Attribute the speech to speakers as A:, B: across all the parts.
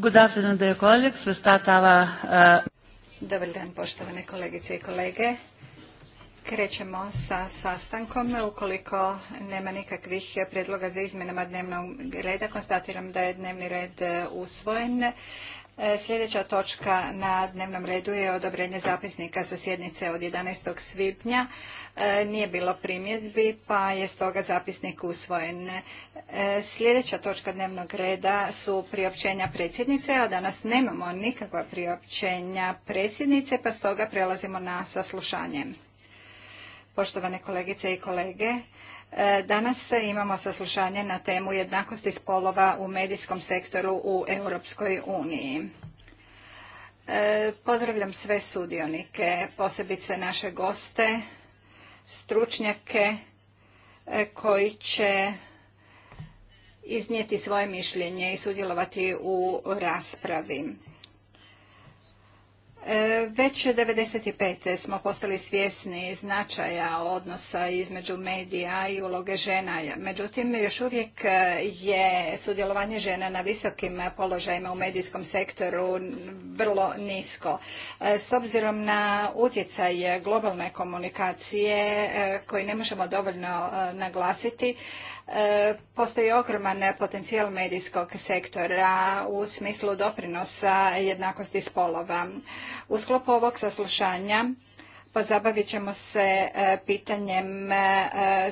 A: Good afternoon, uh,
B: Dobar dan, poštovane kolegice i kolege. Krećemo sa sastankom. Ukoliko nema nikakvih predloga za izmjenama dnevnog reda, konstatiram da je dnevni red uh, usvojen. E, sljedeća točka na dnevnom redu je odobrenje zapisnika sa sjednice od 11. svibnja. E, nije bilo primjedbi, pa je stoga zapisnik usvojen. E, sljedeća točka dnevnog reda su priopćenja predsjednice, a danas nemamo nikakva priopćenja predsjednice, pa stoga prelazimo na saslušanje. Poštovane kolegice i kolege, E, danas imamo saslušanje na temu jednakosti spolova u medijskom sektoru u Europskoj uniji. E, pozdravljam sve sudionike, posebice naše goste, stručnjake e, koji će iznijeti svoje mišljenje i sudjelovati u raspravi. E, već 1995. smo postali svjesni značaja odnosa između medija i uloge žena. Međutim, još uvijek e, je sudjelovanje žena na visokim položajima u medijskom sektoru vrlo nisko. E, s obzirom na utjecaj globalne komunikacije koji ne možemo dovoljno naglasiti, E, postoji ogroman potencijal medijskog sektora u smislu doprinosa jednakosti spolova. U sklopu ovog saslušanja pozabavit ćemo se e, pitanjem e,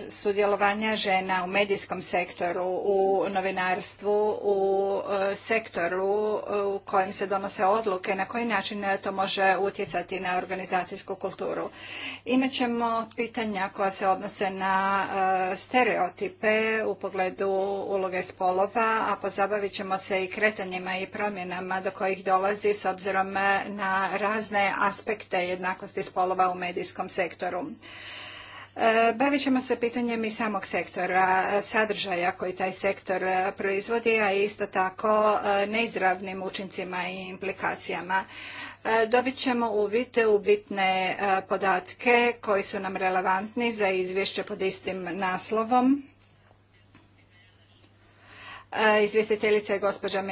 B: sudjelovanja žena u medijskom sektoru, u novinarstvu, u e, sektoru u kojem se donose odluke, na koji način to može utjecati na organizacijsku kulturu. Imaćemo pitanja koja se odnose na stereotipe u pogledu uloge spolova, a pozabavit ćemo se i kretanjima i promjenama do kojih dolazi s obzirom na razne aspekte jednakosti spolova u medijskom sektoru. E, bavit ćemo se pitanjem i samog sektora, sadržaja koji taj sektor e, proizvodi, a isto tako e, neizravnim učincima i implikacijama. Dobit ćemo uvid u bitne podatke koji su nam relevantni za izvješće pod istim naslovom E, izvjestiteljica je gospođa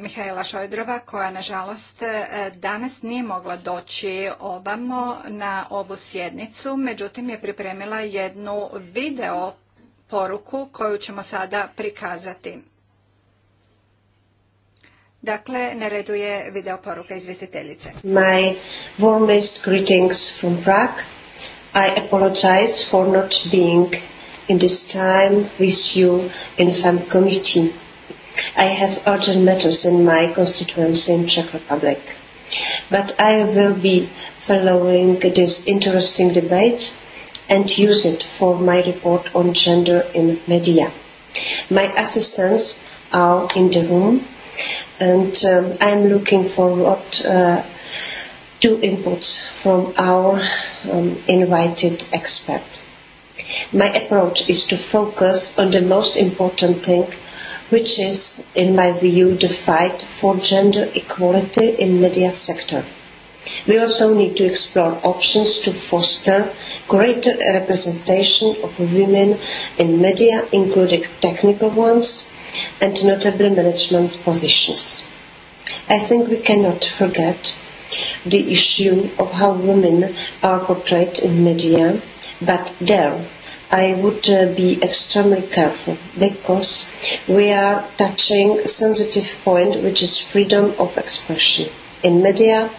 B: Mihaela Šojdrova koja nažalost e, danas nije mogla doći ovamo na ovu sjednicu, međutim je pripremila jednu video poruku koju ćemo sada prikazati. Dakle, na redu je video poruka izvjestiteljice.
C: My warmest greetings from Prague. I apologize for not being in this time with you in FEM committee. I have urgent matters in my constituency in Czech Republic. But I will be following this interesting debate and use it for my report on gender in media. My assistants are in the room and I am um, looking forward uh, to inputs from our um, invited experts my approach is to focus on the most important thing which is in my view the fight for gender equality in the media sector. we also need to explore options to foster greater representation of women in media including technical ones and notably management positions. I think we cannot forget the issue of how women are portrayed in media, but there i would uh, be extremely careful because we are touching a sensitive point which is freedom of expression in media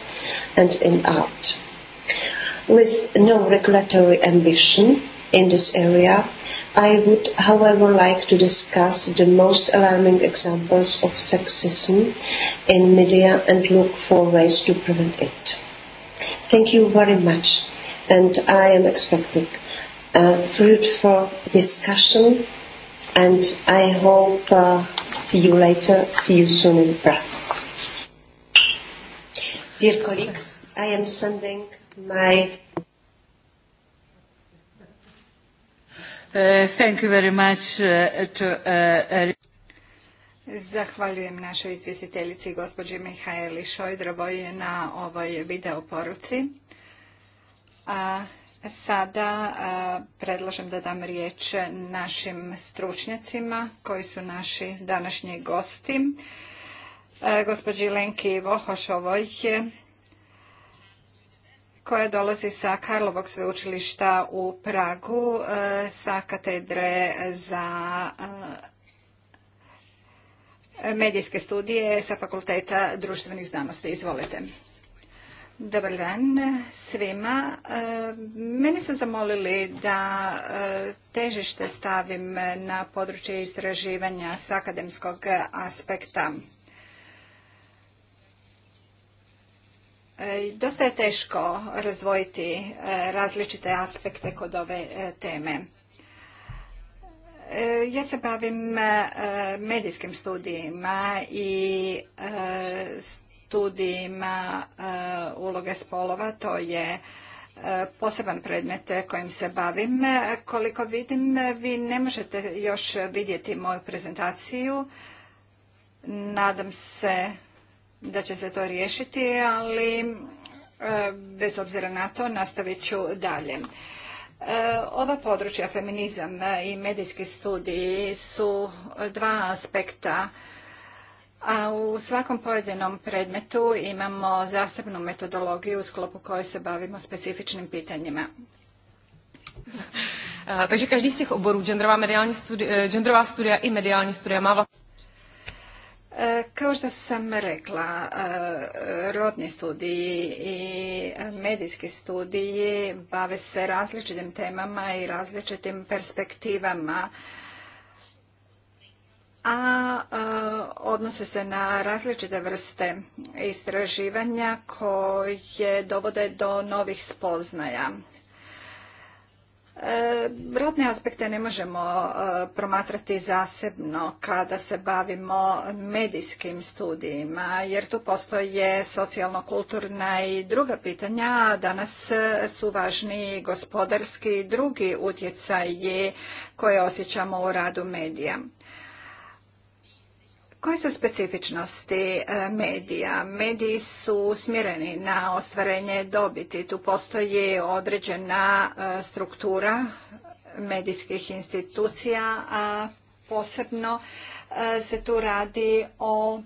C: and in art. With no regulatory ambition in this area, I would however like to discuss the most alarming examples of sexism in media and look for ways to prevent it. Thank you very much and I am expecting uh, fruitful discussion and I hope uh, see you later, see you soon in Brussels. Dear colleagues, I am sending my Uh, thank you very
D: much, uh, to, uh,
B: uh Zahvaljujem našoj izvjestiteljici gospođi Mihajli Šojdrovoj na ovoj video poruci. A Sada predlažem da dam riječ našim stručnjacima koji su naši današnji gosti. Gospođi Lenki Vohošovoj koja dolazi sa Karlovog sveučilišta u Pragu sa katedre za medijske studije sa fakulteta društvenih znanosti. Izvolite. Dobar dan svima. E, meni su zamolili da e, težište stavim na područje istraživanja s akademskog aspekta. E, dosta je teško razvojiti različite aspekte kod ove teme. Ja se bavim medijskim studijima i studijima studijima e, uloge spolova, to je e, poseban predmet kojim se bavim. Koliko vidim, vi ne možete još vidjeti moju prezentaciju. Nadam se da će se to riješiti, ali e, bez obzira na to nastavit ću dalje. Ova područja, feminizam i medijski studiji su dva aspekta a u svakom pojedinom predmetu imamo zasebnu metodologiju u sklopu koje se bavimo specifičnim pitanjima. Takže každý z těch oborů, eh, i mediální studia, e, kao što sam rekla, e, rodni studiji i medijski studiji bave se različitim temama i različitim perspektivama a odnose se na različite vrste istraživanja koje dovode do novih spoznaja. E, Rodne aspekte ne možemo e, promatrati zasebno kada se bavimo medijskim studijima, jer tu postoje socijalno-kulturna i druga pitanja, a danas su važni gospodarski i drugi utjecaji koje osjećamo u radu medija. Koje su specifičnosti e, medija? Mediji su smjereni na ostvarenje dobiti. Tu postoji određena e, struktura medijskih institucija, a posebno e, se tu radi o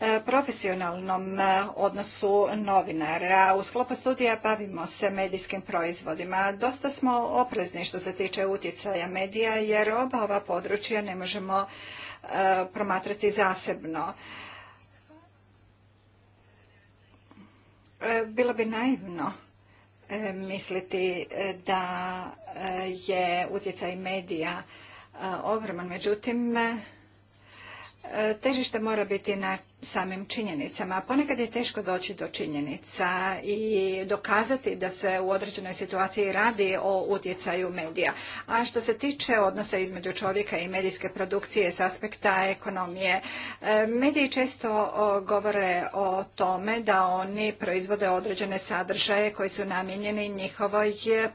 B: E, profesionalnom e, odnosu novinara. U sklopu studija bavimo se medijskim proizvodima. Dosta smo oprezni što se tiče utjecaja medija jer oba ova područja ne možemo e, promatrati zasebno. Bilo bi naivno misliti da je utjecaj medija ogroman. Međutim, težište mora biti na samim činjenicama. Ponekad je teško doći do činjenica i dokazati da se u određenoj situaciji radi o utjecaju medija. A što se tiče odnosa između čovjeka i medijske produkcije s aspekta ekonomije, e, mediji često govore o tome da oni proizvode određene sadržaje koji su namijenjeni njihovoj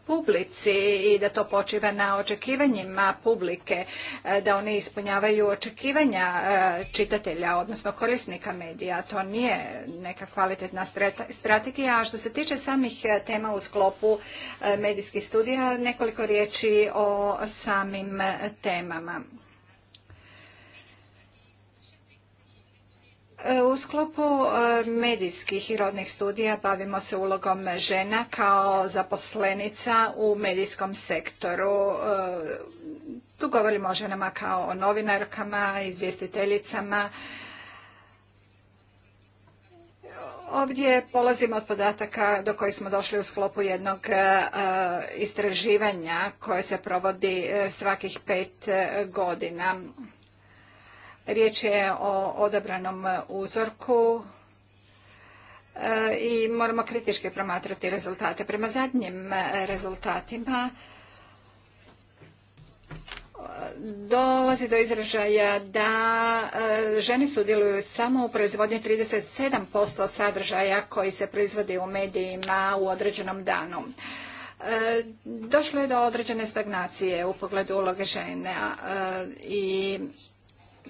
B: publici i da to počiva na očekivanjima publike, e, da oni ispunjavaju očekivanja e, čitatelja, odnosno korisnika medija. To nije neka kvalitetna strategija. A što se tiče samih e, tema u sklopu e, medijskih studija, nekoliko riječi o samim e, temama. U sklopu medijskih i rodnih studija bavimo se ulogom žena kao zaposlenica u medijskom sektoru. Tu govorimo o ženama kao o novinarkama, izvjestiteljicama, Ovdje polazim od podataka do kojih smo došli u sklopu jednog e, e, istraživanja koje se provodi e, svakih pet godina. Riječ je o odabranom uzorku i moramo kritički promatrati rezultate. Prema zadnjim rezultatima dolazi do izražaja da e, žene sudjeluju samo u proizvodnji 37% sadržaja koji se proizvodi u medijima u određenom danu. E, došlo je do određene stagnacije u pogledu uloge žena e, i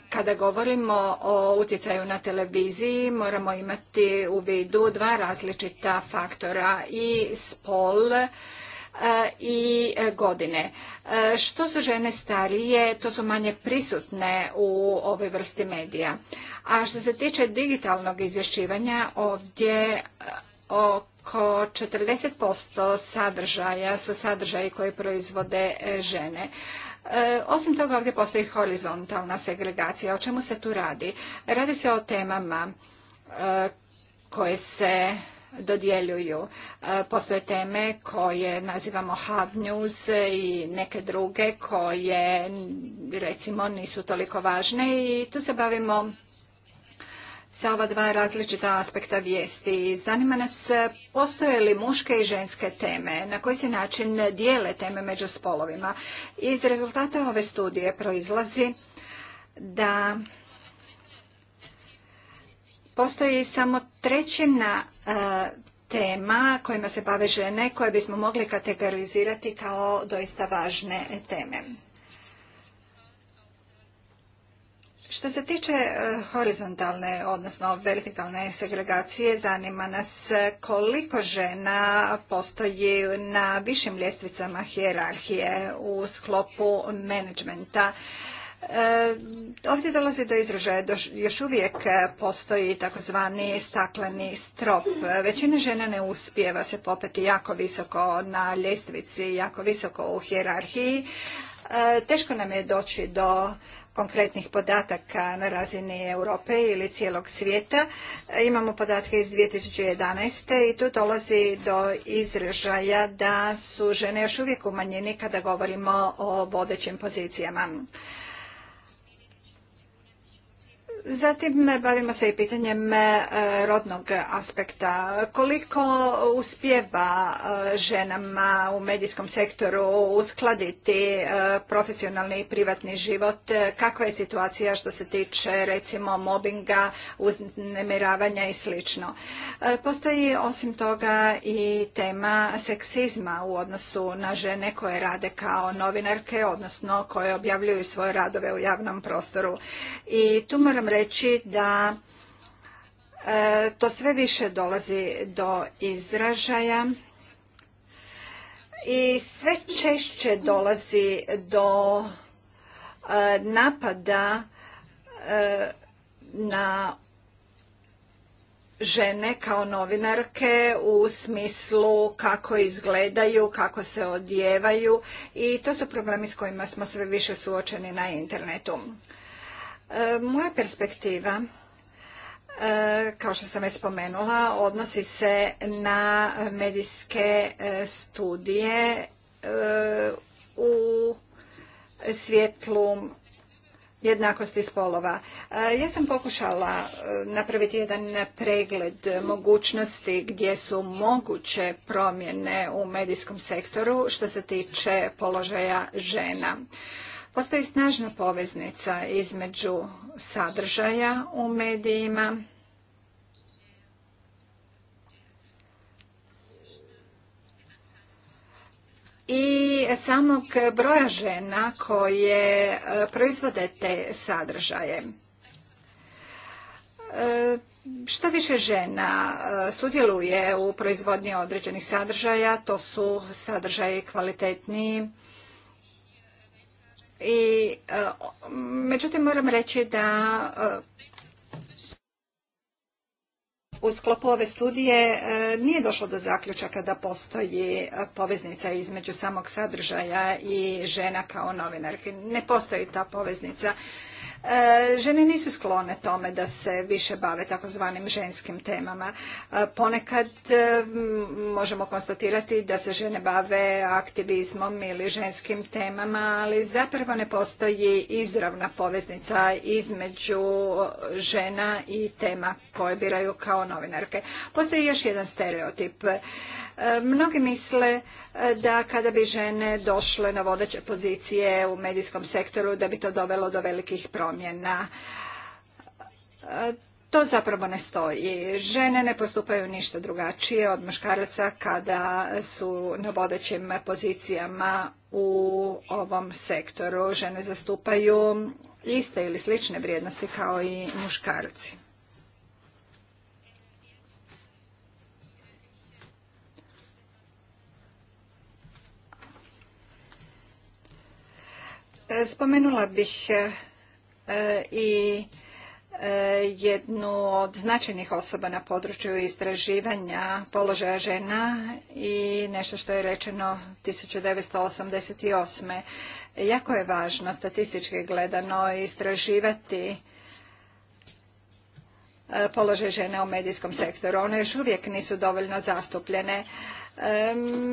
B: kada govorimo o utjecaju na televiziji, moramo imati u vidu dva različita faktora i spol E, i e, godine. E, što su žene starije, to su manje prisutne u ovoj vrsti medija. A što se tiče digitalnog izvješćivanja, ovdje oko 40% sadržaja su sadržaji koje proizvode žene. Osim toga ovdje postoji horizontalna segregacija. O čemu se tu radi? Radi se o temama koje se dodjeljuju. E, postoje teme koje nazivamo hard news i neke druge koje recimo nisu toliko važne i tu se bavimo sa ova dva različita aspekta vijesti. Zanima nas e, postoje li muške i ženske teme, na koji se način dijele teme među spolovima. Iz rezultata ove studije proizlazi da postoji samo trećina tema kojima se bave žene koje bismo mogli kategorizirati kao doista važne teme. Što se tiče e, horizontalne, odnosno vertikalne segregacije, zanima nas koliko žena postoji na višim ljestvicama hijerarhije u sklopu menadžmenta E, ovdje dolazi do izražaja, još uvijek postoji takozvani stakleni strop. Većina žena ne uspijeva se popeti jako visoko na ljestvici, jako visoko u hijerarhiji. E, teško nam je doći do konkretnih podataka na razini Europe ili cijelog svijeta. E, imamo podatke iz 2011. i tu dolazi do izražaja da su žene još uvijek u manjini kada govorimo o vodećim pozicijama. Zatim e, bavimo se i pitanjem e, rodnog aspekta. Koliko uspjeva e, ženama u medijskom sektoru uskladiti profesionalni i privatni život? Kakva je situacija što se tiče recimo mobinga, uznemiravanja i sl. Postoji osim toga i tema seksizma u odnosu na žene koje rade kao novinarke, odnosno koje objavljuju svoje radove u javnom prostoru. I tu moram reći da e, to sve više dolazi do izražaja i sve češće dolazi do e, napada e, na žene kao novinarke u smislu kako izgledaju, kako se odjevaju i to su problemi s kojima smo sve više suočeni na internetu. E, moja perspektiva e, kao što sam već spomenula, odnosi se na medijske e, studije u svjetlu jednakosti spolova. Ja sam pokušala napraviti jedan pregled mogućnosti gdje su moguće promjene u medijskom sektoru što se tiče položaja žena. Postoji snažna poveznica između sadržaja u medijima, i samog broja žena koje e, proizvode te sadržaje. E, što više žena e, sudjeluje u proizvodnji određenih sadržaja, to su sadržaji kvalitetniji, i, e, međutim, moram reći da e, u sklopu ove studije e, nije došlo do zaključaka da postoji poveznica između samog sadržaja i žena kao novinarke. Ne postoji ta poveznica. E, žene nisu sklone tome da se više bave takozvanim ženskim temama. E, ponekad e, možemo konstatirati da se žene bave aktivizmom ili ženskim temama, ali zapravo ne postoji izravna poveznica između žena i tema koje biraju kao novinarke. Postoji još jedan stereotip. Mnogi misle da kada bi žene došle na vodeće pozicije u medijskom sektoru da bi to dovelo do velikih promjena promjena. To zapravo ne stoji. Žene ne postupaju ništa drugačije od muškaraca kada su na vodećim pozicijama u ovom sektoru. Žene zastupaju iste ili slične vrijednosti kao i muškarci. Spomenula bih E, i e, jednu od značajnih osoba na području istraživanja položaja žena i nešto što je rečeno 1988. Jako je važno statistički gledano istraživati e, položaj žene u medijskom sektoru. One još uvijek nisu dovoljno zastupljene.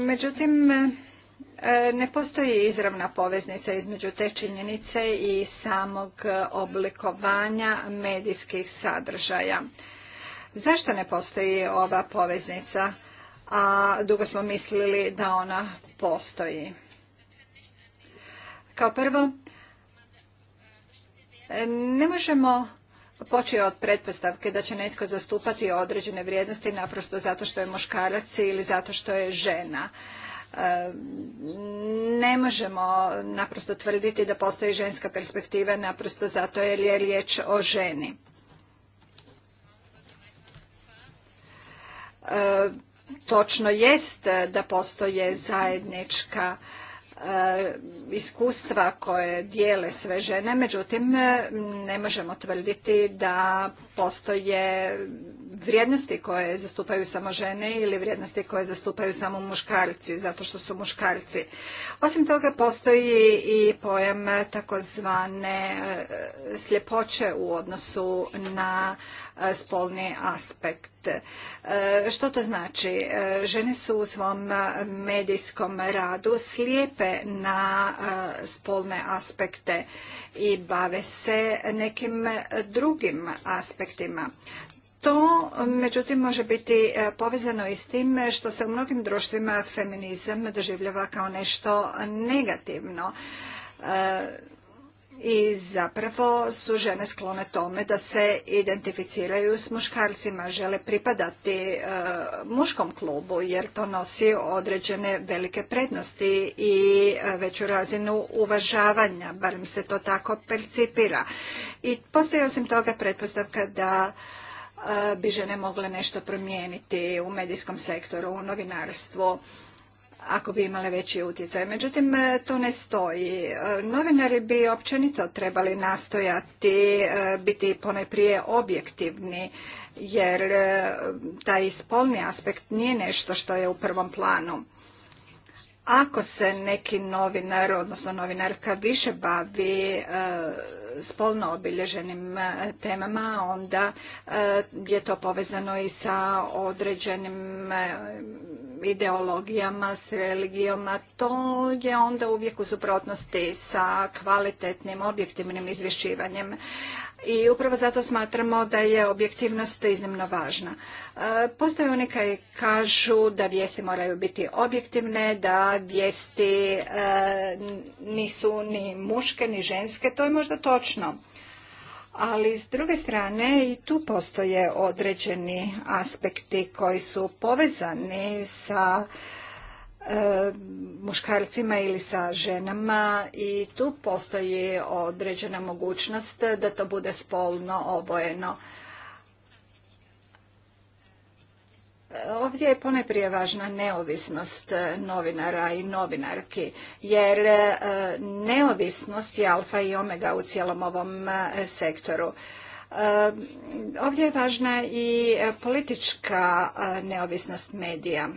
B: Međutim, ne postoji izravna poveznica između te činjenice i samog oblikovanja medijskih sadržaja. Zašto ne postoji ova poveznica, a dugo smo mislili da ona postoji? Kao prvo, ne možemo poći od pretpostavke da će netko zastupati određene vrijednosti naprosto zato što je muškarac ili zato što je žena. Ne možemo naprosto tvrditi da postoji ženska perspektiva naprosto zato jer je riječ o ženi. E, točno jest da postoje zajednička E, iskustva koje dijele sve žene, međutim e, ne možemo tvrditi da postoje vrijednosti koje zastupaju samo žene ili vrijednosti koje zastupaju samo muškarci, zato što su muškarci. Osim toga postoji i pojam takozvane e, sljepoće u odnosu na E, spolni aspekt. E, što to znači? E, žene su u svom medijskom radu slijepe na spolne aspekte i bave se nekim drugim aspektima. To, međutim, može biti povezano i s tim što se u mnogim društvima feminizam doživljava kao nešto negativno i zapravo su žene sklone tome da se identificiraju s muškarcima, žele pripadati e, muškom klubu jer to nosi određene velike prednosti i e, veću razinu uvažavanja, barem se to tako percipira. I postoji osim toga pretpostavka da e, bi žene mogle nešto promijeniti u medijskom sektoru, u novinarstvu ako bi imale veći utjecaj. Međutim, e, to ne stoji. E, novinari bi općenito trebali nastojati e, biti ponajprije objektivni, jer taj spolni aspekt nije nešto što je u prvom planu. Ako se neki novinar, odnosno novinarka više bavi spolno obilježenim temama, onda je to povezano i sa određenim ideologijama, s religijama, to je onda uvijek u suprotnosti sa kvalitetnim, objektivnim izvješćivanjem. I upravo zato smatramo da je objektivnost iznimno važna. E, postoje oni koji kažu da vijesti moraju biti objektivne, da vijesti e, nisu ni muške, ni ženske, to je možda točno ali s druge strane i tu postoje određeni aspekti koji su povezani sa e, muškarcima ili sa ženama i tu postoji određena mogućnost da to bude spolno obojeno. Ovdje je poneprije važna neovisnost e, novinara i novinarki, jer e, neovisnost je alfa i omega u cijelom ovom e, sektoru. Ovdje je važna i politička neovisnost medija.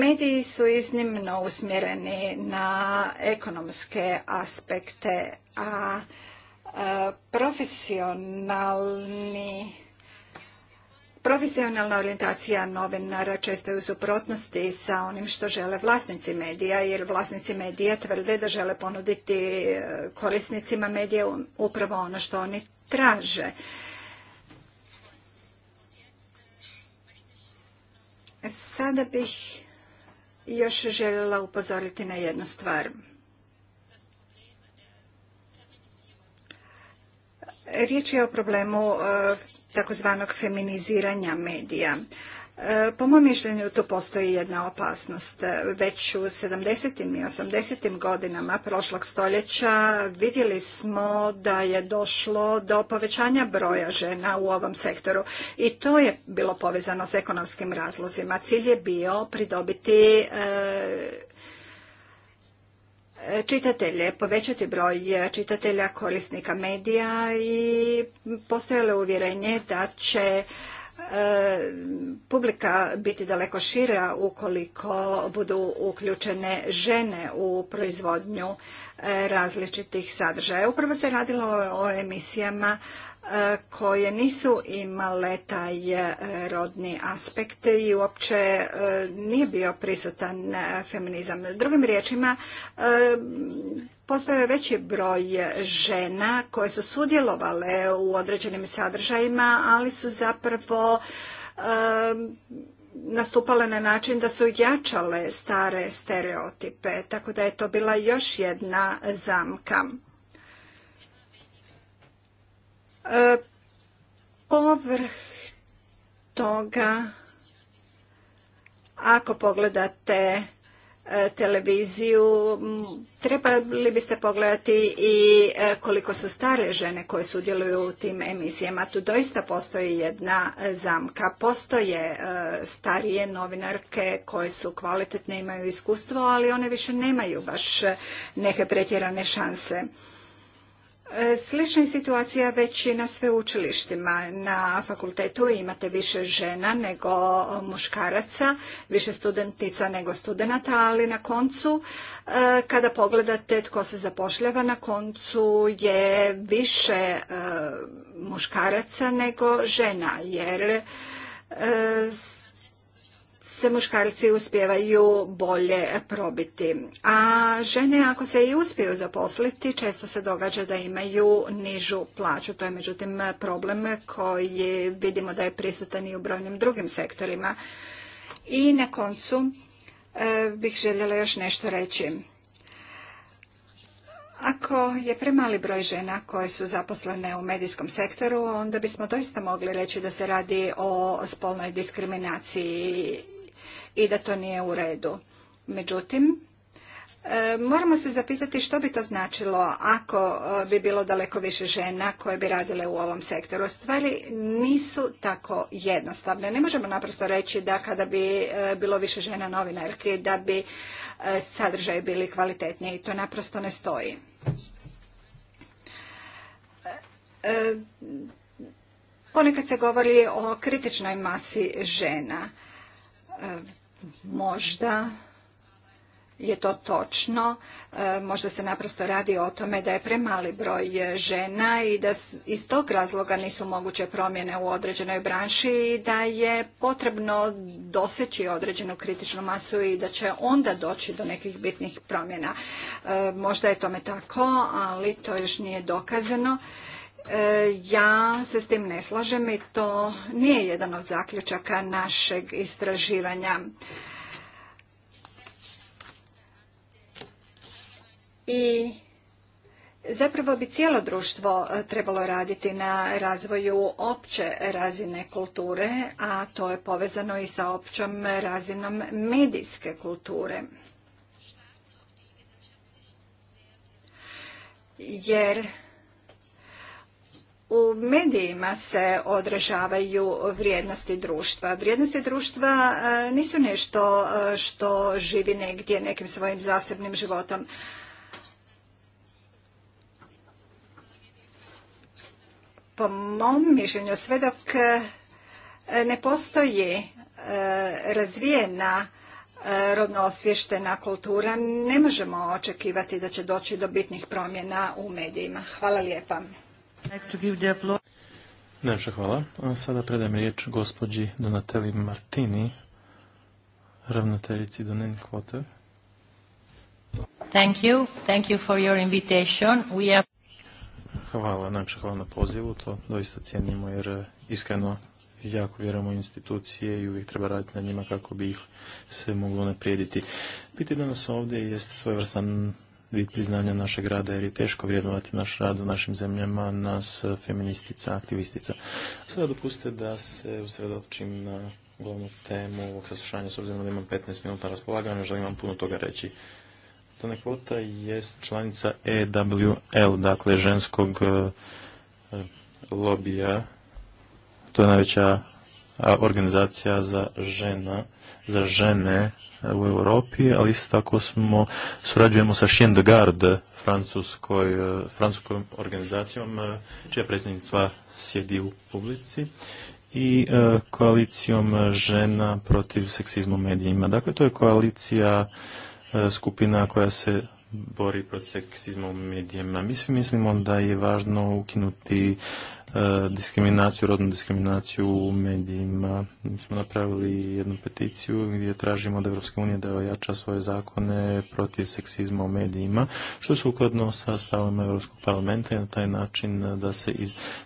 B: Mediji su iznimno usmjereni na ekonomske aspekte, a profesionalni Profesionalna orijentacija novinara često je u suprotnosti sa onim što žele vlasnici medija, jer vlasnici medija tvrde da žele ponuditi e, korisnicima medija upravo ono što oni traže. Sada bih još željela upozoriti na jednu stvar. Riječ je o problemu e, takozvanog feminiziranja medija. E, po mom mišljenju tu postoji jedna opasnost. Već u 70. i 80. godinama prošlog stoljeća vidjeli smo da je došlo do povećanja broja žena u ovom sektoru i to je bilo povezano s ekonomskim razlozima. Cilj je bio pridobiti e, čitatelje, povećati broj čitatelja, korisnika medija i postojalo uvjerenje da će e, publika biti daleko šira ukoliko budu uključene žene u proizvodnju e, različitih sadržaja. Upravo se radilo o emisijama koje nisu imale taj e, rodni aspekt i uopće e, nije bio prisutan e, feminizam. Drugim riječima, postoje veći broj žena koje su sudjelovale u određenim sadržajima, ali su zapravo nastupale na način da su jačale stare stereotipe, tako da je to bila još jedna zamka. Povrh toga, ako pogledate e, televiziju, trebali biste pogledati i e, koliko su stare žene koje sudjeluju u tim emisijama. Tu doista postoji jedna e, zamka. Postoje starije novinarke koje su kvalitetne, imaju iskustvo, ali one više nemaju baš neke pretjerane šanse. E, slična je situacija već i na sveučilištima. Na fakultetu imate više žena nego muškaraca, više studentica nego studenata, ali na koncu e, kada pogledate tko se zapošljava, na koncu je više e, muškaraca nego žena, jer se muškarci uspijevaju bolje probiti. A žene ako se i uspiju zaposliti, često se događa da imaju nižu plaću. To je međutim problem koji vidimo da je prisutan i u brojnim drugim sektorima. I na koncu e, bih željela još nešto reći. Ako je premali broj žena koje su zaposlene u medijskom sektoru, onda bismo doista mogli reći da se radi o spolnoj diskriminaciji i da to nije u redu. Međutim, e, moramo se zapitati što bi to značilo ako e, bi bilo daleko više žena koje bi radile u ovom sektoru. Stvari nisu tako jednostavne. Ne možemo naprosto reći da kada bi e, bilo više žena novinarki da bi sadržaje bili kvalitetniji. To naprosto ne stoji. Ponekad se govori o kritičnoj masi žena Možda je to točno, e, možda se naprosto radi o tome da je premali broj žena i da iz tog razloga nisu moguće promjene u određenoj branši i da je potrebno doseći određenu kritičnu masu i da će onda doći do nekih bitnih promjena. E, možda je tome tako, ali to još nije dokazano. E, ja se s tim ne slažem i to nije jedan od zaključaka našeg istraživanja. I zapravo bi cijelo društvo e, trebalo raditi na razvoju opće razine kulture, a to je povezano i sa općom razinom medijske kulture. Jer u medijima se odražavaju vrijednosti društva. Vrijednosti društva e, nisu nešto e, što živi negdje nekim svojim zasebnim životom. Po mom mišljenju, sve dok e, ne postoji razvijena rodno osvještena kultura, ne možemo očekivati da će doći do bitnih promjena u medijima. Hvala lijepa.
E: Najlepša hvala. sada predajem riječ gospođi Donateli Martini, ravnateljici Donen Kvote. Thank Hvala, hvala na pozivu, to doista cijenimo jer e, iskreno jako vjerujemo institucije i uvijek treba raditi na njima kako bi ih se moglo naprijediti. biti danas ovdje jest svojevrstan vid priznanja našeg rada jer je teško vrijednovati naš rad u našim zemljama, nas eh, feministica, aktivistica. Sada dopustite da se usredočim na glavnu temu ovog saslušanja, s obzirom da imam 15 minuta raspolaganja, želim vam puno toga reći. Tone Kvota je članica EWL, dakle ženskog eh, lobija. To je najveća organizacija za žena, za žene e, u Europi, ali isto tako smo surađujemo sa Chien de Garde, francuskoj, e, francuskom organizacijom, e, čija predsjednica sjedi u publici i koalicijom žena protiv seksizma u medijima. Dakle, to je koalicija skupina koja se bori protiv seksizma u medijima. Mi svi mislimo da je važno ukinuti e, diskriminaciju, rodnu diskriminaciju u medijima. Mi smo napravili jednu peticiju gdje tražimo od Europske unije da ojača svoje zakone protiv seksizma u medijima, što je sukladno sa stavama Evropskog parlamenta i na taj način da se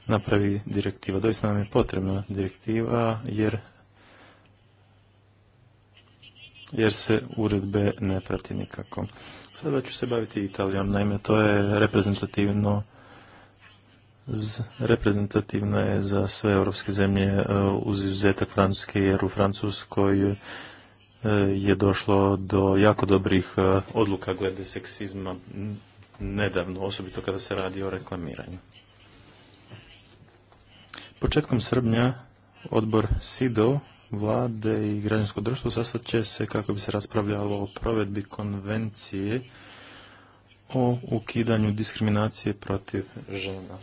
E: napravi direktiva. Doista nam je potrebna direktiva jer jer se uredbe ne prati nikako. Sada ću se baviti Italijom, naime to je reprezentativno z, reprezentativno je za sve europske zemlje e, uz izuzetak Francuske jer u Francuskoj e, je došlo do jako dobrih e, odluka glede seksizma nedavno, osobito kada se radi o reklamiranju. Početkom srbnja odbor SIDO vlade i građansko društvo sastat će se kako bi se raspravljalo o provedbi konvencije o ukidanju diskriminacije protiv žena.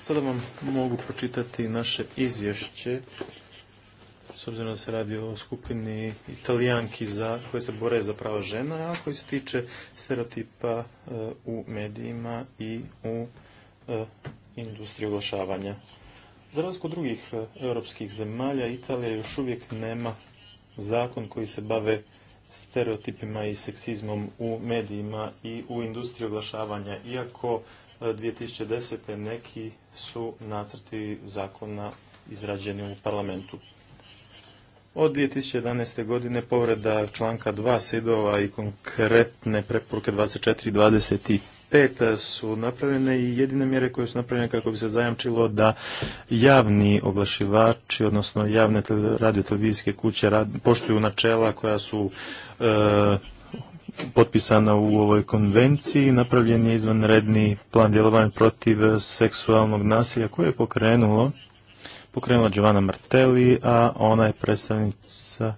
E: Sada vam mogu pročitati naše izvješće s obzirom da se radi o skupini italijanki za, koje se bore za prava žena, a koji se tiče stereotipa e, u medijima i u e, industriji oglašavanja. Za razliku od drugih e, europskih zemalja, Italija još uvijek nema zakon koji se bave stereotipima i seksizmom u medijima i u industriji oglašavanja, iako 2010. E, neki su nacrti zakona izrađeni u parlamentu. Od 2011. godine povreda članka 2 sidova i konkretne preporuke 24 i 2005. su napravljene i jedine mjere koje su napravljene kako bi se zajamčilo da javni oglašivači, odnosno javne radiotelevizijske kuće poštuju načela koja su e, potpisana u ovoj konvenciji. Napravljen je izvanredni plan djelovanja protiv seksualnog nasilja koje je pokrenulo pokrenula Giovanna Martelli, a ona je predstavnica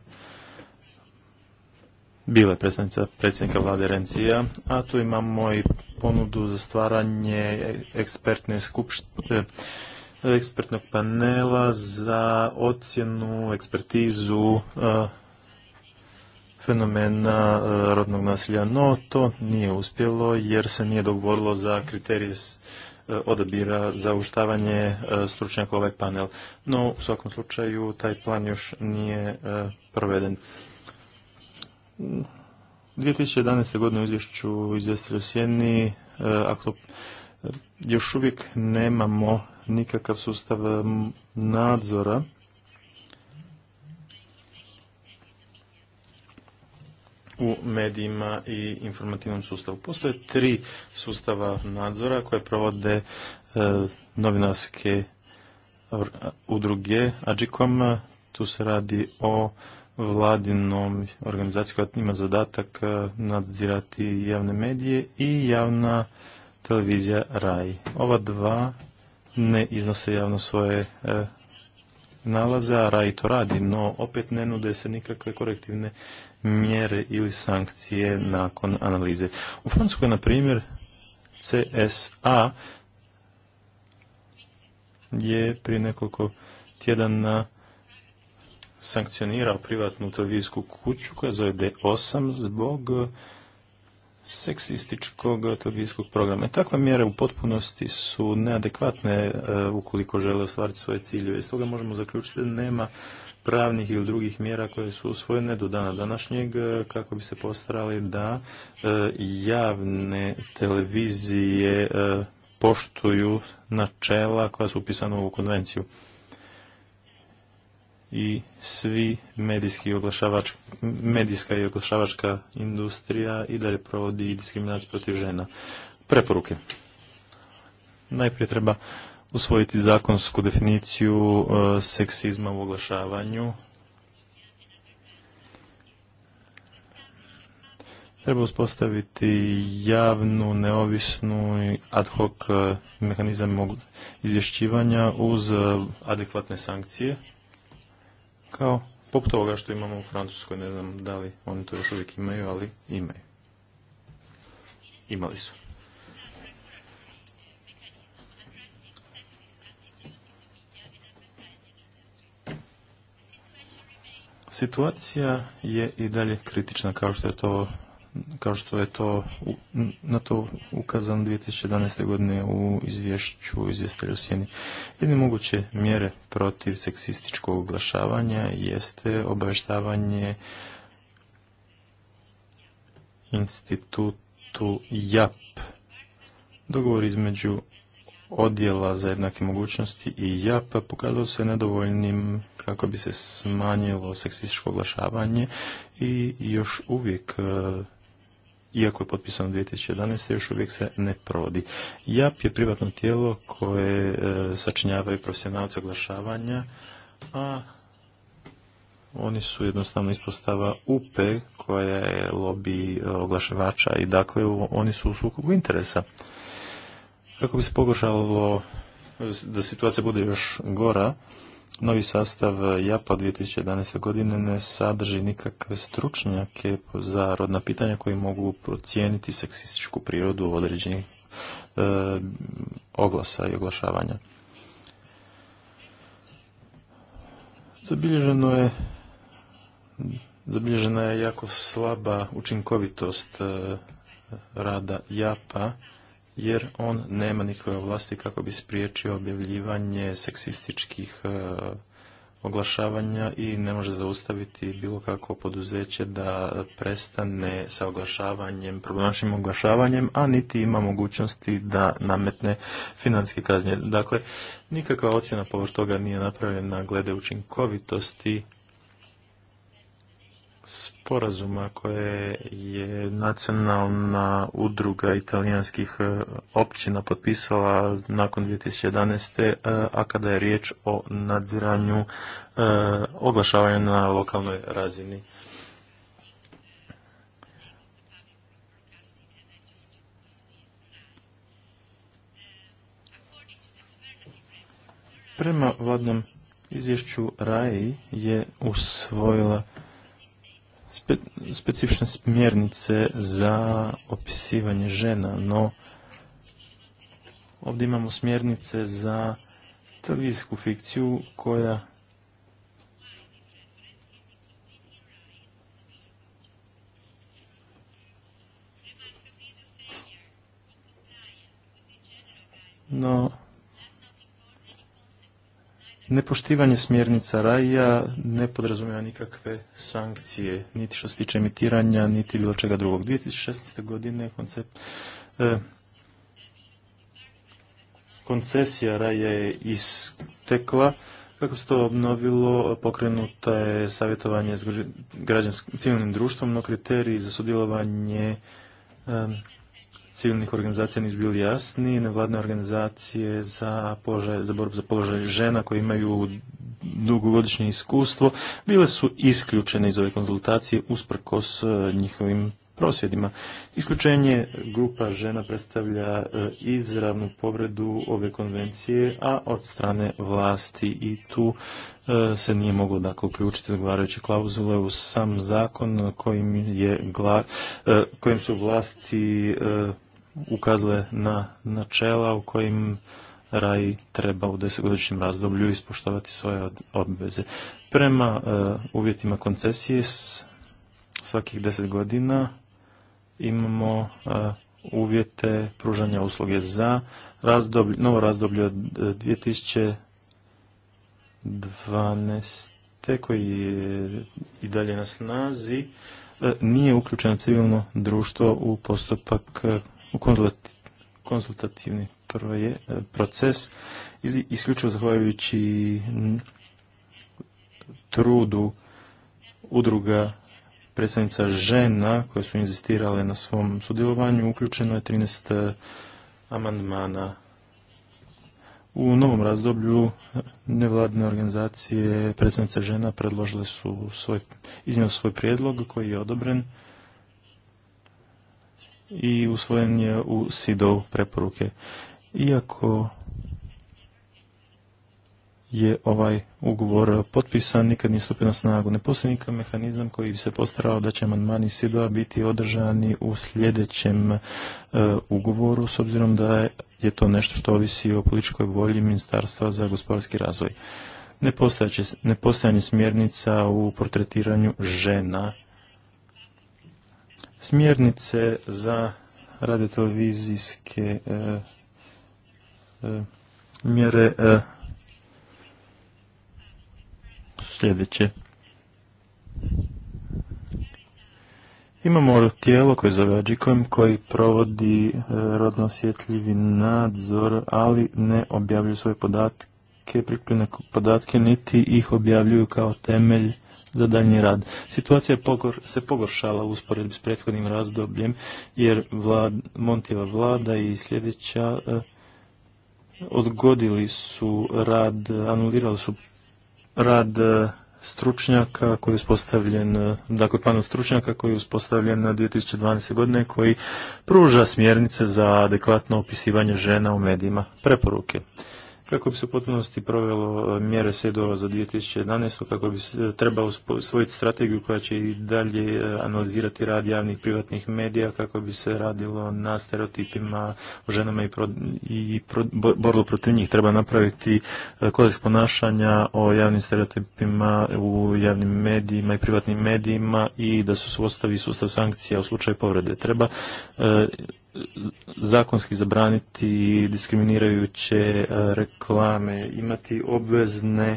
E: je predstavnica predsjednika vlade Rencija, a tu imamo i ponudu za stvaranje ekspertne skupštine ekspertnog panela za ocjenu, ekspertizu e, fenomena e, rodnog nasilja. No, to nije uspjelo jer se nije dogovorilo za kriterije e, odabira za uštavanje stručnjaka ovaj panel. No, u svakom slučaju, taj plan još nije proveden. 2011. godine u izvješću izvjestitelju Sjeni, e, ako e, još uvijek nemamo nikakav sustav e, nadzora u medijima i informativnom sustavu. Postoje tri sustava nadzora koje provode novinarske udruge Ađikom. Tu se radi o vladinom organizacijom koja ima zadatak e, nadzirati javne medije i javna televizija RAI. Ova dva ne iznose javno svoje e, nalaze, a RAI to radi, no opet ne nude se nikakve korektivne mjere ili sankcije nakon analize. U Francuskoj, na primjer, CSA je prije nekoliko tjedana sankcionirao privatnu televizijsku kuću koja zove D8 zbog eh, seksističkog televizijskog programa. Takve mjere u potpunosti su neadekvatne eh, ukoliko žele ostvariti svoje ciljeve. Stoga možemo zaključiti da nema pravnih ili drugih mjera koje su usvojene do dana današnjeg eh, kako bi se postarali da javne televizije poštuju načela koja su upisana u ovu konvenciju i svi medijski oglašavač, medijska i oglašavačka industrija i dalje provodi diskriminaciju protiv žena. Preporuke. Najprije treba usvojiti zakonsku definiciju e, seksizma u oglašavanju. Treba uspostaviti javnu, neovisnu i ad hoc e, mehanizam izvješćivanja uz e, adekvatne sankcije kao poput ovoga što imamo u Francuskoj, ne znam da li oni to još uvijek imaju, ali imaju. Imali su. Situacija je i dalje kritična kao što je to kao što je to na to ukazan 2011. godine u izvješću izvjestelju Sjeni. Jedne moguće mjere protiv seksističkog oglašavanja jeste obavještavanje institutu JAP. Dogovor između odjela za jednake mogućnosti i JAP pokazao se nedovoljnim kako bi se smanjilo seksističko oglašavanje i još uvijek e, iako je potpisano 2011. još uvijek se ne provodi. JAP je privatno tijelo koje e, sačinjavaju profesionalce oglašavanja, a oni su jednostavno ispostava UPE koja je lobby e, oglašivača i dakle oni su u sukobu interesa. Kako bi se pogoršalo da situacija bude još gora, Novi sastav JAPA 2011. godine ne sadrži nikakve stručnjake za rodna pitanja koji mogu procijeniti seksističku prirodu određenih e, oglasa i oglašavanja. Zabilježeno je zabilježena je jako slaba učinkovitost e, rada JAPA jer on nema nikakve vlasti kako bi spriječio objavljivanje seksističkih e, oglašavanja i ne može zaustaviti bilo kako poduzeće da prestane sa oglašavanjem, problemačnim oglašavanjem, a niti ima mogućnosti da nametne financijske kaznje. Dakle, nikakva ocjena povrtoga toga nije napravljena glede učinkovitosti sporazuma koje je nacionalna udruga italijanskih e, općina potpisala nakon 2011. E, a kada je riječ o nadziranju e, oglašavanja na lokalnoj razini. Prema vodnom izvješću RAI je usvojila spe, specifične smjernice za opisivanje žena, no ovdje imamo smjernice za televizijsku fikciju koja no Nepoštivanje smjernica raja ne podrazumijeva nikakve sankcije, niti što se tiče emitiranja, niti bilo čega drugog. 2016. godine koncept, eh, koncesija raja je istekla. Kako se to obnovilo, pokrenuto je savjetovanje s građanskim civilnim društvom, no kriteriji za sudjelovanje e, civilnih organizacija nisu bili jasni, nevladne organizacije za, položaj, za borbu za položaj žena koje imaju dugogodišnje iskustvo, bile su isključene iz ove konzultacije usprkos e, njihovim prosvjedima. Isključenje grupa žena predstavlja e, izravnu povredu ove konvencije, a od strane vlasti i tu e, se nije moglo dakle uključiti odgovarajuće klauzule u sam zakon kojim, je, kojim su vlasti ukazale na načela u kojim raj treba u desetgodišnjem razdoblju ispoštovati svoje obveze. Prema e, uvjetima koncesije svakih deset godina imamo e, uvjete pružanja usluge za novo razdoblje od 2012. E, koji je i dalje na snazi nije uključeno civilno društvo u postupak u konzultativni proje, e, proces isključivo zahvaljujući trudu udruga predstavnica žena koje su inzistirale na svom sudjelovanju uključeno je 13 e, amandmana. U novom razdoblju e, nevladne organizacije predstavnice žena predložile su svoj, iznijeli svoj prijedlog koji je odobren i usvojen je u SIDO preporuke. Iako je ovaj ugovor potpisan, nikad nije stupio na snagu. Ne postoji nikakav mehanizam koji bi se postarao da će amandmani sido biti održani u sljedećem e, ugovoru, s obzirom da je to nešto što ovisi o političkoj volji Ministarstva za gospodarski razvoj. Nepostojanje smjernica u portretiranju žena smjernice za radiotelevizijske e, e, mjere e, sljedeće. Imamo tijelo koje zove Ađikom, koji provodi e, rodno osjetljivi nadzor, ali ne objavljuje svoje podatke, podatke, niti ih objavljuju kao temelj za daljnji rad. Situacija se pogoršala u usporedbi s prethodnim razdobljem jer vlad, Montijeva vlada i sljedeća eh, odgodili su rad, anulirali su rad eh, stručnjaka koji je uspostavljen, eh, dakle plan stručnjaka koji je uspostavljen na 2012. godine koji pruža smjernice za adekvatno opisivanje žena u medijima. Preporuke kako bi se u potpunosti provelo e, mjere Sedova za 2011. kako bi se e, treba usvojiti strategiju koja će i dalje e, analizirati rad javnih privatnih medija, kako bi se radilo na stereotipima o ženama i, borbu protiv njih. Treba napraviti kodeks ponašanja o javnim stereotipima u javnim medijima i privatnim medijima i da se sustavi sustav sankcija u slučaju povrede. Treba zakonski zabraniti diskriminirajuće e, reklame, imati obvezne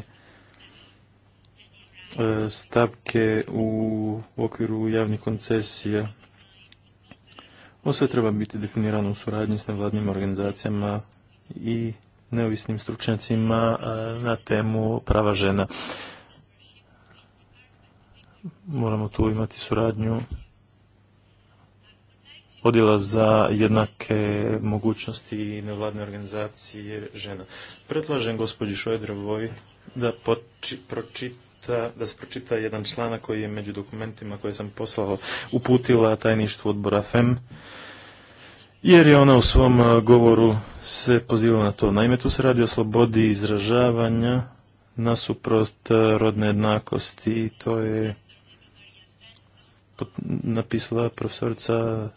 E: e, stavke u okviru javnih koncesija. Ovo sve treba biti definirano u suradnji s nevladnim organizacijama i neovisnim stručnjacima e, na temu prava žena. Moramo tu imati suradnju odjela za jednake mogućnosti i nevladne organizacije žena. Predlažem gospođi Šojedrovoj da da se pročita jedan članak koji je među dokumentima koje sam poslao uputila tajništvu odbora FEM jer je ona u svom eh, govoru se pozivala na to. Naime, tu se radi o slobodi izražavanja nasuprot eh, rodne jednakosti i to je napisala profesorica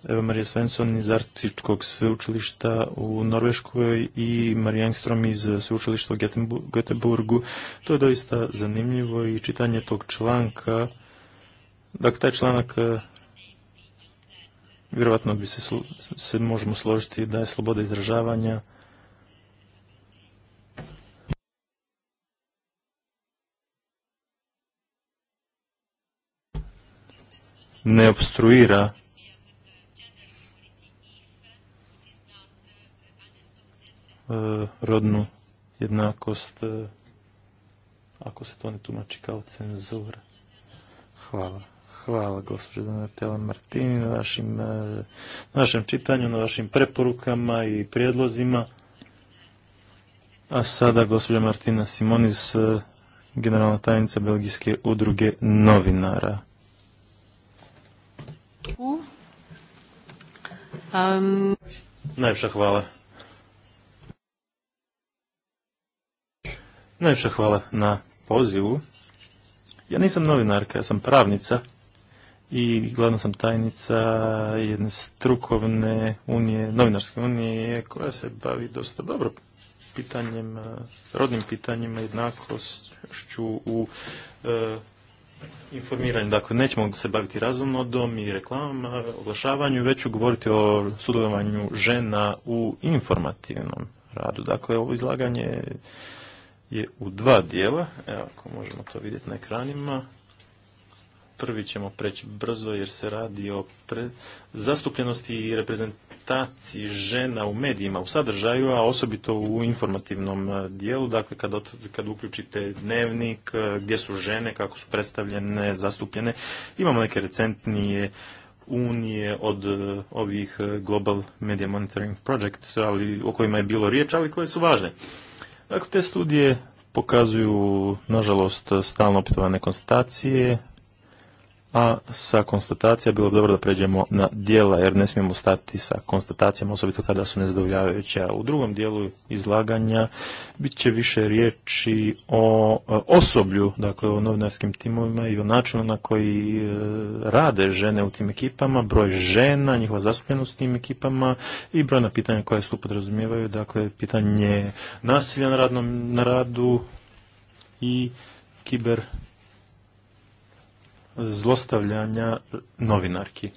E: Eva Marija Svensson iz Artičkog sveučilišta u Norveškoj i Marija Engstrom iz sveučilišta u Göteborgu. To je doista zanimljivo i čitanje tog članka. Dakle, taj članak e, vjerojatno bi se možemo složiti da je sloboda izražavanja ne obstruira e, rodnu jednakost e, ako se to ne tumači kao cenzura. Hvala. Hvala gospođo Donatela Martini na vašim, e, na vašem čitanju, na vašim preporukama i prijedlozima. A sada gospođa Martina Simonis, generalna tajnica Belgijske udruge novinara. Um... hvala. hvala na pozivu. Ja nisam novinarka, ja sam pravnica i glavno sam tajnica jedne strukovne unije, novinarske unije koja se bavi dosta dobro pitanjem, rodnim pitanjima, jednakošću u e, informiranje. Dakle, nećemo se baviti razumnodom i reklamama, oglašavanju, već ću govoriti o sudjelovanju žena u informativnom radu. Dakle, ovo izlaganje je u dva dijela. Evo, ako možemo to vidjeti na ekranima. Prvi ćemo preći brzo jer se radi o pre... zastupljenosti i reprezentativnosti reprezentaciji žena u medijima, u sadržaju, a osobito u informativnom e, dijelu, dakle kad, kad uključite dnevnik, e, gdje su žene, kako su predstavljene, zastupljene, imamo neke recentnije unije od e, ovih Global Media Monitoring Project, ali, o kojima je bilo riječ, ali koje su važne. Dakle, te studije pokazuju, nažalost, stalno opetovane konstatacije a sa konstatacija bilo bi dobro da pređemo na dijela, jer ne smijemo stati sa konstatacijama, osobito kada su nezadovoljavajuća. U drugom dijelu izlaganja bit će više riječi o e, osoblju, dakle o novinarskim timovima i o načinu na koji e, rade žene u tim ekipama, broj žena, njihova zastupljenost u tim ekipama i brojna pitanja koja se tu podrazumijevaju, dakle pitanje nasilja na, radnom, na radu i kiber zlostavljanja novinarki.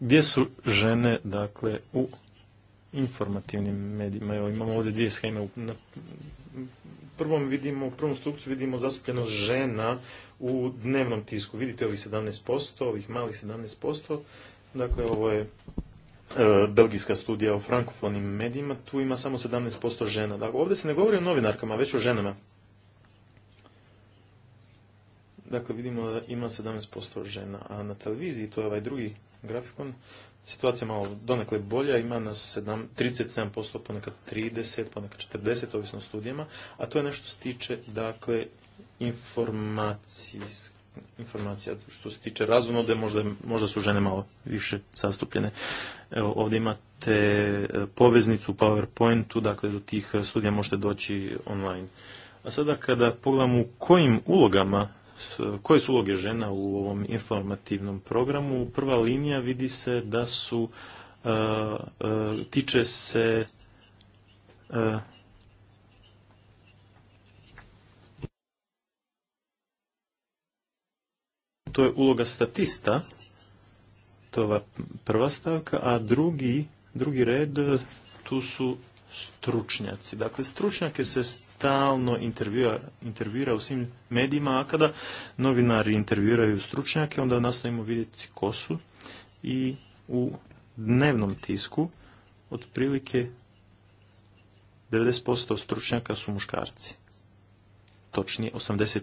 E: Gdje su žene, dakle, u informativnim medijima? Evo, imamo ovdje dvije scheme. prvom vidimo, u prvom stupcu vidimo zastupljenost žena u dnevnom tisku. Vidite ovih 17%, ovih malih 17%. Dakle, ovo je e, belgijska studija o frankofonim medijima, tu ima samo 17% žena. Dakle, ovdje se ne govori o novinarkama, već o ženama. Dakle, vidimo da ima 17% žena, a na televiziji, to je ovaj drugi grafikon, situacija malo donekle bolja, ima nas 37%, ponekad 30, ponekad 40, ovisno o studijama, a to je nešto se tiče, dakle, informacija, što se tiče razvonode, možda, možda su žene malo više sastupljene. Evo, ovdje imate e, poveznicu u PowerPointu, dakle, do tih studija možete doći online. A sada kada pogledamo u kojim ulogama koje su uloge žena u ovom informativnom programu. Prva linija vidi se da su e, e, tiče se e, to je uloga statista, to je ova prva stavka, a drugi, drugi red tu su stručnjaci. Dakle, stručnjake se stalno intervjuira u svim medijima, a kada novinari intervjuiraju stručnjake, onda nastavimo vidjeti ko su i u dnevnom tisku otprilike 90% stručnjaka su muškarci. Točnije 86%.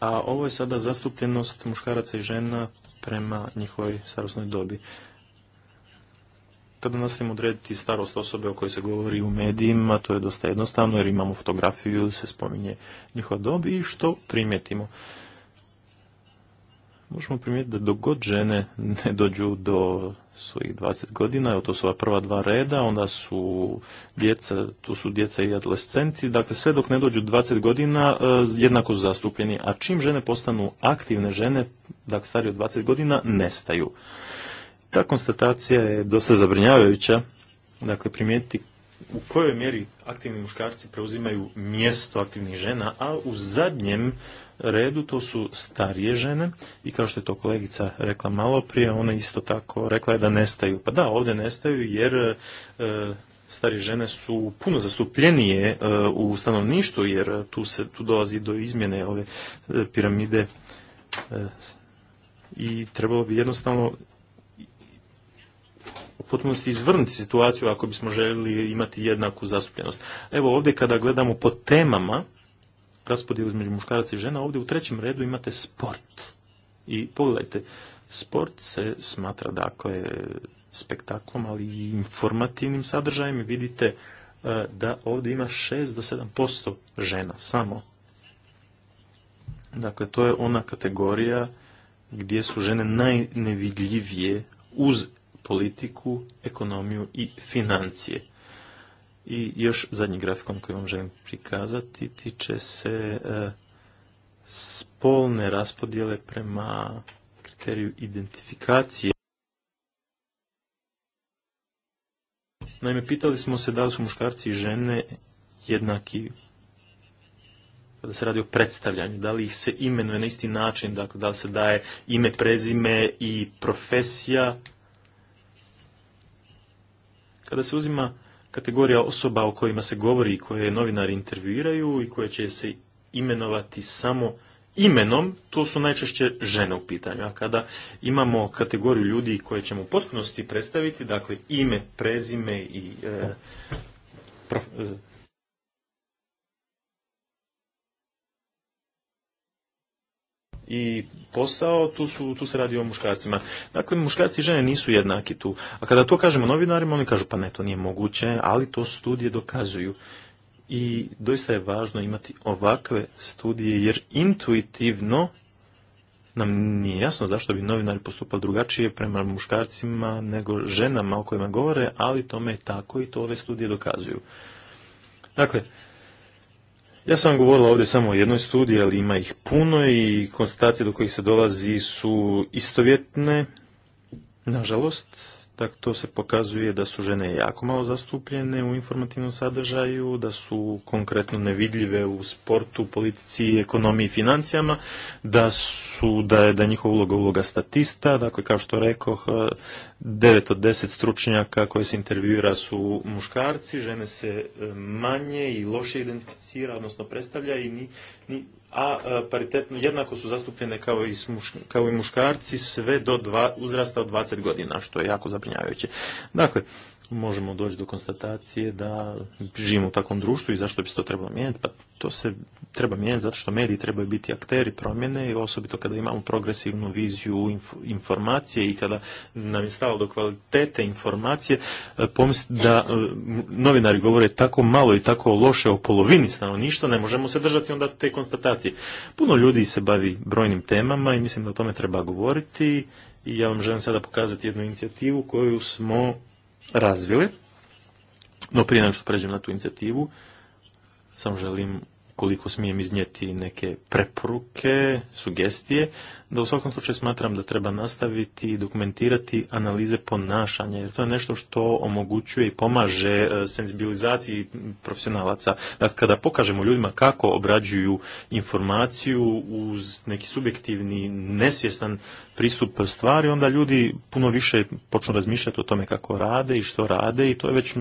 E: A ovo je sada zastupljenost muškaraca i žena prema njihovoj starosnoj dobi kada nastavimo odrediti starost osobe o kojoj se govori u medijima, to je dosta jednostavno jer imamo fotografiju ili se spominje njihova dob i što primijetimo. Možemo primijetiti da dok god žene ne dođu do svojih 20 godina, evo to su ova prva dva reda, onda su djeca, tu su djeca i adolescenti, dakle sve dok ne dođu 20 godina e, jednako su zastupljeni, a čim žene postanu aktivne žene, dakle starije od 20 godina, nestaju. Ta konstatacija je dosta zabrinjavajuća, dakle primijetiti u kojoj mjeri aktivni muškarci preuzimaju mjesto aktivnih žena, a u zadnjem redu to su starije žene i kao što je to kolegica rekla malo prije, ona isto tako rekla je da nestaju. Pa da, ovdje nestaju jer e, starije žene su puno zastupljenije e, u stanovništvu jer tu se tu dolazi do izmjene ove e, piramide i trebalo bi jednostavno u potpunosti izvrnuti situaciju ako bismo željeli imati jednaku zastupljenost. Evo ovdje kada gledamo po temama raspodjelu između muškaraca i žena, ovdje u trećem redu imate sport. I pogledajte, sport se smatra dakle spektaklom, ali i informativnim sadržajem i vidite e, da ovdje ima 6 do 7% žena samo. Dakle, to je ona kategorija gdje su žene najnevidljivije uz politiku, ekonomiju i financije. I još zadnji grafikon koji vam želim prikazati tiče se e, spolne raspodjele prema kriteriju identifikacije. Naime, pitali smo se da li su muškarci i žene jednaki kada se radi o predstavljanju, da li ih se imenuje na isti način, dakle da li se daje ime, prezime i profesija kada se uzima kategorija osoba o kojima se govori i koje novinari intervjuiraju i koje će se imenovati samo imenom, to su najčešće žene u pitanju. A kada imamo kategoriju ljudi koje ćemo u potpunosti predstaviti, dakle ime, prezime i e, e, i posao, tu, su, tu se radi o muškarcima. Dakle, muškarci i žene nisu jednaki tu. A kada to kažemo novinarima, oni kažu pa ne, to nije moguće, ali to studije dokazuju. I doista je važno imati ovakve studije, jer intuitivno nam nije jasno zašto bi novinari postupali drugačije prema muškarcima nego ženama o kojima govore, ali tome je tako i to ove studije dokazuju. Dakle, ja sam govorila ovdje samo o jednoj studiji, ali ima ih puno i konstatacije do kojih se dolazi su istovjetne, nažalost, Dakle, to se pokazuje da su žene jako malo zastupljene u informativnom sadržaju, da su konkretno nevidljive u sportu, politici, ekonomiji i financijama, da su, da je da njihova uloga uloga statista, dakle kao što rekoh, 9 od 10 stručnjaka koje se intervjuira su muškarci, žene se e, manje i loše identificira, odnosno predstavlja i ni, ni a e, paritetno jednako su zastupljene kao i, kao i muškarci sve do dva, uzrasta od 20 godina, što je jako zabrinjavajuće. Dakle, možemo doći do konstatacije da živimo u takvom društvu i zašto bi se to trebalo mijenjati? Pa to se treba mijenjati zato što mediji trebaju biti akteri promjene i osobito kada imamo progresivnu viziju informacije i kada nam je stalo do kvalitete informacije, e, pomisli da e, novinari govore tako malo i tako loše o polovini stanovništva, ne možemo se držati onda te konstatacije. Puno ljudi se bavi brojnim temama i mislim da o tome treba govoriti i ja vam želim sada pokazati jednu inicijativu koju smo razvile. No prije nego što pređem na tu inicijativu, samo želim koliko smijem iznijeti neke preporuke, sugestije da u svakom slučaju smatram da treba nastaviti i dokumentirati analize ponašanja, jer to je nešto što omogućuje i pomaže e, senzibilizaciji profesionalaca. Dakle, kada pokažemo ljudima kako obrađuju informaciju uz neki subjektivni, nesvjestan pristup stvari, onda ljudi puno više počnu razmišljati o tome kako rade i što rade i to je već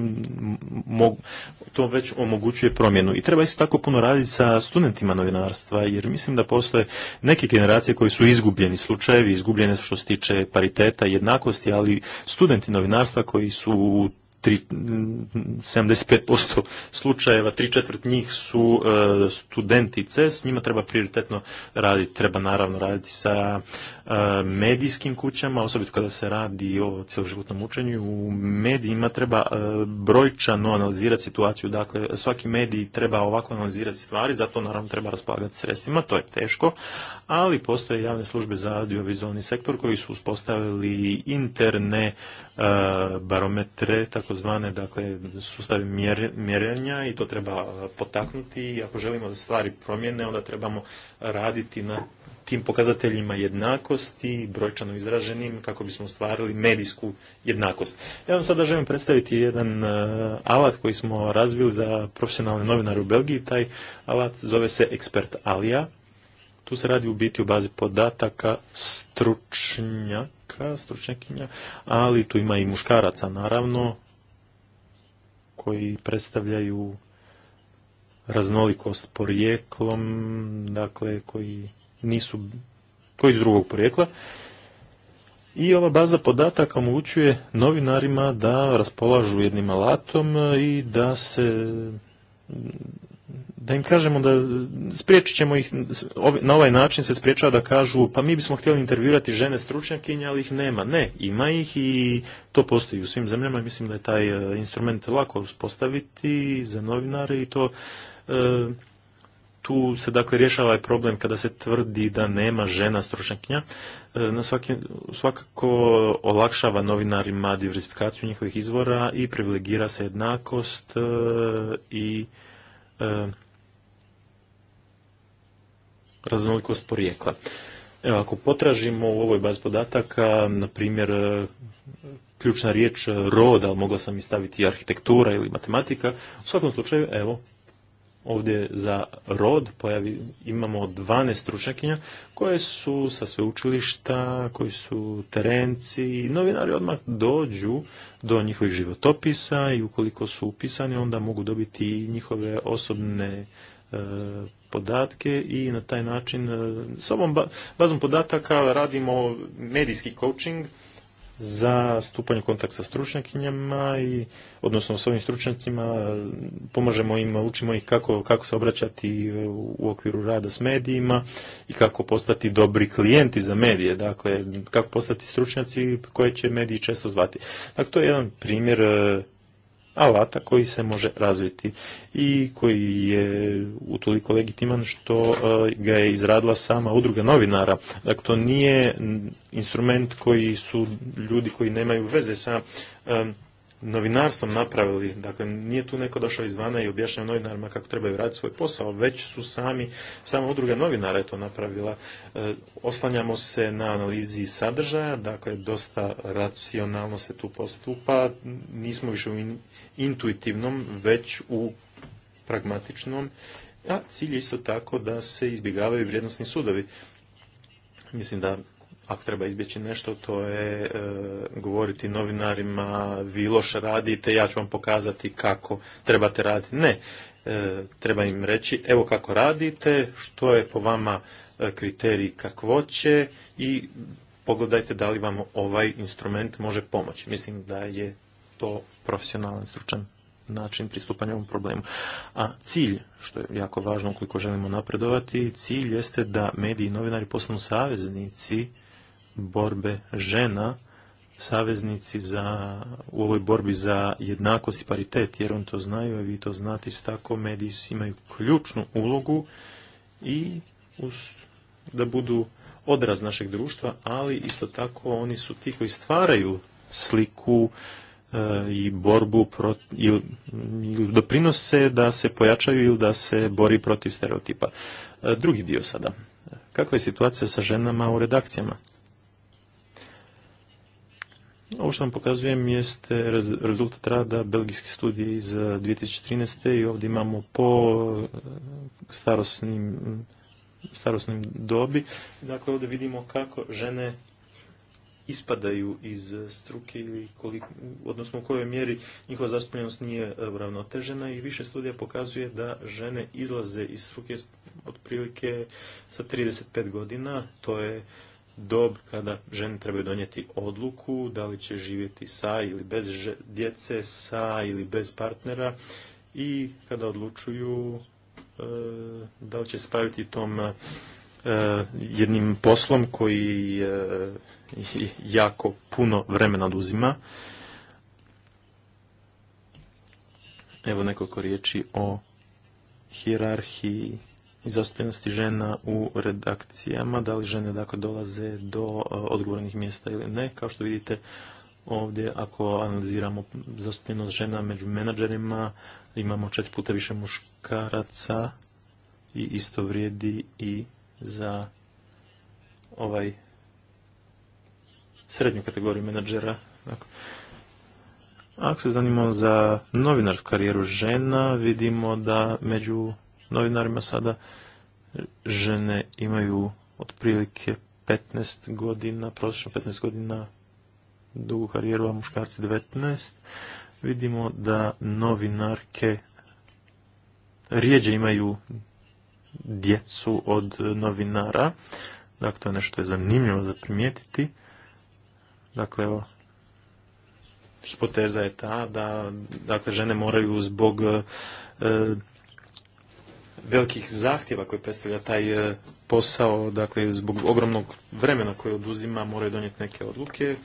E: to već omogućuje promjenu. I treba isto tako puno raditi sa studentima novinarstva, jer mislim da postoje neke generacije koje su iz izgubljeni slučajevi, izgubljene što se tiče pariteta i jednakosti, ali studenti novinarstva koji su u tri, 75% slučajeva, tri četvrt njih su studenti studentice, s njima treba prioritetno raditi, treba naravno raditi sa e, medijskim kućama, osobito kada se radi o cijeloživotnom učenju, u medijima treba e, brojčano analizirati situaciju, dakle svaki medij treba ovako analizirati stvari, zato naravno treba raspolagati sredstvima, to je teško, ali postoje javne službe za audiovizualni sektor koji su uspostavili interne E, barometre, takozvane dakle, sustave mjerenja i to treba e, potaknuti i ako želimo da stvari promjene, onda trebamo raditi na tim pokazateljima jednakosti, brojčano izraženim, kako bismo ostvarili medijsku jednakost. Ja vam sada želim predstaviti jedan e, alat koji smo razvili za profesionalne novinare u Belgiji. Taj alat zove se Expert Alia tu se radi u biti u bazi podataka stručnjaka, stručnjakinja, ali tu ima i muškaraca naravno koji predstavljaju raznolikost porijeklom, dakle koji nisu koji iz drugog porijekla. I ova baza podataka omogućuje novinarima da raspolažu jednim alatom i da se da im kažemo da spriječit ćemo ih, na ovaj način se spriječava da kažu pa mi bismo htjeli intervjuirati žene stručnjakinje, ali ih nema. Ne, ima ih i to postoji u svim zemljama i mislim da je taj e, instrument lako uspostaviti za novinare i to e, tu se dakle rješava ovaj problem kada se tvrdi da nema žena stručnjakinja. E, na svakako olakšava novinarima diversifikaciju njihovih izvora i privilegira se jednakost i raznolikost porijekla. Evo, ako potražimo u ovoj bazi podataka, na primjer, e, ključna riječ e, rod, ali mogla sam i staviti arhitektura ili matematika, u svakom slučaju, evo, ovdje za rod pojavi, imamo 12 stručnjakinja koje su sa sveučilišta, koji su terenci i novinari odmah dođu do njihovih životopisa i ukoliko su upisani onda mogu dobiti njihove osobne E, podatke i na taj način e, s ovom bazom podataka radimo medijski coaching za stupanje u kontakt sa stručnjakinjama i odnosno s ovim stručnjacima pomažemo im, učimo ih kako, kako se obraćati u okviru rada s medijima i kako postati dobri klijenti za medije, dakle kako postati stručnjaci koje će mediji često zvati. Dakle, to je jedan primjer e, alata koji se može razviti i koji je utoliko legitiman što e, ga je izradila sama udruga novinara. Dakle, to nije instrument koji su ljudi koji nemaju veze sa e, novinarstvom napravili. Dakle, nije tu neko došao izvana i objašnjao novinarima kako trebaju raditi svoj posao, već su sami, sama udruga novinara je to napravila. E, oslanjamo se na analizi sadržaja, dakle, dosta racionalno se tu postupa, nismo više u intuitivnom, već u pragmatičnom, a cilj je isto tako da se izbjegavaju vrijednostni sudovi. Mislim da ako treba izbjeći nešto, to je e, govoriti novinarima, vi loše radite, ja ću vam pokazati kako trebate raditi. Ne, e, treba im reći, evo kako radite, što je po vama e, kriterij kakvoće i pogledajte da li vam ovaj instrument može pomoći. Mislim da je to profesionalan, stručan način pristupanja ovom problemu. A cilj, što je jako važno ukoliko želimo napredovati, cilj jeste da mediji i novinari postanu saveznici borbe žena, saveznici za, u ovoj borbi za jednakost i paritet, jer on to znaju, a vi to znate, tako mediji imaju ključnu ulogu i da budu odraz našeg društva, ali isto tako oni su ti koji stvaraju sliku i borbu ili, doprinose da se pojačaju ili da se bori protiv stereotipa. E, drugi dio sada. Kakva je situacija sa ženama u redakcijama? Ovo što vam pokazujem jeste rezultat rada belgijske studije iz 2013. E, i ovdje imamo po e, starosnim, dobi. Dakle, ovdje vidimo kako žene ispadaju iz struke ili koliko, odnosno u kojoj mjeri njihova zastupljenost nije e, uravnotežena i više studija pokazuje da žene izlaze iz struke otprilike sa 35 godina, to je dob kada žene trebaju donijeti odluku da li će živjeti sa ili bez djece, sa ili bez partnera i kada odlučuju e, da li će spaviti baviti tom E, jednim poslom koji e, jako puno vremena oduzima. Evo nekoliko riječi o hijerarhiji i zastupljenosti žena u redakcijama, da li žene dakle dolaze do e, odgovornih mjesta ili ne. Kao što vidite ovdje, ako analiziramo zastupljenost žena među menadžerima, imamo četiri puta više muškaraca i isto vrijedi i za ovaj srednju kategoriju menadžera. Dakle, ako se zanimamo za novinarsku karijeru žena, vidimo da među novinarima sada žene imaju otprilike 15 godina, prosječno 15 godina dugu karijeru, a muškarci 19. Vidimo da novinarke rijeđe imaju djecu od novinara. Dakle, to je nešto je zanimljivo za primijetiti. Dakle, evo, hipoteza je ta da dakle, žene moraju zbog e, velikih zahtjeva koje predstavlja taj e, posao, dakle, zbog ogromnog vremena koje oduzima, moraju donijeti neke odluke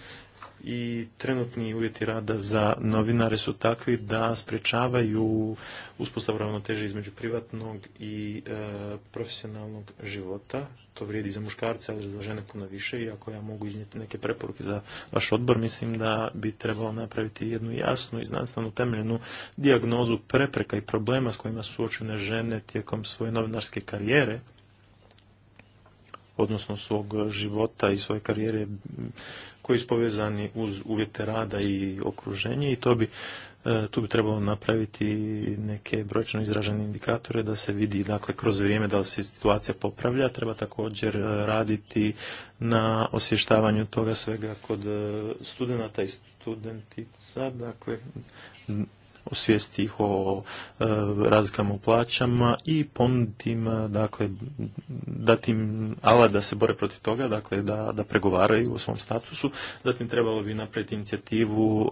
E: i trenutni uvjeti rada za novinare su takvi da sprečavaju uspostavu ravnoteže između privatnog i e, profesionalnog života. To vrijedi za muškarce, ali za žene puno više. I ako ja mogu iznijeti neke preporuke za vaš odbor, mislim da bi trebalo napraviti jednu jasnu i znanstvenu temeljenu dijagnozu prepreka i problema s kojima su suočene žene tijekom svoje novinarske karijere odnosno svog života i svoje karijere koji su povezani uz uvjete rada i okruženje i to bi e, tu bi trebalo napraviti neke brojčno izražene indikatore da se vidi dakle kroz vrijeme da li se situacija popravlja, treba također e, raditi na osvještavanju toga svega kod e, studenata i studentica, dakle osvijesti ih o e, razlikama u plaćama i ponuditi im, e, dakle, dati im alat da se bore protiv toga, dakle, da, da pregovaraju o svom statusu. Zatim trebalo bi napraviti inicijativu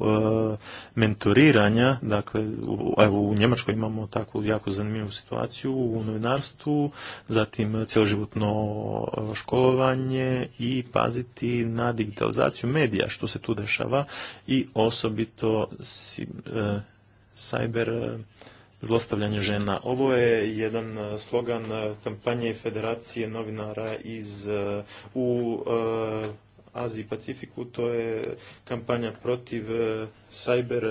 E: e, mentoriranja, dakle, u, evo, u Njemačkoj imamo takvu jako zanimljivu situaciju u novinarstvu, zatim cjeloživotno školovanje i paziti na digitalizaciju medija, što se tu dešava i osobito cyber e, zlostavljanje žena. Ovo je jedan e, slogan e, kampanje Federacije novinara iz u Aziji i Pacifiku, to je kampanja protiv cyber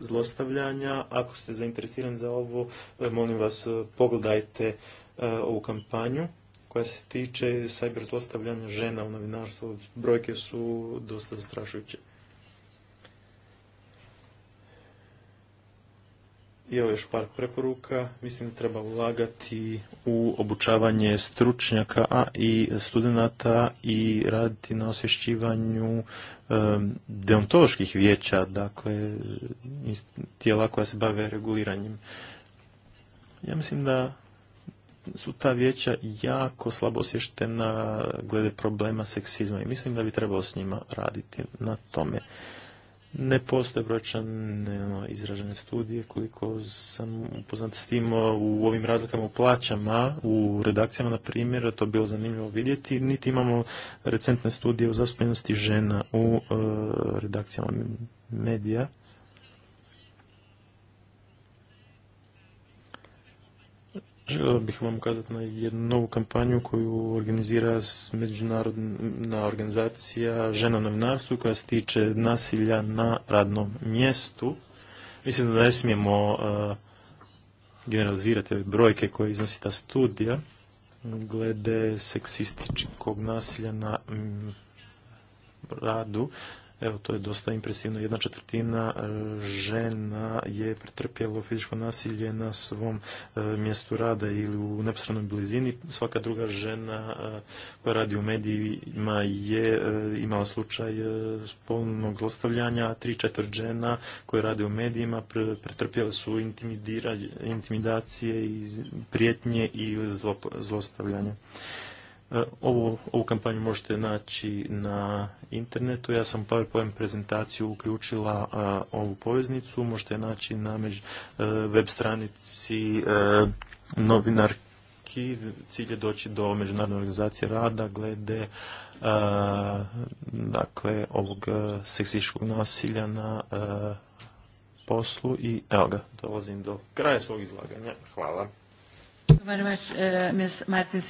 E: zlostavljanja. Ako ste zainteresirani za ovo, molim vas pogledajte ovu kampanju koja se tiče cyber zlostavljanja žena u novinarstvu. Brojke su dosta zastrašujuće. I evo još par preporuka. Mislim da treba ulagati u obučavanje stručnjaka, a i studenata i raditi na osvješćivanju deontoloških vijeća, dakle tijela koja se bave reguliranjem. Ja mislim da su ta vijeća jako slabo osještena glede problema seksizma i mislim da bi trebalo s njima raditi na tome ne postoje brojčane ono, izražene studije koliko sam upoznat s tim u ovim razlikama u plaćama, u redakcijama na primjer, to bi bilo zanimljivo vidjeti, niti imamo recentne studije o zastupljenosti žena u e, redakcijama medija. Želio bih vam ukazati na jednu novu kampanju koju organizira međunarodna organizacija Žena novinarstvu koja se tiče nasilja na radnom mjestu. Mislim da ne smijemo generalizirati ove brojke koje iznosi ta studija glede seksističkog nasilja na radu. Evo, to je dosta impresivno. Jedna četvrtina e, žena je pretrpjelo fizičko nasilje na svom e, mjestu rada ili u neposrednoj blizini. Svaka druga žena e, koja radi u medijima je imala slučaj spolnog zlostavljanja. Tri četvrt žena koje rade u medijima pretrpjele su intimidacije i prijetnje i zlostavljanje. E, ovu, ovu kampanju možete naći na internetu. Ja sam PowerPoint prezentaciju uključila e, ovu poveznicu. Možete naći na e, web stranici novinarki. Cilj je doći do Međunarodne organizacije rada glede dakle, ovog seksičkog nasilja na poslu i evo ga, dolazim do kraja svog izlaganja. Hvala.
B: Martin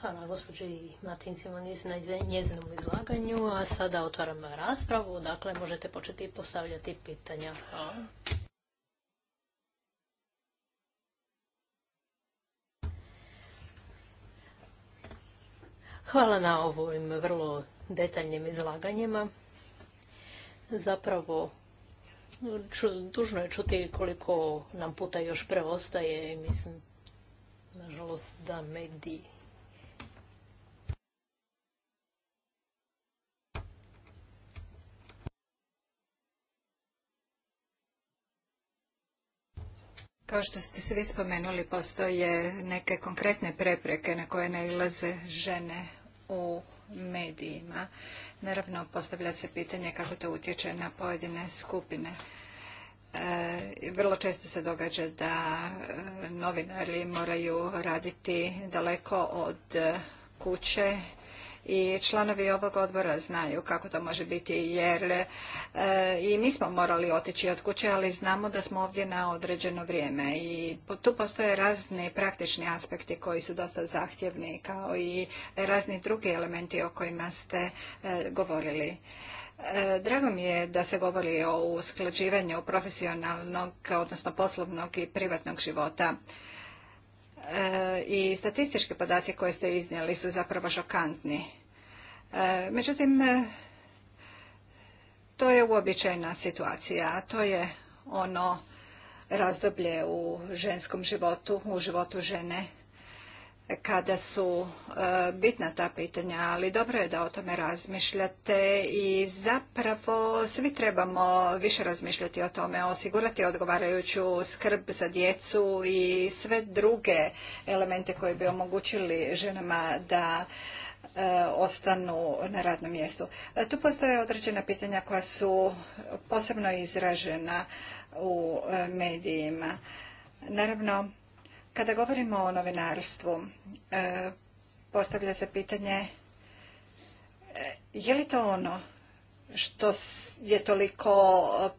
A: Hvala gospođi Martin Simonis na njezinom izlaganju, a sada otvaram raspravu, dakle možete početi postavljati pitanja. Hvala. Hvala na ovim vrlo detaljnim izlaganjima. Zapravo, dužno je čuti koliko nam puta još preostaje i mislim, nažalost, da mediji
B: Kao što ste svi spomenuli, postoje neke konkretne prepreke na koje nailaze žene u medijima. Naravno, postavlja se pitanje kako to utječe na pojedine skupine. E, vrlo često se događa da e, novinari moraju raditi daleko od e, kuće i članovi ovog odbora znaju kako to može biti jer e, i mi smo morali otići od kuće, ali znamo da smo ovdje na određeno vrijeme i tu postoje razni praktični aspekti koji su dosta zahtjevni kao i razni drugi elementi o kojima ste e, govorili. E, drago mi je da se govori o usklađivanju profesionalnog, odnosno poslovnog i privatnog života. E, i statističke podaci koje ste iznijeli su zapravo šokantni. E, međutim, e, to je uobičajena situacija, a to je ono razdoblje u ženskom životu, u životu žene kada su e, bitna ta pitanja, ali dobro je da o tome razmišljate i zapravo svi trebamo više razmišljati o tome, osigurati odgovarajuću skrb za djecu i sve druge elemente koji bi omogućili ženama da e, ostanu na radnom mjestu. E, tu postoje određena pitanja koja su posebno izražena u medijima. Naravno, kada govorimo o novinarstvu, e, postavlja se pitanje e, je li to ono što je toliko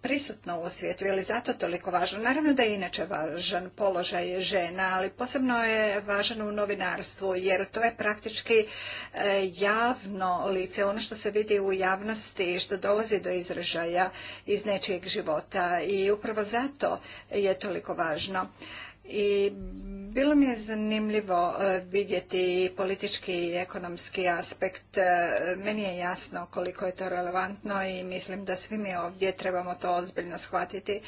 B: prisutno u svijetu, je li zato toliko važno? Naravno da je inače važan položaj žena, ali posebno je važan u novinarstvu, jer to je praktički e, javno lice, ono što se vidi u javnosti, što dolazi do izražaja iz nečijeg života i upravo zato je toliko važno i bilo mi je zanimljivo e, vidjeti politički i ekonomski aspekt. E, meni je jasno koliko je to relevantno i mislim da svi mi ovdje trebamo to ozbiljno shvatiti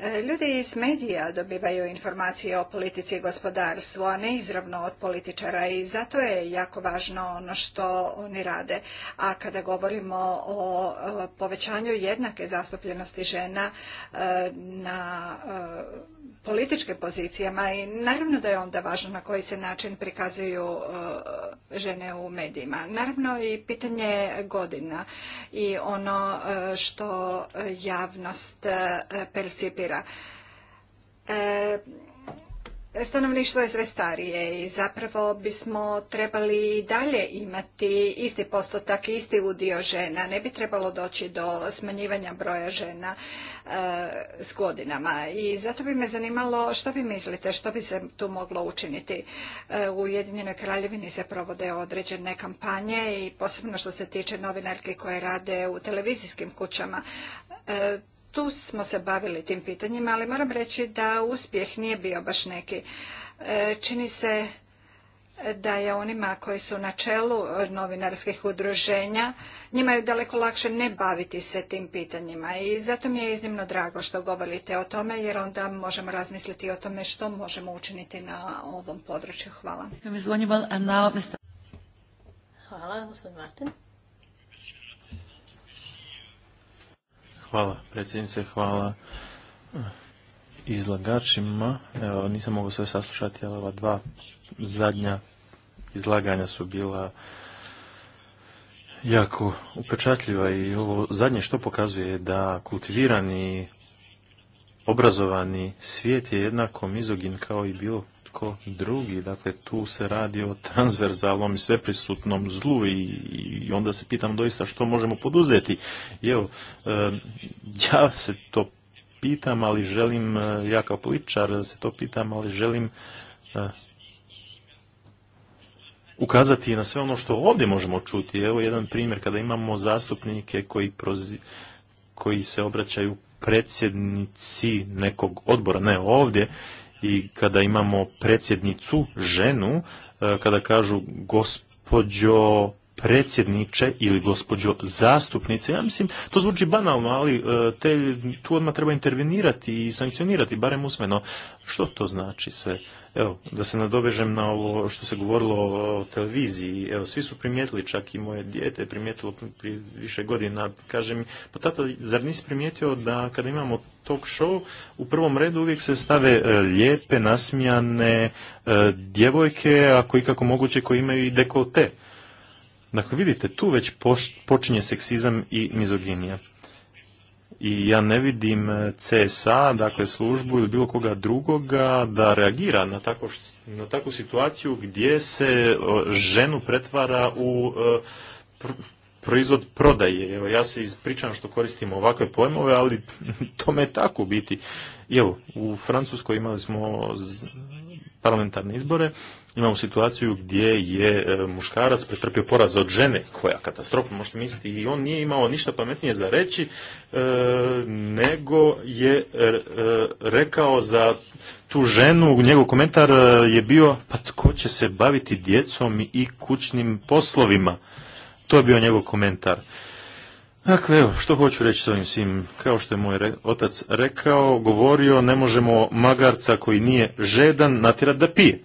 B: E, ljudi iz medija dobivaju informacije o politici i gospodarstvu, a ne izravno od političara i zato je jako važno ono što oni rade. A kada govorimo o povećanju jednake zastupljenosti žena e, na e, političke pozicijama i naravno da je onda važno na koji se način prikazuju e, žene u medijima. Naravno i pitanje godina i ono e, što javnost e, percipira. Stanovništvo je sve starije i zapravo bismo trebali i dalje imati isti postotak i isti udio žena. Ne bi trebalo doći do smanjivanja broja žena e, s godinama. I zato bi me zanimalo što vi mislite, što bi se tu moglo učiniti. E, u Ujedinjenoj kraljevini se provode određene kampanje i posebno što se tiče novinarke koje rade u televizijskim kućama. E, tu smo se bavili tim pitanjima, ali moram reći da uspjeh nije bio baš neki. E, čini se e, da je onima koji su na čelu novinarskih udruženja, njima je daleko lakše ne baviti se tim pitanjima i zato mi je iznimno drago što govorite o tome jer onda možemo razmisliti o tome što možemo učiniti na ovom području. Hvala.
A: Hvala, gospodin Martin.
E: Hvala predsjednice, hvala eh, izlagačima. Evo, nisam mogu sve saslušati, ali ova dva zadnja izlaganja su bila jako upečatljiva i ovo zadnje što pokazuje da kultivirani, obrazovani svijet je jednako mizogin kao i bilo drugi. Dakle, tu se radi o transverzalnom i sveprisutnom zlu i, onda se pitam doista što možemo poduzeti. I evo, e, ja se to pitam, ali želim, e, ja kao političar se to pitam, ali želim e, ukazati na sve ono što ovdje možemo čuti. Evo jedan primjer kada imamo zastupnike koji, koji se obraćaju predsjednici nekog odbora, ne ovdje, i kada imamo predsjednicu, ženu, e, kada kažu gospođo predsjedniče ili gospođo zastupnice, ja mislim, to zvuči banalno, ali e, te, tu odmah treba intervenirati i sankcionirati, barem usmeno. Što to znači sve? Evo, da se nadovežem na ovo što se govorilo o televiziji. Evo, svi su primijetili, čak i moje dijete je primijetilo prije više godina. Kaže mi, pa tata, zar nisi primijetio da kada imamo talk show, u prvom redu uvijek se stave e, lijepe, nasmijane e, djevojke, ako ikako moguće, koje imaju i dekolte. Dakle, vidite, tu već počinje seksizam i mizoginija i ja ne vidim e, CSA, dakle službu ili bilo koga drugoga da reagira na, na takvu situaciju gdje se e, ženu pretvara u e, proizvod prodaje. Evo, ja se ispričam što koristim ovakve pojmove, ali tome me tako biti. Evo, u Francuskoj imali smo parlamentarne izbore, imamo situaciju gdje je e, muškarac pretrpio poraz od žene, koja katastrofa, možete misliti, i on nije imao ništa pametnije za reći, e, nego je e, rekao za tu ženu, njegov komentar je bio, pa tko će se baviti djecom i kućnim poslovima? To je bio njegov komentar. Dakle, evo, što hoću reći s ovim svim, kao što je moj otac rekao, govorio, ne možemo magarca koji nije žedan natjerati da pije.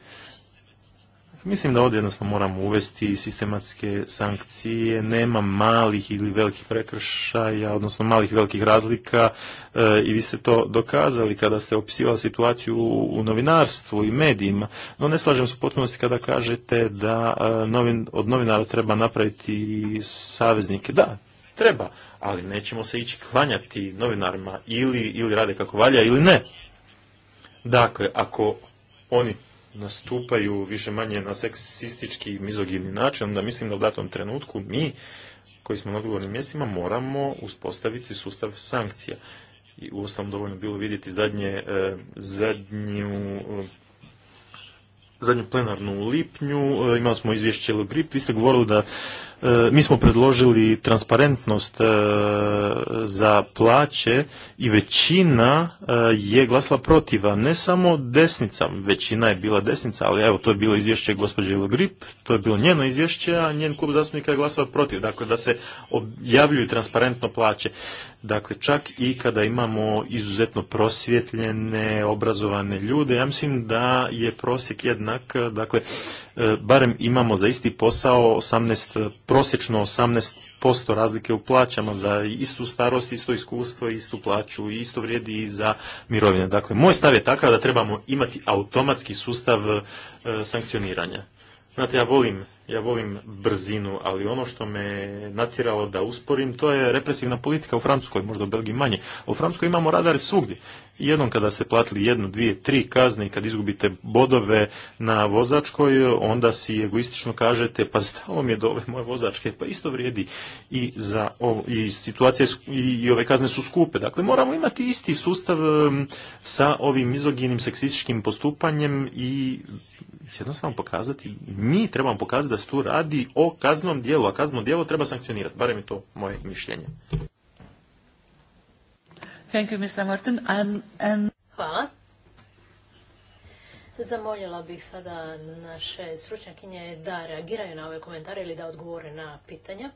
E: Mislim da ovdje jednostavno moramo uvesti sistematske sankcije, nema malih ili velikih prekršaja, odnosno malih velikih razlika e, i vi ste to dokazali kada ste opisivali situaciju u novinarstvu i medijima, no ne slažem se u potpunosti kada kažete da e, novin, od novinara treba napraviti saveznike. Da, treba, ali nećemo se ići klanjati novinarima ili, ili rade kako valja ili ne. Dakle, ako oni nastupaju više manje na seksistički i mizogini način, onda mislim da u datom trenutku mi koji smo na odgovornim mjestima moramo uspostaviti sustav sankcija. I u dovoljno bilo vidjeti zadnje, e, zadnju, e, zadnju plenarnu lipnju, e, imali smo izvješće Lugrip, vi ste govorili da E, mi smo predložili transparentnost e, za plaće i većina e, je glasila protiva, ne samo desnica, većina je bila desnica, ali evo to je bilo izvješće gospođe Logrip, to je bilo njeno izvješće, a njen klub zastupnika je glasao protiv, dakle da se objavljuju transparentno plaće. Dakle, čak i kada imamo izuzetno prosvjetljene, obrazovane ljude, ja mislim da je prosjek jednak, dakle, E, barem imamo za isti posao 18, prosječno 18% razlike u plaćama za istu starost, isto iskustvo, istu plaću i isto vrijedi i za mirovine. Dakle, moj stav je takav da trebamo imati automatski sustav e, sankcioniranja. Znate, ja volim, ja volim brzinu, ali ono što me natjeralo da usporim, to je represivna politika u Francuskoj, možda u Belgiji manje. U Francuskoj imamo radare svugdje. Jednom kada ste platili jednu, dvije, tri kazne i kad izgubite bodove na vozačkoj, onda si egoistično kažete, pa stalo mi je do ove moje vozačke, pa isto vrijedi i za ovo, i situacije i ove kazne su skupe. Dakle, moramo imati isti sustav sa ovim mizoginim seksističkim postupanjem i jednostavno pokazati, mi trebamo pokazati da se tu radi o kaznom dijelu, a kaznom dijelu treba sankcionirati, barem je to moje mišljenje.
D: Thank you, Mr. Martin. And,
A: Hvala. Zamoljela bih sada naše sručnjakinje da reagiraju na ove komentare ili da odgovore na pitanja.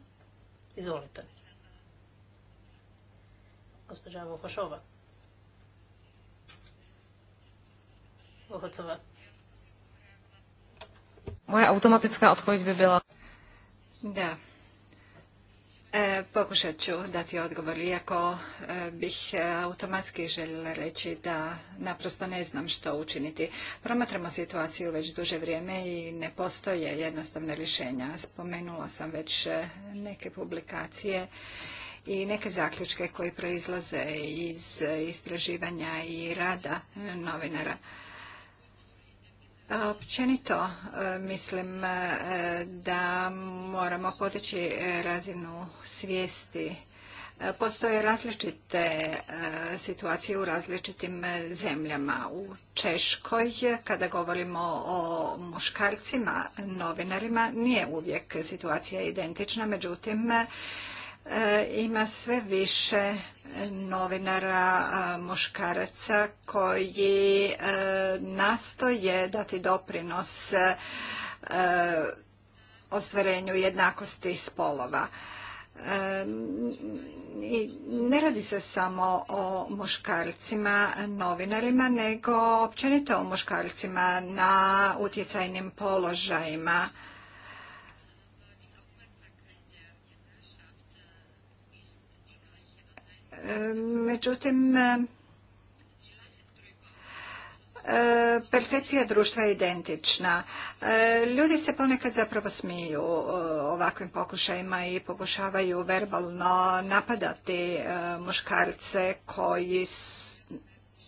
A: Izvolite. Gospođa Vohošova. Vohocova.
C: Moja automatska bi bila... Da.
A: E,
B: pokušat ću dati odgovor, iako e, bih e, automatski željela reći da naprosto ne znam što učiniti. Promatramo situaciju već duže vrijeme i ne postoje jednostavne rješenja. Spomenula sam već e, neke publikacije i neke zaključke koji proizlaze iz istraživanja i rada novinara. Općenito e, mislim e, da moramo podići razinu svijesti. E, postoje različite situacije u različitim zemljama. U Češkoj, kada govorimo o muškarcima, novinarima, nije uvijek situacija identična, međutim, E, ima sve više novinara muškaraca koji e, nastoje dati doprinos e, ostvarenju jednakosti spolova. ne radi se samo o muškarcima novinarima, nego općenito o muškarcima na utjecajnim položajima Međutim, e, e, percepcija društva je identična. E, ljudi se ponekad zapravo smiju ovakvim pokušajima i pokušavaju verbalno napadati muškarce koji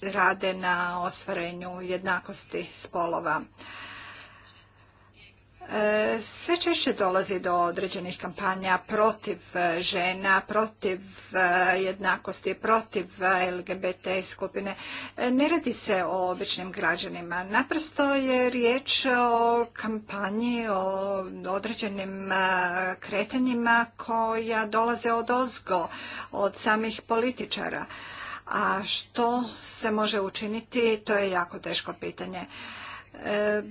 B: rade na ostvarenju jednakosti spolova sve češće dolazi do određenih kampanja protiv e, žena, protiv e, jednakosti, protiv e, LGBT skupine. Ne radi se o običnim građanima. Naprosto je riječ o kampanji, o određenim kretanjima koja dolaze od ozgo, od samih političara. A što se može učiniti, to je jako teško pitanje. E,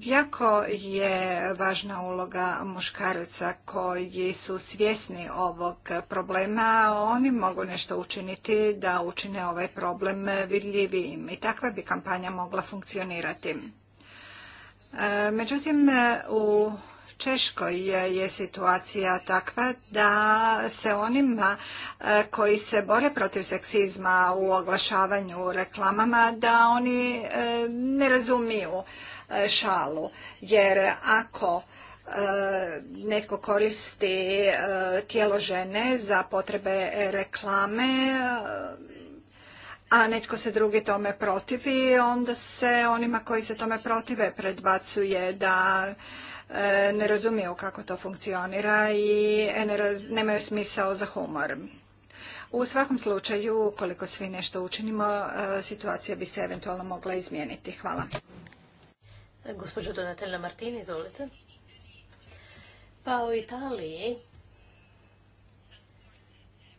B: jako je važna uloga muškaraca koji su svjesni ovog problema. Oni mogu nešto učiniti da učine ovaj problem vidljivijim i takva bi kampanja mogla funkcionirati. E, međutim, u Češkoj je situacija takva da se onima e, koji se bore protiv seksizma u oglašavanju reklamama da oni e, ne razumiju e, šalu. Jer ako netko koristi tijelo žene za potrebe reklame, a netko se drugi tome protivi, onda se onima koji se tome protive predbacuje da E, ne razumiju kako to funkcionira i nemaju smisao za humor. U svakom slučaju, ukoliko svi nešto učinimo, e, situacija bi se eventualno mogla izmijeniti. Hvala.
A: E, gospođo Donatella Martini, izvolite. Pa u Italiji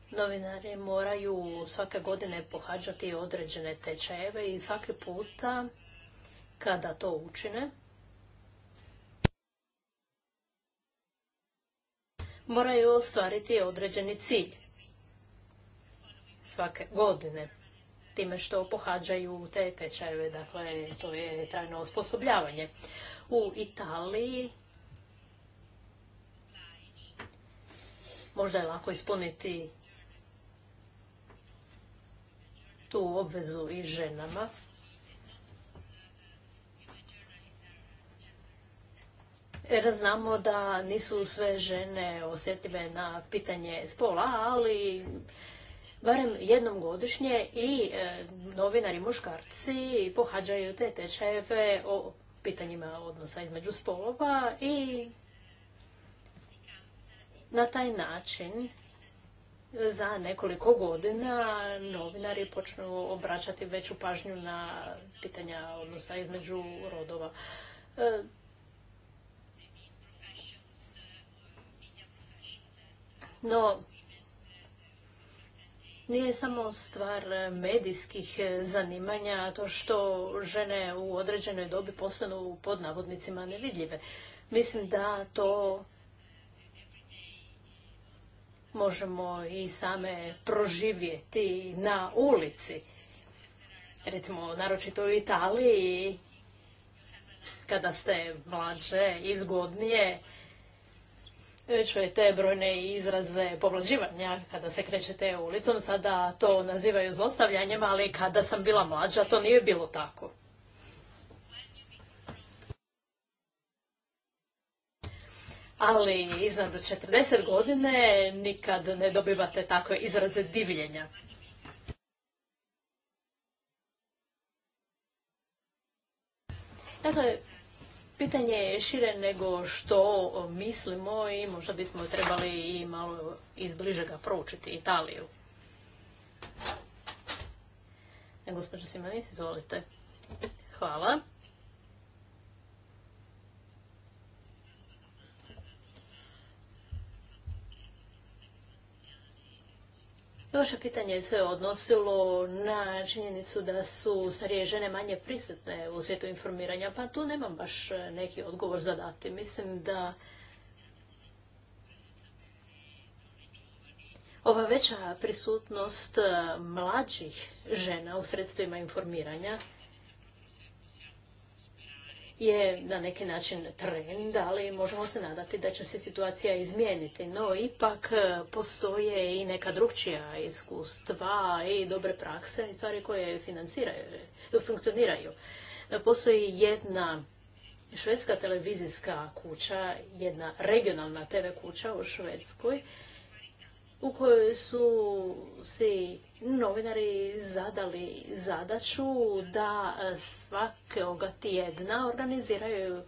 A: novinari moraju svake godine pohađati određene tečajeve i svaki puta kada to učine, moraju ostvariti određeni cilj svake godine time što pohađaju te tečajeve, dakle to je trajno osposobljavanje. U Italiji možda je lako ispuniti tu obvezu i ženama, Jer znamo da nisu sve žene osjetljive na pitanje spola, ali barem jednom godišnje i e, novinari muškarci pohađaju te tečajeve o pitanjima odnosa između spolova i na taj način za nekoliko godina novinari počnu obraćati veću pažnju na pitanja odnosa između rodova. E, No, nije samo stvar eh, medijskih eh, zanimanja, to što žene u određenoj dobi postanu pod navodnicima nevidljive. Mislim da to možemo i same proživjeti na ulici. Recimo, naročito u Italiji, kada ste mlađe, izgodnije, čujete brojne izraze povlađivanja kada se krećete ulicom. Sada to nazivaju zlostavljanjem, ali kada sam bila mlađa to nije bilo tako. Ali iznad 40 godine nikad ne dobivate takve izraze divljenja. Dakle, Pitanje je šire nego što mislimo i možda bismo trebali i malo izbližega proučiti Italiju. E, Gospodin Simanic, izvolite. Hvala. Vaše pitanje se odnosilo na činjenicu da su starije žene manje prisutne u svijetu informiranja, pa tu nemam baš e, neki odgovor za dati. Mislim da ova veća prisutnost e, mlađih žena u sredstvima informiranja je na neki način trend, ali možemo se nadati da će se situacija izmijeniti. No, ipak e, postoje i neka drugčija iskustva i dobre prakse i stvari koje financiraju, funkcioniraju. E, postoji jedna švedska televizijska kuća, jedna regionalna TV kuća u Švedskoj, u kojoj su si novinari zadali zadaću da e, svakoga tjedna organiziraju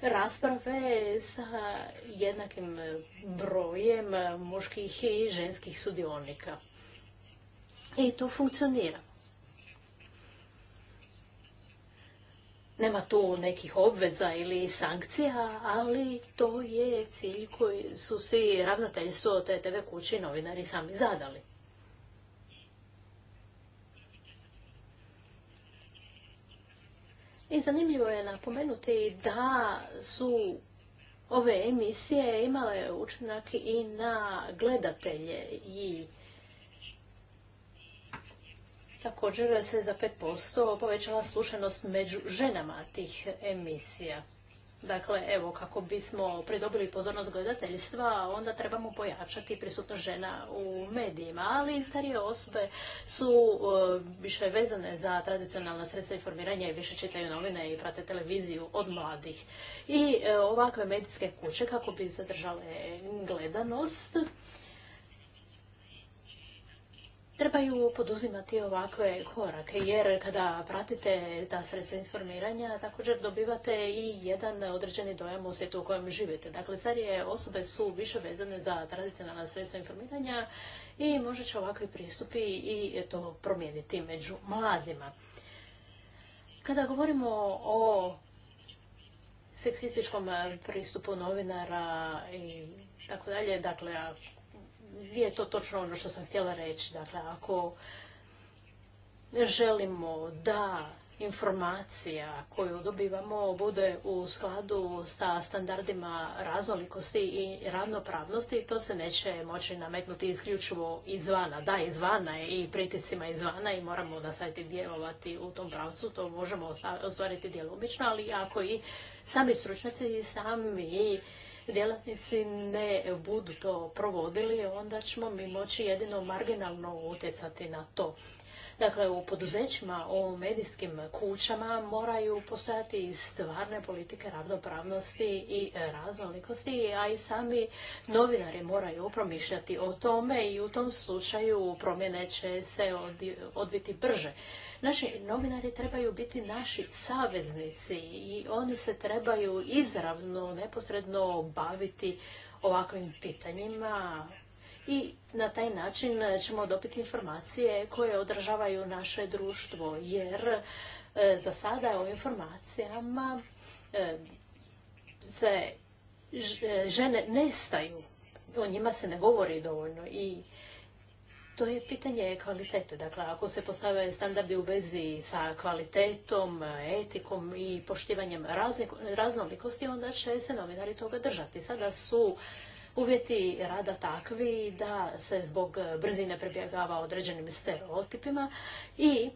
A: rasprave sa jednakim brojem muških i ženskih sudionika. I to funkcionira. Nema tu nekih obveza ili sankcija, ali to je cilj koji su si ravnateljstvo te TV kući novinari sami zadali. I zanimljivo je napomenuti da su ove emisije imale učinak i na gledatelje i također se za 5% povećala slušanost među ženama tih emisija. Dakle, evo, kako bismo pridobili pozornost gledateljstva, onda trebamo pojačati prisutnost žena u medijima, ali starije osobe su e, više vezane za tradicionalna sredstva informiranja i više čitaju novine i prate televiziju od mladih. I e, ovakve medijske kuće, kako bi zadržale gledanost, trebaju poduzimati ovakve korake, jer kada pratite ta sredstva informiranja, također dobivate i jedan određeni dojam u svijetu u kojem živite. Dakle, je osobe su više vezane za tradicionalna sredstva informiranja i možda će ovakvi pristupi i to promijeniti među mladima. Kada govorimo o seksističkom pristupu novinara i tako dalje, dakle, je to točno ono što sam htjela reći. Dakle, ako želimo da informacija koju dobivamo bude u skladu sa standardima raznolikosti i ravnopravnosti, to se neće moći nametnuti isključivo izvana. Da, izvana i pritiscima izvana i moramo da sajti djelovati u tom pravcu, to možemo ostvariti djelomično, ali ako i sami stručnjaci i sami djelatnici ne budu to provodili, onda ćemo mi moći jedino marginalno utjecati na to. Dakle, u poduzećima, u medijskim kućama moraju postojati stvarne politike ravnopravnosti i e, raznolikosti, a i sami novinari moraju promišljati o tome i u tom slučaju promjene će se odviti brže. Naši novinari trebaju biti naši saveznici i oni se trebaju izravno, neposredno baviti ovakvim pitanjima i na taj način ćemo dobiti informacije koje održavaju naše društvo, jer e, za sada o informacijama se e, žene nestaju, o njima se ne govori dovoljno i to je pitanje kvalitete. Dakle, ako se postavljaju standardi u vezi sa kvalitetom, etikom i poštivanjem raznolikosti, onda će se novinari toga držati. Sada su uvjeti rada takvi da se zbog brzine prebjegava određenim stereotipima i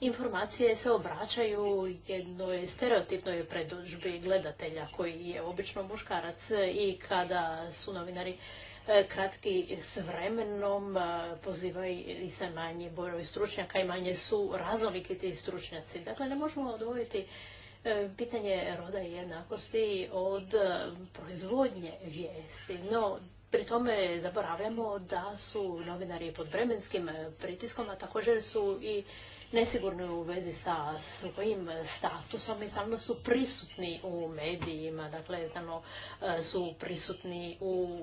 A: informacije se obraćaju jednoj stereotipnoj predužbi gledatelja koji je obično muškarac i kada su novinari E, kratki s vremenom, e, pozivaju i se manji broj stručnjaka i manje su razoliki ti stručnjaci. Dakle, ne možemo odvojiti e, pitanje roda i jednakosti od proizvodnje vijesti. No, pri tome zaboravljamo da su novinari pod vremenskim pritiskom, a također su i nesigurni u vezi sa svojim statusom i samo su prisutni u medijima, dakle znamo, su prisutni u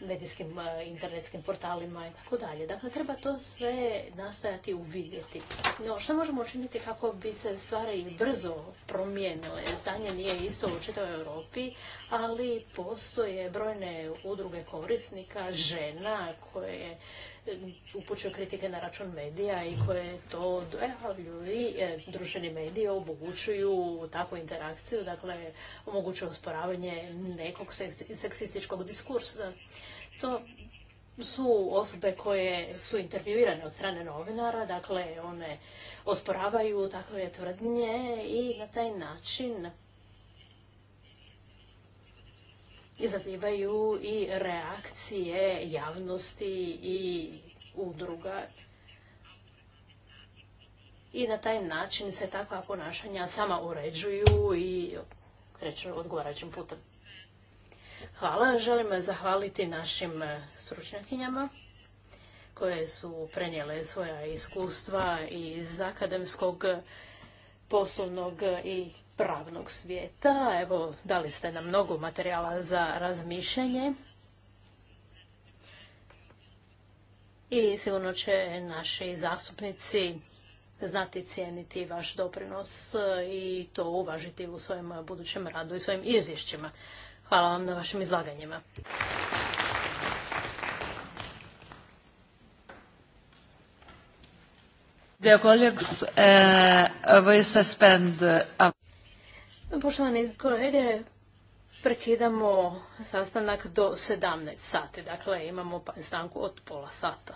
A: medijskim, e, internetskim portalima i tako dalje. Dakle, treba to sve nastojati uvidjeti. No, što možemo učiniti kako bi se stvari brzo promijenile? Stanje nije isto u čitavoj Europi, ali postoje brojne udruge korisnika, žena koje upućuju kritike na račun medija i koje to ljudi e, Društveni mediji omogućuju takvu interakciju, dakle omogućuju osporavanje nekog seksističkog diskursa. To su osobe koje su intervjuirane od strane novinara, dakle one osporavaju takve tvrdnje i na taj način izazivaju i reakcije javnosti i udruga i na taj način se takva ponašanja sama uređuju i kreću odgovarajućim putem. Hvala. Želim zahvaliti našim stručnjakinjama koje su prenijele svoja iskustva iz akademskog, poslovnog i pravnog svijeta. Evo, dali ste nam mnogo materijala za razmišljanje. I sigurno će naši zastupnici znati cijeniti vaš doprinos i to uvažiti u svojem budućem radu i svojim izvješćima. Hvala vam na vašim izlaganjima.
C: Dear colleagues, uh, we suspend. Uh,
A: Poštovani kolege, prekidamo sastanak do 17 sati, dakle imamo pa- stanku od pola sata.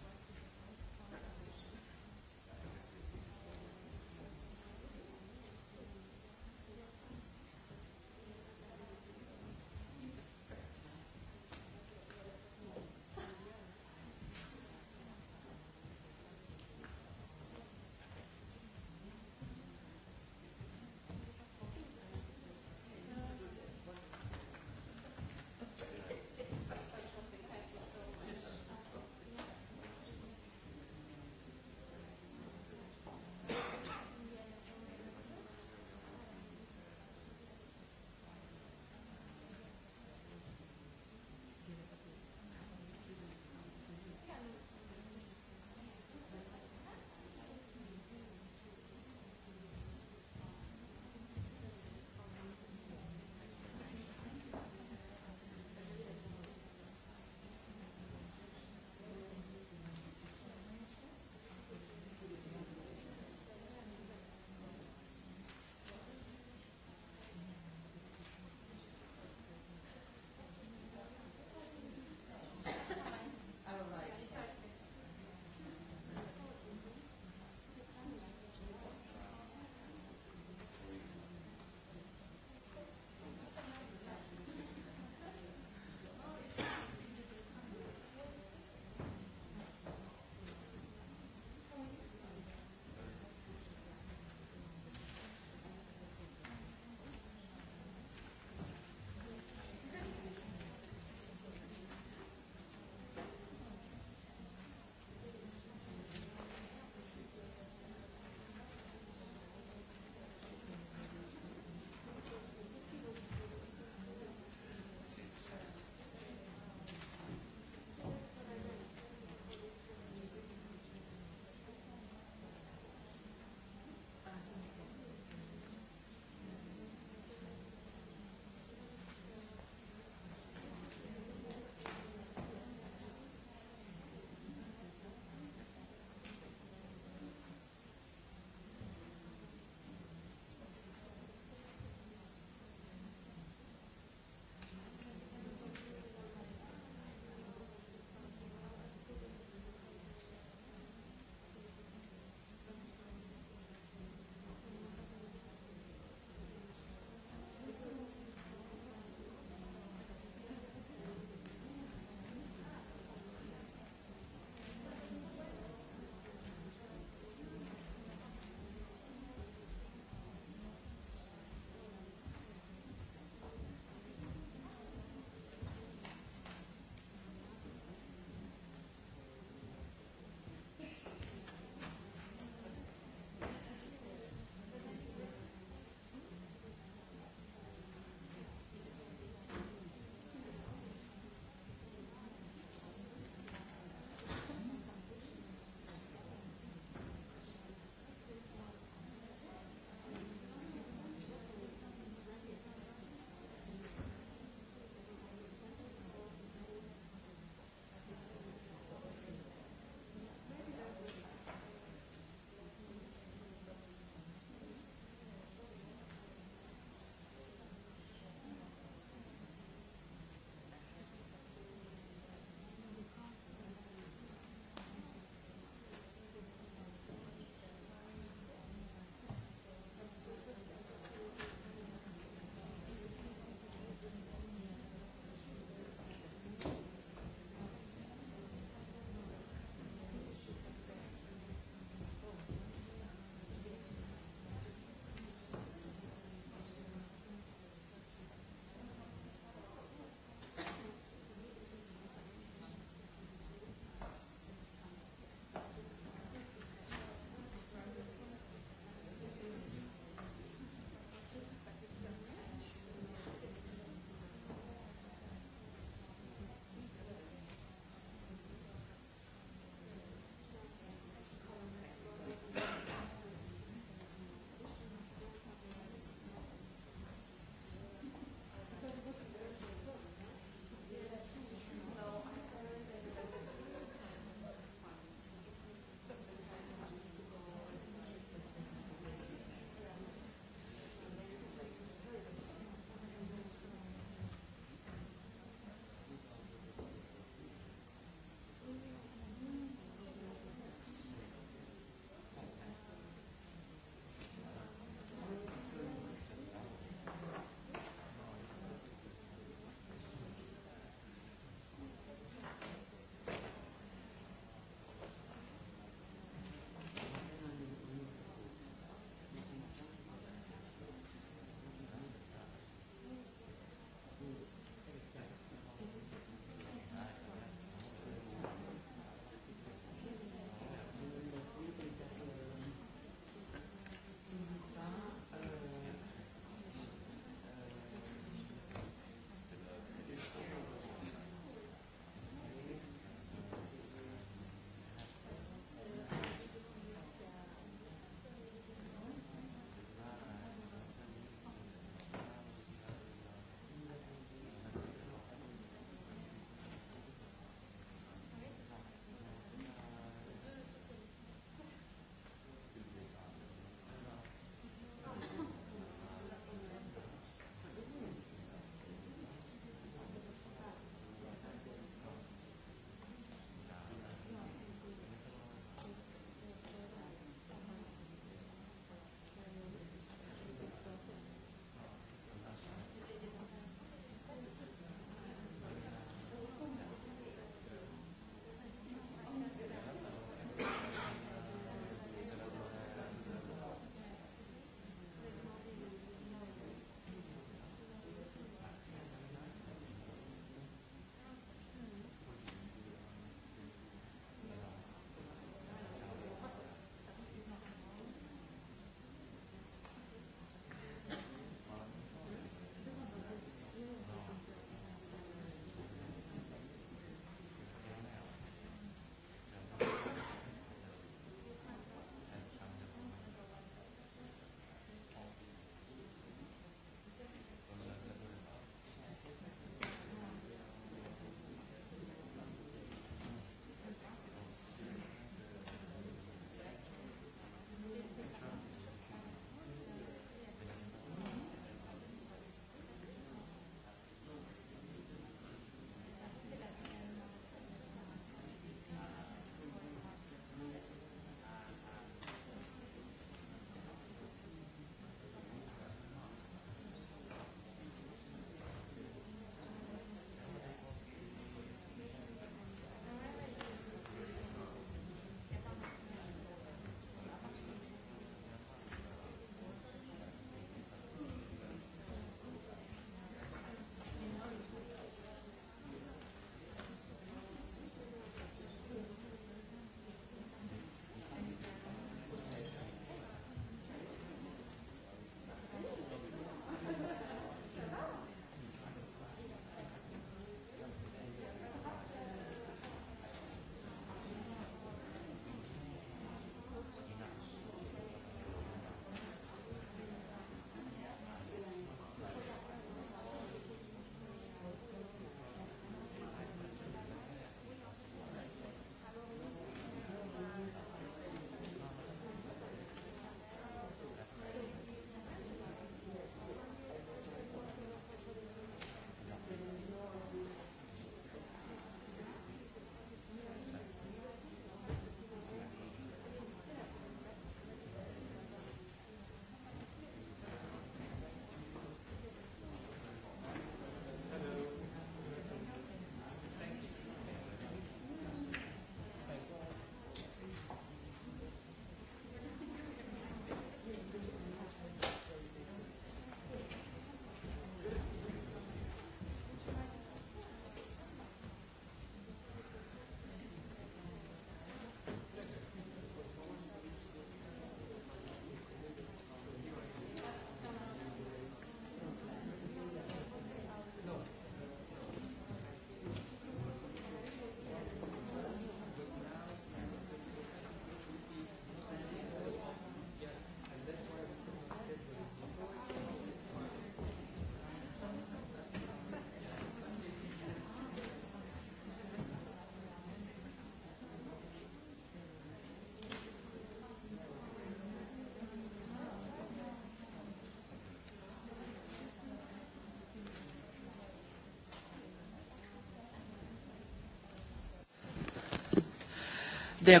D: Dear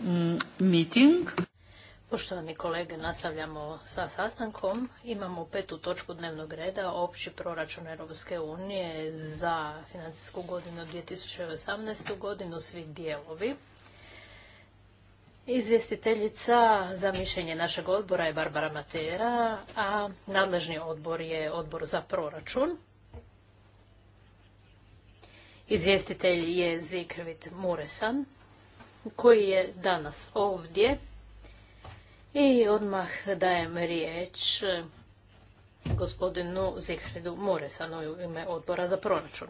D: mm,
A: Poštovani kolege, nastavljamo sa sastankom. Imamo petu točku dnevnog reda, opći proračun Europske unije za financijsku godinu 2018. godinu, svi dijelovi. Izvjestiteljica za mišljenje našeg odbora je Barbara Matera, a nadležni odbor je odbor za proračun. Izvjestitelj je Zikrvit Muresan, koji je danas ovdje. I odmah dajem riječ eh, gospodinu Zikrvidu Muresanu u ime odbora za proračun.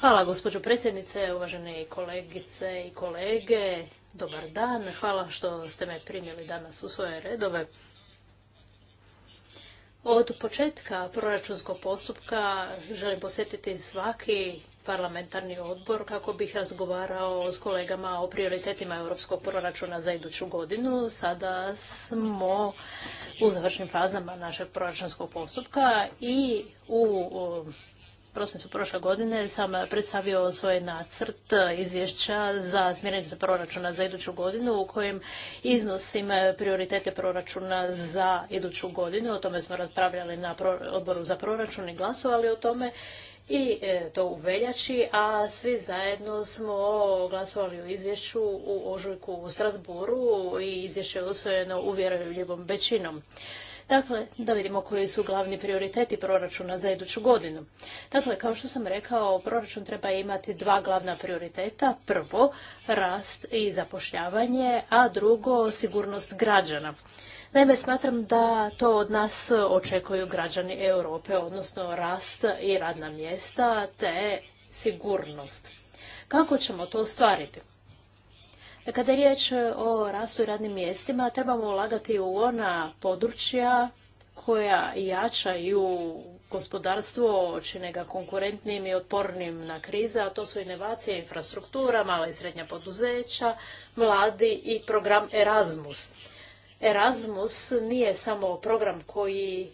A: Hvala gospođo predsjednice, uvažene kolegice i kolege. Dobar dan, hvala što ste me primjeli danas u svoje redove. Od početka proračunskog postupka želim posjetiti svaki parlamentarni odbor kako bih razgovarao s kolegama o prioritetima europskog proračuna za iduću godinu. Sada smo u završnim fazama našeg proračunskog postupka i u prosincu prošle godine sam predstavio svoj nacrt izvješća za smjernice proračuna za iduću godinu u kojem iznosim prioritete proračuna za iduću godinu. O tome smo raspravljali na odboru za proračun i glasovali o tome i e, to u veljači, a svi zajedno smo glasovali u izvješću u ožujku u Strasburu i izvješće je usvojeno uvjerljivim većinom. Dakle, da vidimo koji su glavni prioriteti proračuna za iduću godinu. Dakle, kao što sam rekao, proračun treba imati dva glavna prioriteta. Prvo, rast i zapošljavanje, a drugo, sigurnost građana. Naime, smatram da to od nas očekuju građani Europe, odnosno rast i radna mjesta te sigurnost. Kako ćemo to ostvariti? Kada je riječ o rastu i radnim mjestima, trebamo ulagati u ona područja koja jačaju gospodarstvo, čine ga konkurentnim i otpornim na krize, a to su inovacije, infrastruktura, mala i srednja poduzeća, mladi i program Erasmus. Erasmus nije samo program koji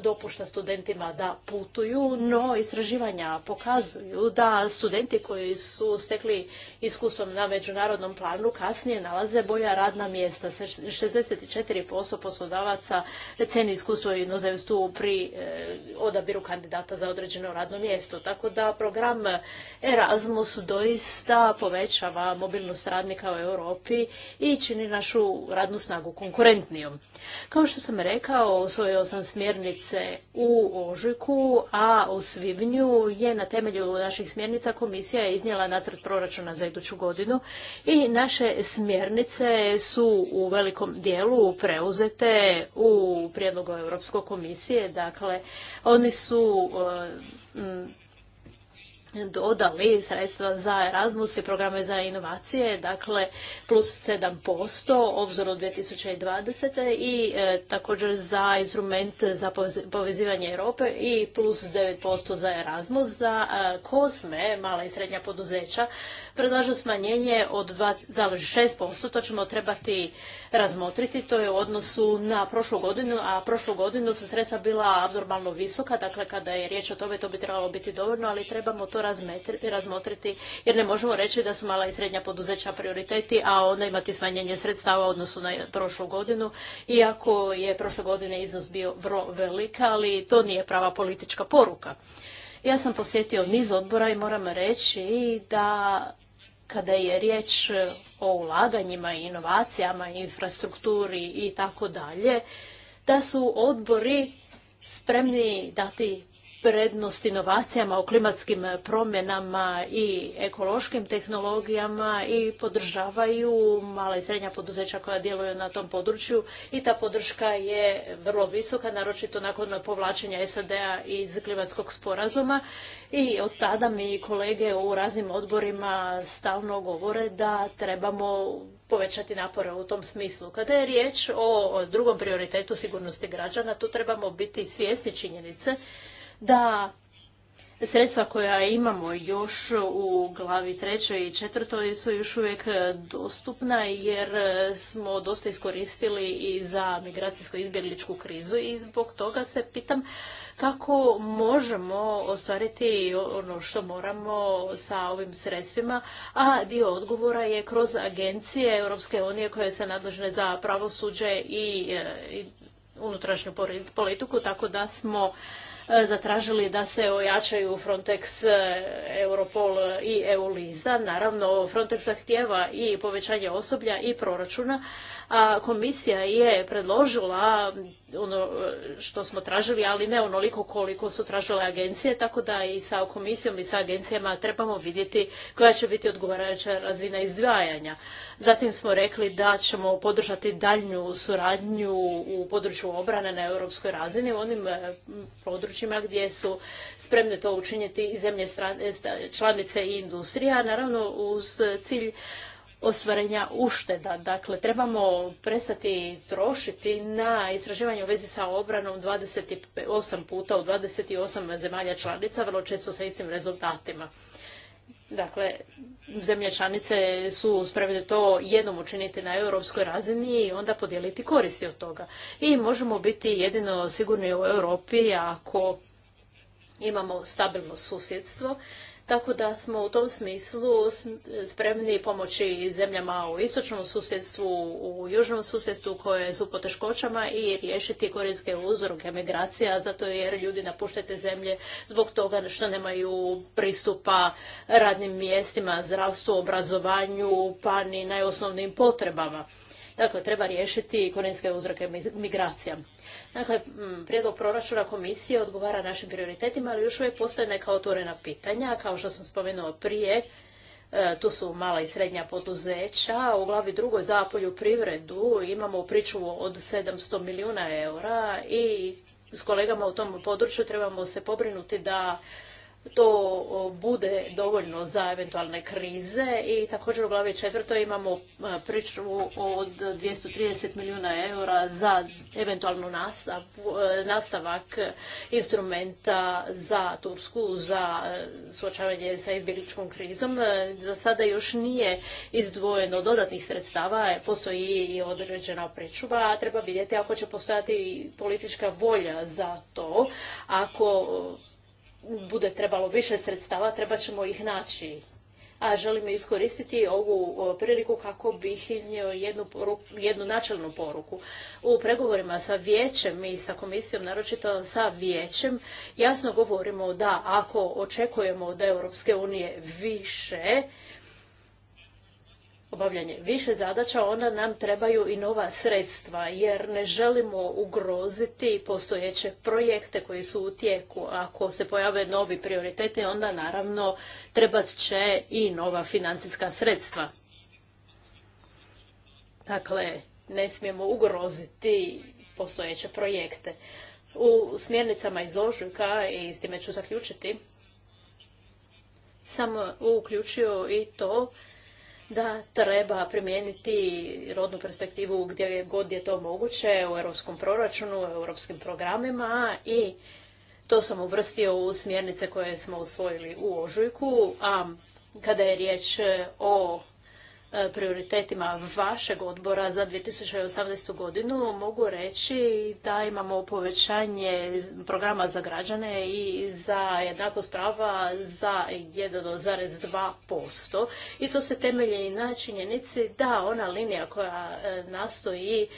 A: dopušta studentima da putuju, no istraživanja pokazuju da studenti koji su stekli iskustvom na međunarodnom planu kasnije nalaze bolja radna mjesta. 64% poslodavaca ceni iskustvo u inozemstvu pri e, odabiru kandidata za određeno radno mjesto. Tako da program Erasmus doista povećava mobilnost radnika u Europi i čini našu radnu snagu konkurentnijom. Kao što sam rekao, osvojio sam smjernice smjernice u ožujku, a u svibnju je na temelju naših smjernica komisija iznijela nacrt proračuna za iduću godinu i naše smjernice su u velikom dijelu preuzete u prijedlogu Europske komisije. Dakle, oni su e, dodali sredstva za Erasmus i programe za inovacije, dakle plus 7% obzoru 2020. i e, također za instrument za povezivanje Europe i plus 9% za Erasmus. Za kosme, e, mala i srednja poduzeća, predlažu smanjenje od 2,6%, to ćemo trebati razmotriti, to je u odnosu na prošlu godinu, a prošlu godinu su sredstva bila abnormalno visoka, dakle kada je riječ o tome to bi trebalo biti dovoljno, ali trebamo to razmotriti jer ne možemo reći da su mala i srednja poduzeća prioriteti, a onda imati smanjenje sredstava u odnosu na prošlu godinu, iako je prošle godine iznos bio vrlo velik, ali to nije prava politička poruka. Ja sam posjetio niz odbora i moram reći da kada je riječ o ulaganjima i inovacijama, infrastrukturi i tako dalje, da su odbori spremni dati prednost inovacijama o klimatskim promjenama i ekološkim tehnologijama i podržavaju mala i srednja poduzeća koja djeluju na tom području i ta podrška je vrlo visoka, naročito nakon povlačenja SAD-a iz klimatskog sporazuma i od tada mi kolege u raznim odborima stalno govore da trebamo povećati napore u tom smislu. Kada je riječ o drugom prioritetu sigurnosti građana, tu trebamo biti svjesni činjenice da sredstva koja imamo još u glavi trećoj i četvrtoj su još uvijek dostupna jer smo dosta iskoristili i za migracijsko izbjegličku krizu i zbog toga se pitam kako možemo ostvariti ono što moramo sa ovim sredstvima, a dio odgovora je kroz agencije Europske unije koje se nadležne za pravosuđe i, e, i unutrašnju politiku, tako da smo E, zatražili da se ojačaju Frontex, e, Europol i Euliza. Naravno, Frontex zahtjeva i povećanje osoblja i proračuna, a komisija je predložila ono što smo tražili, ali ne onoliko koliko su tražile agencije, tako da i sa komisijom i sa agencijama trebamo vidjeti koja će biti odgovarajuća razina izdvajanja. Zatim smo rekli da ćemo podržati daljnju suradnju u području obrane na europskoj razini u onim e, područjima gdje su spremne to učiniti i zemlje članice i industrija, naravno uz cilj ostvarenja ušteda. Dakle, trebamo prestati trošiti na istraživanje u vezi sa obranom 28 puta u 28 zemalja članica, vrlo često sa istim rezultatima. Dakle, zemlje članice su spremne to jednom učiniti na europskoj razini i onda podijeliti koristi od toga. I možemo biti jedino sigurni u Europi ako imamo stabilno susjedstvo tako da smo u tom smislu spremni pomoći zemljama u istočnom susjedstvu, u južnom susjedstvu koje su poteškoćama i riješiti korijske uzroke migracija, zato jer ljudi napuštaju zemlje zbog toga što nemaju pristupa radnim mjestima, zdravstvu, obrazovanju, pa ni najosnovnim potrebama. Dakle, treba riješiti korenske uzroke migracija. Dakle, prijedlog proračuna komisije odgovara našim prioritetima, ali još uvijek postoje neka otvorena pitanja. Kao što sam spomenuo prije, e, tu su mala i srednja poduzeća. U glavi drugoj za poljoprivredu imamo pričuvu od 700 milijuna eura i s kolegama u tom području trebamo se pobrinuti da to bude dovoljno za eventualne krize i također u glavi četvrtoj imamo e, priču od 230 milijuna eura za eventualnu e, nastavak instrumenta za Tursku za e, suočavanje sa izbjegličkom krizom. Za sada još nije izdvojeno dodatnih sredstava, postoji i određena pričuva, a treba vidjeti ako će postojati politička volja za to, ako bude trebalo više sredstava, treba ćemo ih naći. A želim iskoristiti ovu priliku kako bih iznio jednu, jednu načelnu poruku. U pregovorima sa vijećem i sa komisijom, naročito sa vijećem, jasno govorimo da ako očekujemo od Europske unije više, obavljanje više zadaća, onda nam trebaju i nova sredstva, jer ne želimo ugroziti postojeće projekte koji su u tijeku. Ako se pojave novi prioriteti, onda naravno trebat će i nova financijska sredstva. Dakle, ne smijemo ugroziti postojeće projekte. U smjernicama iz ožujka, i s time ću zaključiti, sam uključio i to da treba primijeniti rodnu perspektivu gdje god je to moguće u europskom proračunu, u europskim programima i to sam uvrstio u smjernice koje smo usvojili u ožujku, a kada je riječ o E, prioritetima vašeg odbora za 2018. godinu mogu reći da imamo povećanje programa za građane i za jednakost prava za 1,2%. I to se temelji na činjenici da ona linija koja e, nastoji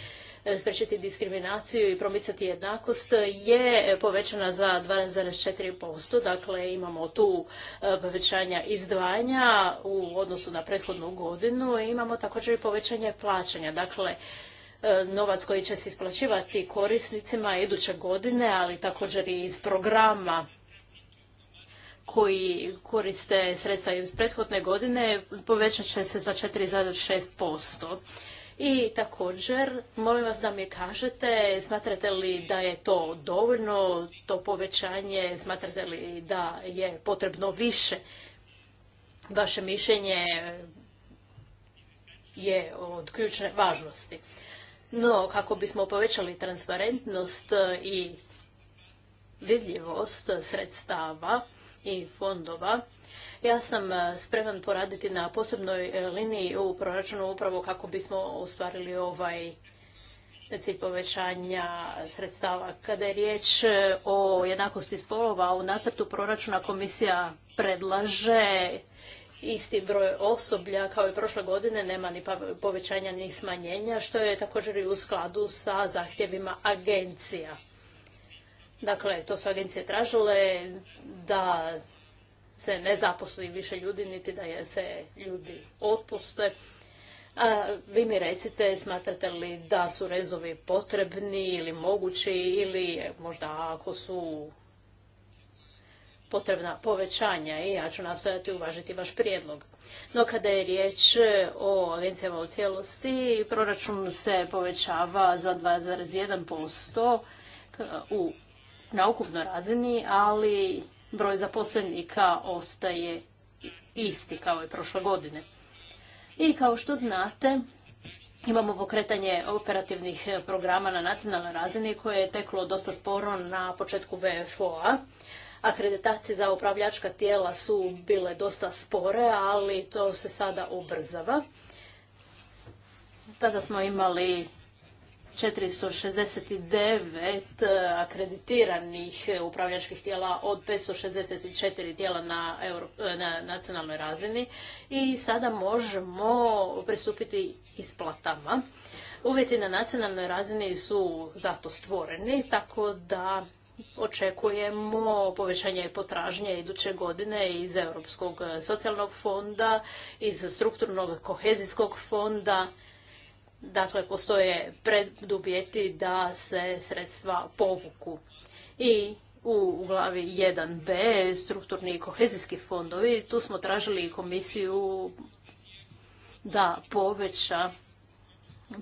A: E, sprečiti diskriminaciju i promicati jednakost je e, povećana za 12,4%. Dakle, imamo tu e, povećanja izdvajanja u odnosu na prethodnu godinu i imamo također i povećanje plaćanja. Dakle, novac koji će se isplaćivati korisnicima iduće godine, ali također i iz programa koji koriste sredstva iz prethodne godine povećat će se za 4,6%. I također, molim vas da mi kažete, smatrate li da je to dovoljno, to povećanje, smatrate li da je potrebno više? Vaše mišljenje je od ključne važnosti. No, kako bismo povećali transparentnost i vidljivost sredstava i fondova, ja sam e, spreman poraditi na posebnoj e, liniji u proračunu upravo kako bismo ostvarili ovaj cilj povećanja sredstava. Kada je riječ e, o jednakosti spolova, u nacrtu proračuna komisija predlaže isti broj osoblja kao i prošle godine, nema ni pa, povećanja ni smanjenja, što je također i u skladu sa zahtjevima agencija. Dakle, to su agencije tražile da se ne zaposli više ljudi, niti da je se ljudi otpuste. A vi mi recite, smatrate li da su rezovi potrebni ili mogući ili možda ako su potrebna povećanja i ja ću nastojati uvažiti vaš prijedlog. No kada je riječ o agencijama u cijelosti, proračun se povećava za 2,1% u na ukupnoj razini, ali broj zaposlenika ostaje isti kao i prošle godine. I kao što znate, Imamo pokretanje operativnih programa na nacionalnoj razini koje je teklo dosta sporo na početku VFO-a. Akreditacije za upravljačka tijela su bile dosta spore, ali to se sada ubrzava. Tada smo imali 469 eh, akreditiranih eh, upravljačkih tijela od 564 tijela na, tijela eh, na nacionalnoj razini i sada možemo pristupiti isplatama. Uvjeti na nacionalnoj razini su zato stvoreni, tako da očekujemo povećanje potražnje iduće godine iz Europskog socijalnog fonda, iz strukturnog kohezijskog fonda Dakle, postoje preduvjeti da se sredstva povuku. I u glavi 1b, strukturni i kohezijski fondovi, tu smo tražili komisiju da poveća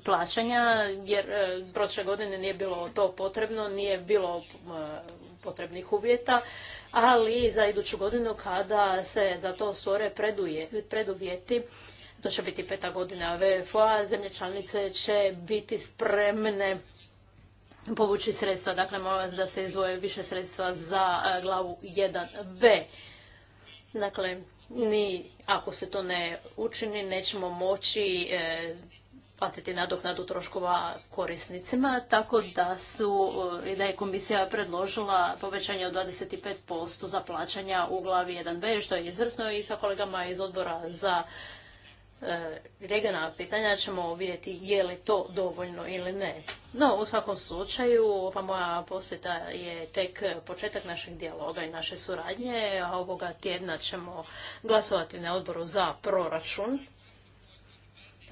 A: plaćanja, jer e, prošle godine nije bilo to potrebno, nije bilo e, potrebnih uvjeta, ali za iduću godinu kada se za to stvore preduvjeti, to će biti peta godina VFO-a. Zemlje članice će biti spremne povući sredstva. Dakle, molim vas da se izdvoje više sredstva za e, glavu 1b. Dakle, ni ako se to ne učini, nećemo moći e, platiti nadoknadu troškova korisnicima, tako da su e, i da je komisija predložila povećanje od 25% za plaćanja u glavi 1b, što je izvrsno i sa kolegama iz odbora za E, regionalna pitanja ćemo vidjeti je li to dovoljno ili ne. No, u svakom slučaju, ova moja posjeta je tek početak našeg dijaloga i naše suradnje. A ovoga tjedna ćemo glasovati na odboru za proračun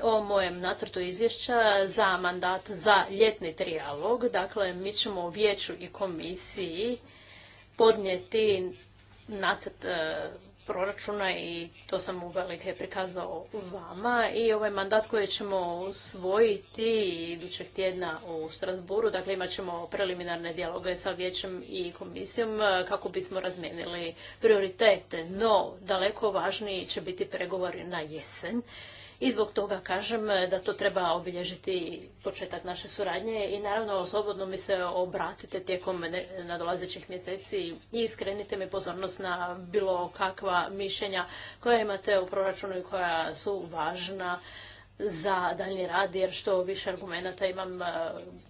A: o mojem nacrtu izvješća za mandat za ljetni trijalog. Dakle, mi ćemo u vijeću i komisiji podnijeti nacrt e, proračuna i to sam uvelike prikazao vama i ovaj mandat koji ćemo usvojiti idućeg tjedna u Strasburu, dakle imat ćemo preliminarne dijaloge sa vijećem i komisijom kako bismo razmijenili prioritete, no daleko važniji će biti pregovori na jesen i zbog toga kažem eh, da to treba obilježiti početak naše suradnje i naravno slobodno mi se obratite tijekom nadolazećih mjeseci i iskrenite mi pozornost na bilo kakva mišljenja koja imate u proračunu i koja su važna za daljnji rad, jer što više argumenata imam, e,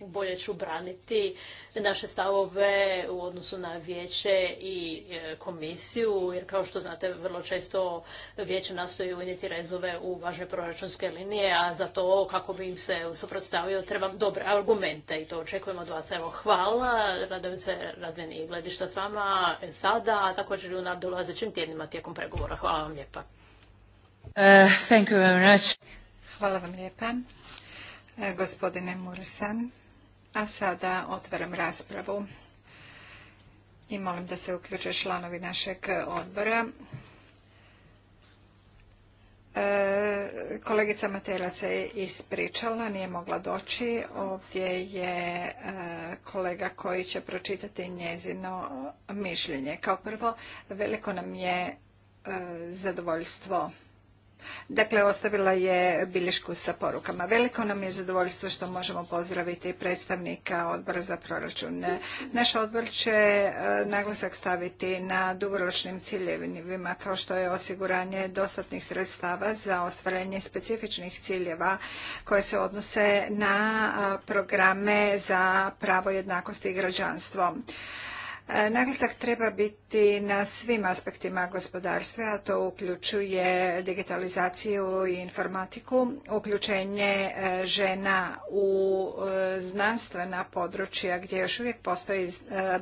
A: bolje ću braniti naše stavove u odnosu na vijeće i e, komisiju, jer kao što znate, vrlo često vijeće nastoji unijeti rezove u važne proračunske linije, a za to kako bi im se suprotstavio trebam dobre argumente i to očekujem od vas. Evo, hvala, radujem se i gledišta s vama sada, a također i u nadolazećim tjednima tijekom pregovora. Hvala vam lijepa.
D: Uh, thank
A: Hvala vam lijepa, e, gospodine Mursan.
B: A sada otvaram raspravu i molim da se uključe članovi našeg odbora. E, kolegica Matera se ispričala, nije mogla doći. Ovdje je e, kolega koji će pročitati njezino mišljenje. Kao prvo, veliko nam je zadovoljstvo Dakle, ostavila je bilješku sa porukama. Veliko nam je zadovoljstvo što možemo pozdraviti predstavnika odbora za proračun. Naš odbor će e, naglasak staviti na dugoročnim ciljevima kao što je osiguranje dostatnih sredstava za ostvarenje specifičnih ciljeva koje se odnose na programe za pravo jednakosti i građanstvo. E, naglasak treba biti na svim aspektima gospodarstva, a to uključuje digitalizaciju i informatiku, uključenje e, žena u e, znanstvena područja gdje još uvijek postoji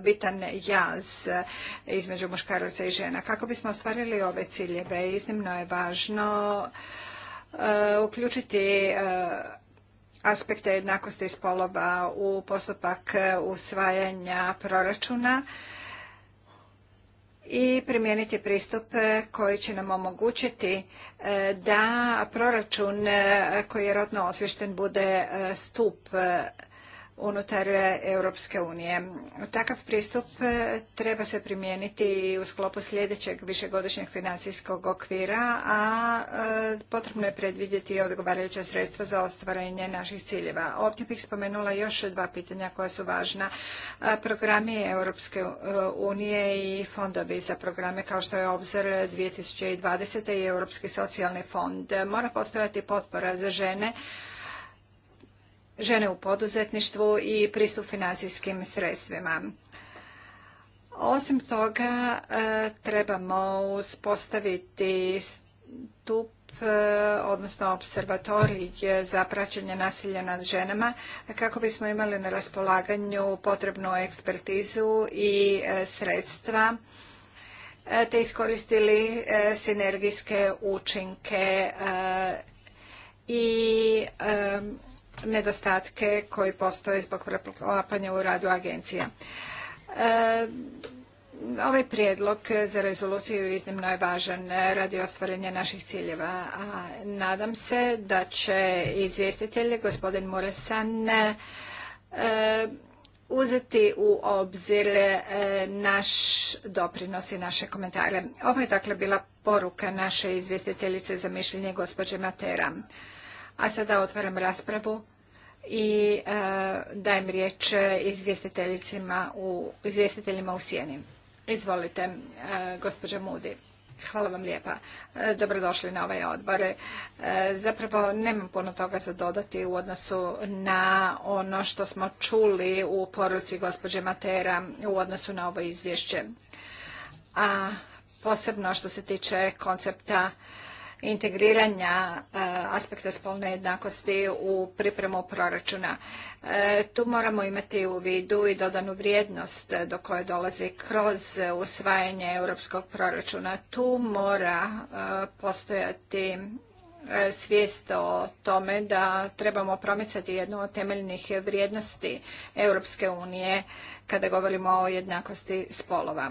B: bitan jaz između muškaraca i žena. Kako bismo ostvarili ove ciljeve, iznimno je važno uključiti aspekte jednakosti spolova u postupak e, usvajanja proračuna i primijeniti pristup e, koji će nam omogućiti e, da proračun koji je rodno osvješten bude stup unutar e, Europske unije. Takav pristup e, treba se primijeniti u sklopu sljedećeg višegodišnjeg financijskog okvira, a e, potrebno je predvidjeti odgovarajuća sredstva za ostvarenje naših ciljeva. Ovdje bih spomenula još dva pitanja koja su važna. Programi Europske unije i fondovi za programe kao što je Obzor 2020. i Europski socijalni fond. Mora postojati potpora za žene žene u poduzetništvu i pristup financijskim sredstvima. Osim toga, e, trebamo uspostaviti stup e, odnosno observatorij za praćenje nasilja nad ženama kako bismo imali na raspolaganju potrebnu ekspertizu i e, sredstva te iskoristili sinergijske učinke i nedostatke koji postoje zbog preklapanja u radu agencija. E, ovaj prijedlog za rezoluciju iznimno je važan radi ostvarenja naših ciljeva. A nadam se da će izvjestitelj gospodin Muresan e, uzeti u obzir e, naš doprinos i naše komentare. Ovo je dakle bila poruka naše izvjestiteljice za mišljenje gospođe Matera. A sada otvaram raspravu i e, dajem riječ izvjestiteljima u, izvjestiteljima u sjeni. Izvolite, e, gospođo Mudi. Hvala vam lijepa. E, dobrodošli na ovaj odbor. Zapravo nemam puno toga za dodati u odnosu na ono što smo čuli u poruci gospođe Matera u odnosu na ovo izvješće. A posebno što se tiče koncepta integriranja e, aspekta spolne jednakosti u pripremu proračuna. E, tu moramo imati u vidu i dodanu vrijednost do koje dolazi kroz usvajanje europskog proračuna. Tu mora e, postojati svijest o tome da trebamo promicati jednu od temeljnih vrijednosti Europske unije kada govorimo o jednakosti spolova.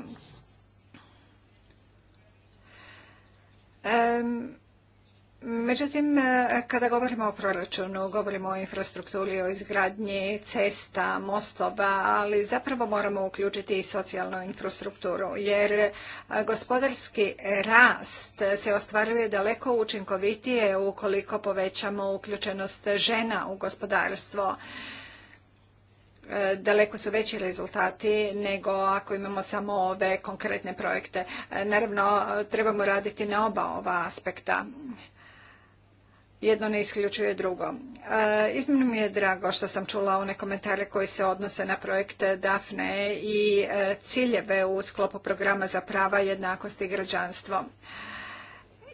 B: Međutim, e, kada govorimo o proračunu, govorimo o infrastrukturi, o izgradnji cesta, mostova, ali zapravo moramo uključiti i socijalnu infrastrukturu, jer e, gospodarski rast se ostvaruje daleko učinkovitije ukoliko povećamo uključenost žena u gospodarstvo e, daleko su veći rezultati nego ako imamo samo ove konkretne projekte. Naravno, trebamo raditi na oba ova aspekta jedno ne isključuje drugo. E, iznimno mi je drago što sam čula one komentare koji se odnose na projekte DAFNE i e, ciljeve u sklopu programa za prava, jednakost i građanstvo.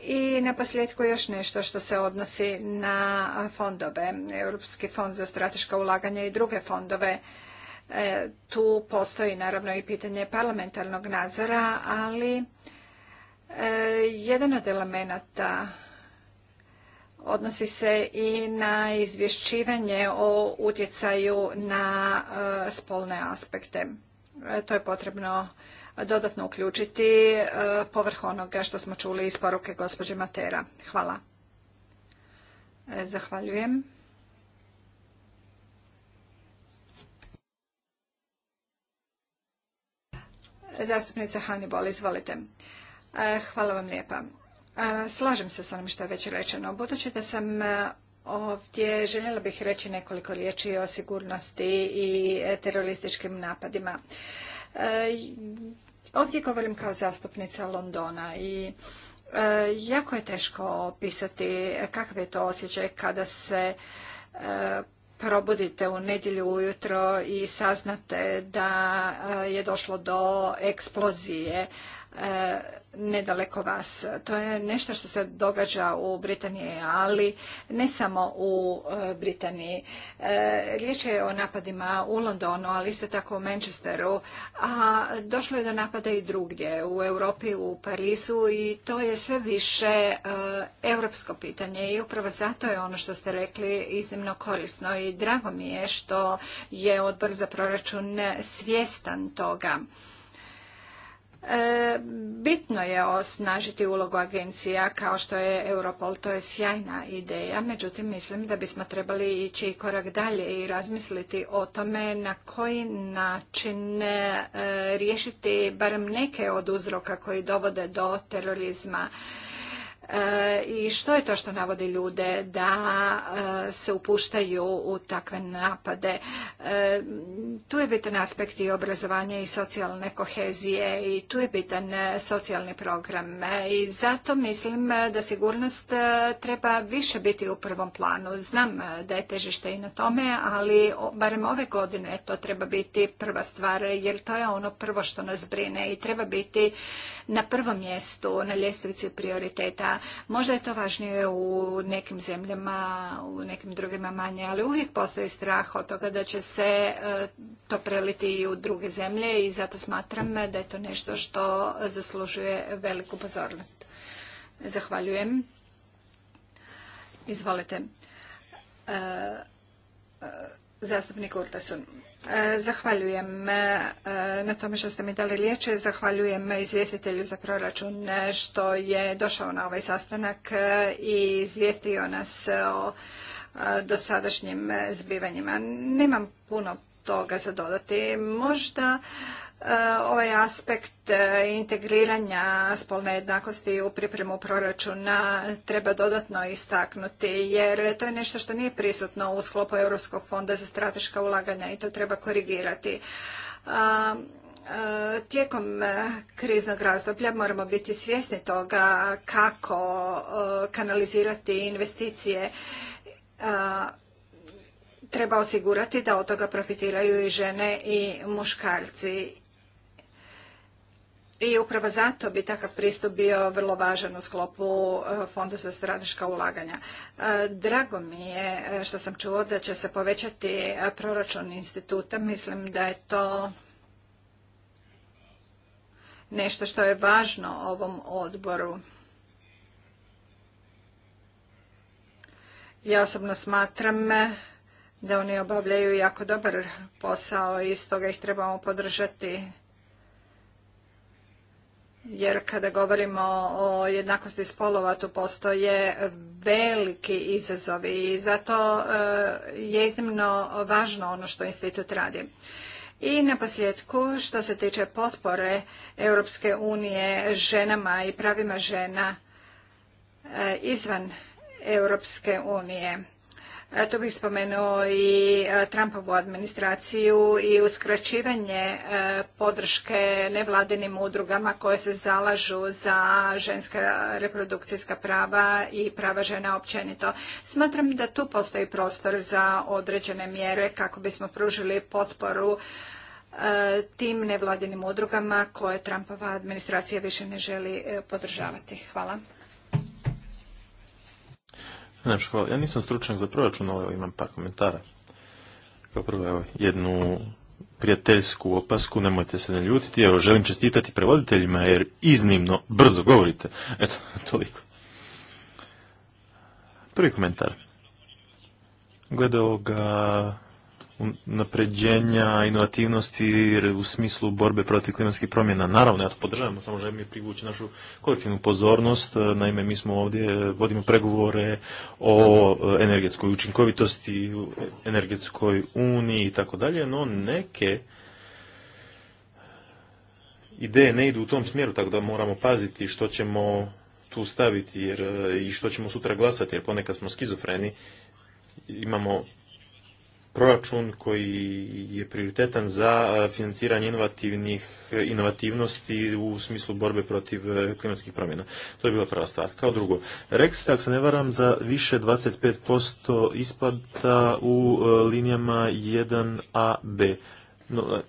B: I na posljedku još nešto što se odnosi na fondove, Europski fond za strateška ulaganja i druge fondove. E, tu postoji naravno i pitanje parlamentarnog nadzora, ali jedan od elemenata odnosi se i na izvješćivanje o utjecaju na e, spolne aspekte. E, to je potrebno dodatno uključiti e, povrh onoga što smo čuli iz poruke gospođe Matera. Hvala. Zahvaljujem. Zastupnica Hannibal, izvolite. Hvala vam lijepa. Slažem se s onim što je već rečeno. Budući da sam e, ovdje željela bih reći nekoliko riječi o sigurnosti i e, terorističkim napadima. E, ovdje govorim kao zastupnica Londona i jako je teško opisati kakve je to osjećaj kada se probudite u nedjelju ujutro i saznate da je došlo do eksplozije nedaleko vas. To je nešto što se događa u Britaniji, ali ne samo u e, Britaniji. E, riječ je o napadima u Londonu, ali isto tako u Manchesteru, a došlo je do napada i drugdje, u Europi, u Parizu i to je sve više e, europsko pitanje i upravo zato je ono što ste rekli iznimno korisno i drago mi je što je odbor za proračun svjestan toga. E, bitno je osnažiti ulogu agencija kao što je Europol, to je sjajna ideja, međutim mislim da bismo trebali ići korak dalje i razmisliti o tome na koji način e, riješiti barem neke od uzroka koji dovode do terorizma E, i što je to što navodi ljude da e, se upuštaju u takve napade. E, tu je bitan aspekt i obrazovanja i socijalne kohezije i tu je bitan socijalni program i zato mislim da sigurnost treba više biti u prvom planu. Znam da je težište i na tome, ali barem ove godine to treba biti prva stvar jer to je ono prvo što nas brine i treba biti na prvom mjestu na ljestvici prioriteta Možda je to važnije u nekim zemljama, u nekim drugima manje, ali uvijek postoji strah od toga da će se e, to preliti i u druge zemlje i zato smatram da je to nešto što zaslužuje veliku pozornost. Zahvaljujem. Izvolite. E, e, zastupnik Urtasun. E, zahvaljujem e, na tome što ste mi dali riječ. Zahvaljujem izvjestitelju za proračun e, što je došao na ovaj sastanak i izvijestio nas o dosadašnjim zbivanjima. Nemam puno toga za dodati. Možda E, ovaj aspekt e, integriranja spolne jednakosti u pripremu proračuna treba dodatno istaknuti jer to je nešto što nije prisutno u sklopu Europskog fonda za strateška ulaganja i to treba korigirati. E, tijekom kriznog razdoblja moramo biti svjesni toga kako kanalizirati investicije treba osigurati da od toga profitiraju i žene i muškarci i upravo zato bi takav pristup bio vrlo važan u sklopu e, Fonda za strateška ulaganja. E, drago mi je e, što sam čuo da će se povećati proračun instituta. Mislim da je to nešto što je važno ovom odboru. Ja osobno smatram da oni obavljaju jako dobar posao i stoga ih trebamo podržati jer kada govorimo o jednakosti spolova tu postoje veliki izazovi i zato e, je iznimno važno ono što institut radi. I na posljedku, što se tiče potpore Europske unije ženama i pravima žena e, izvan Europske unije. E, tu bih spomenuo i e, Trumpovu administraciju i uskraćivanje e, podrške nevladinim udrugama koje se zalažu za ženska reprodukcijska prava i prava žena općenito. Smatram da tu postoji prostor za određene mjere kako bismo pružili potporu tim nevladinim udrugama koje Trumpova administracija više ne želi podržavati. Hvala.
E: Ja nisam stručnjak za proračun, ali imam par komentara. Kao prvo, evo, jednu prijateljsku opasku, nemojte se ne ljutiti, evo, želim čestitati prevoditeljima, jer iznimno brzo govorite. Eto, toliko. Prvi komentar. Gledao ovoga napređenja, inovativnosti u smislu borbe protiv klimatskih promjena. Naravno, ja to podržavam, samo želim je privući našu kolektivnu pozornost. Naime, mi smo ovdje, vodimo pregovore o energetskoj učinkovitosti, energetskoj uniji i tako dalje, no neke ideje ne idu u tom smjeru, tako da moramo paziti što ćemo tu staviti jer, i što ćemo sutra glasati, jer ponekad smo skizofreni, imamo proračun koji je prioritetan za e, financiranje inovativnih e, inovativnosti u smislu borbe protiv e, klimatskih promjena. To je bila prva stvar. Kao drugo, rekli ste, ako se ne varam, za više 25% isplata u linijama 1AB. No,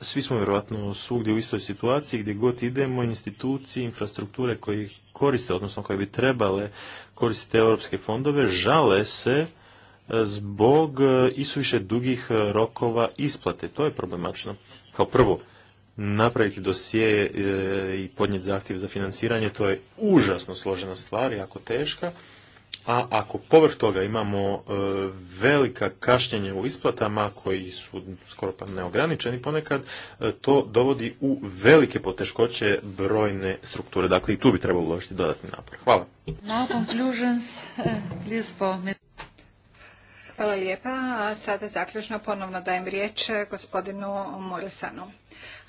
E: svi smo vjerojatno svugdje u istoj situaciji, gdje god idemo, institucije, infrastrukture koje koriste, odnosno koje bi trebale koristiti europske fondove, žale se zbog e, isuviše dugih e, rokova isplate. To je problematično. Kao prvo, napraviti dosije e, i podnijeti zahtjev za financiranje, to je užasno složena stvar, jako teška. A ako povrh toga imamo velika kašnjenja u isplatama koji su skoro pa neograničeni ponekad, to dovodi u velike poteškoće brojne strukture. Dakle, i tu bi trebalo uložiti dodatni napor. Hvala.
D: conclusions,
B: please Hvala lijepa. A sada zaključno ponovno dajem riječ eh, gospodinu Muresanu.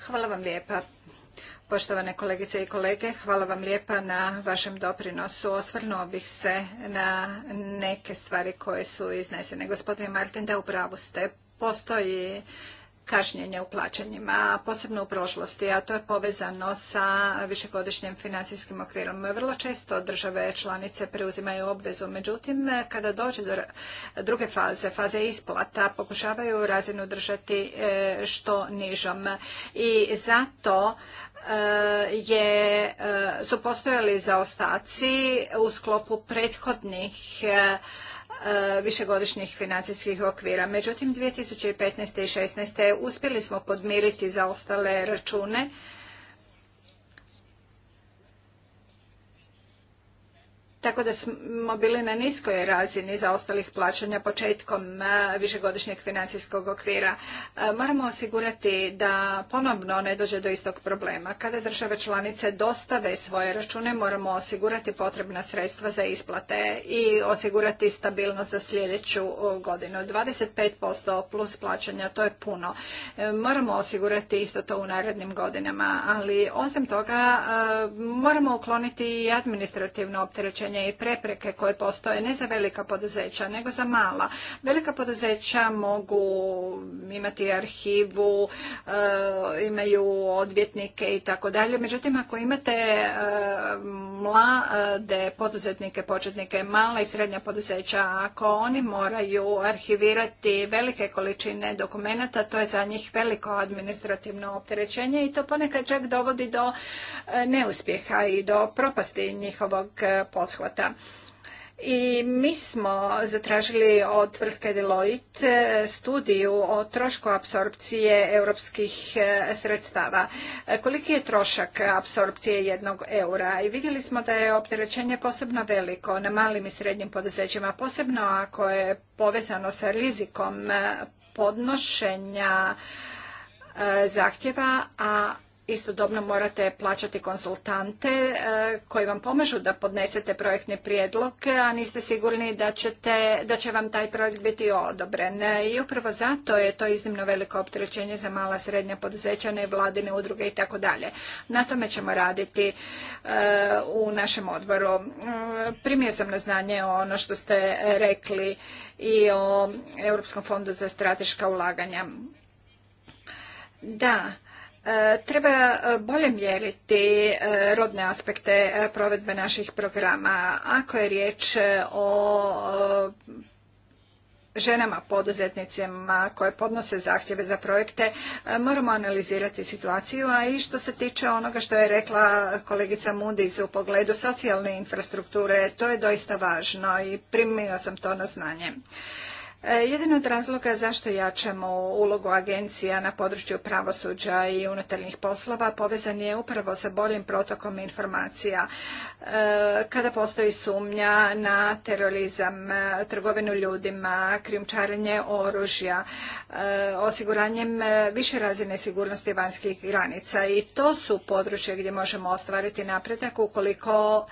B: Hvala vam lijepa. Poštovane kolegice i kolege, hvala vam lijepa na vašem doprinosu. Osvrnuo bih se na neke stvari koje su iznesene. Gospodine Martin, da u ste. Postoji kašnjenja u plaćanjima, posebno u prošlosti, a to je povezano sa višegodišnjim financijskim okvirom. Vrlo često države članice preuzimaju obvezu, međutim, kada dođe do druge faze, faze isplata, pokušavaju razinu držati e, što nižom. I zato e, je, e, su postojali zaostaci u sklopu prethodnih E, višegodišnjih financijskih okvira. Međutim, 2015. i 2016. uspjeli smo podmiriti zaostale račune tako da smo bili na niskoj razini zaostalih plaćanja početkom eh, višegodišnjeg financijskog okvira. Eh, moramo osigurati da ponovno ne dođe do istog problema. Kada države članice dostave svoje račune, moramo osigurati potrebna sredstva za isplate i osigurati stabilnost za sljedeću eh, godinu. 25% plus plaćanja, to je puno. Moramo osigurati isto to u narednim godinama, ali osim toga moramo ukloniti i administrativno opterećenje i prepreke koje postoje ne za velika poduzeća, nego za mala. Velika poduzeća mogu imati arhivu, eh, imaju odvjetnike i tako dalje. Međutim, ako imate eh, mlade poduzetnike, početnike, mala i srednja poduzeća, ako oni moraju arhivirati velike količine dokumenata, to je za njih veliko administrativno opterećenje i to ponekad čak dovodi do eh, neuspjeha i do propasti njihovog i mi smo zatražili od tvrtke Deloitte e, studiju o trošku apsorpcije europskih e, sredstava. E, koliki je trošak apsorpcije jednog eura? I vidjeli smo da je opterećenje posebno veliko na malim i srednjim poduzećima, posebno ako je povezano sa rizikom podnošenja zahtjeva, a istodobno morate plaćati konsultante e, koji vam pomažu da podnesete projektne prijedloge, a niste sigurni da, ćete, da će vam taj projekt biti odobren. E, I upravo zato je to iznimno veliko opterećenje za mala, srednja poduzeća, nevladine udruge i tako dalje. Na tome ćemo raditi e, u našem odboru. Primio sam na znanje ono što ste rekli i o Europskom fondu za strateška ulaganja. Da, E, treba e, bolje mjeriti e, rodne aspekte provedbe naših programa. Ako je riječ o ženama poduzetnicima koje podnose zahtjeve za projekte moramo analizirati situaciju, a i što se tiče onoga što je rekla kolegica Mundis u pogledu socijalne infrastrukture, to je doista važno i primio sam to na znanje. E, Jedan od razloga zašto jačamo ulogu agencija na području pravosuđa i unutarnjih poslova povezan je upravo sa boljim protokom informacija. E, kada postoji sumnja na terorizam, e, trgovinu ljudima, krijumčarenje oružja, osiguranjem više razine sigurnosti vanjskih granica i to su područje gdje možemo ostvariti napredak ukoliko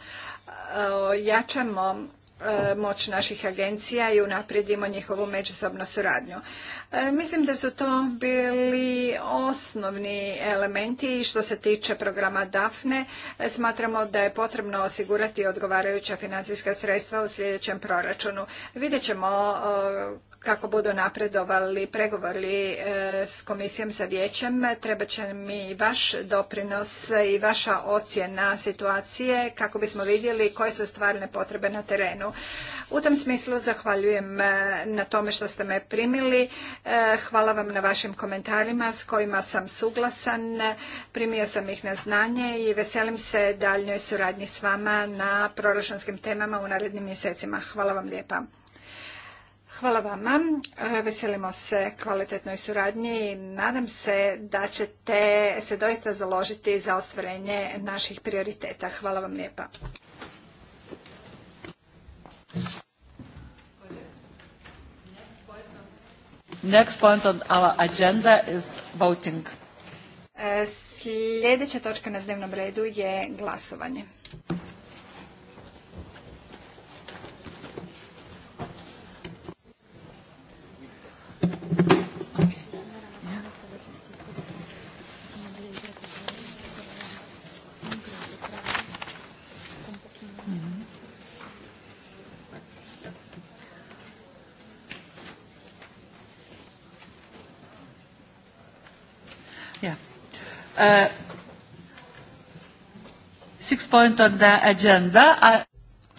B: jačamo E, moć naših agencija i unaprijedimo njihovu međusobnu suradnju. E, mislim da su to bili osnovni elementi i što se tiče programa DAFNE e, smatramo da je potrebno osigurati odgovarajuća financijska sredstva u sljedećem proračunu. Vidjet ćemo kako budu napredovali pregovori e, s komisijom sa vijećem, treba će mi vaš doprinos i vaša ocjena situacije kako bismo vidjeli koje su stvarne potrebe na terenu. U tom smislu zahvaljujem e, na tome što ste me primili. E, hvala vam na vašim komentarima s kojima sam suglasan. Primio sam ih na znanje i veselim se daljnjoj suradnji s vama na proračunskim temama u narednim mjesecima. Hvala vam lijepa. Hvala vama. E, veselimo se kvalitetnoj suradnji i nadam se da ćete se doista založiti za ostvarenje naših prioriteta. Hvala vam lijepa.
A: Next point on
B: e, Sljedeća točka na dnevnom redu je glasovanje.
D: Uh,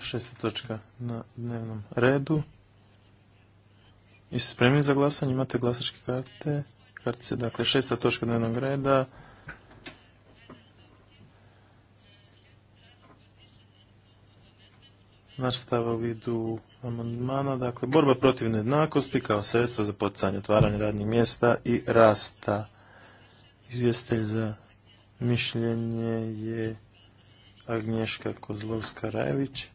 E: šesta točka na dnevnom redu. Jeste spremni za glasanje? Imate glasačke karte? Kartice, dakle, šesta točka dnevnog reda. naš stav u vidu amandmana, dakle borba protiv nejednakosti kao sredstvo za poticanje otvaranja radnih mjesta i rasta. Izvjestelj za mišljenje je Agnješka Kozlovska-Rajević.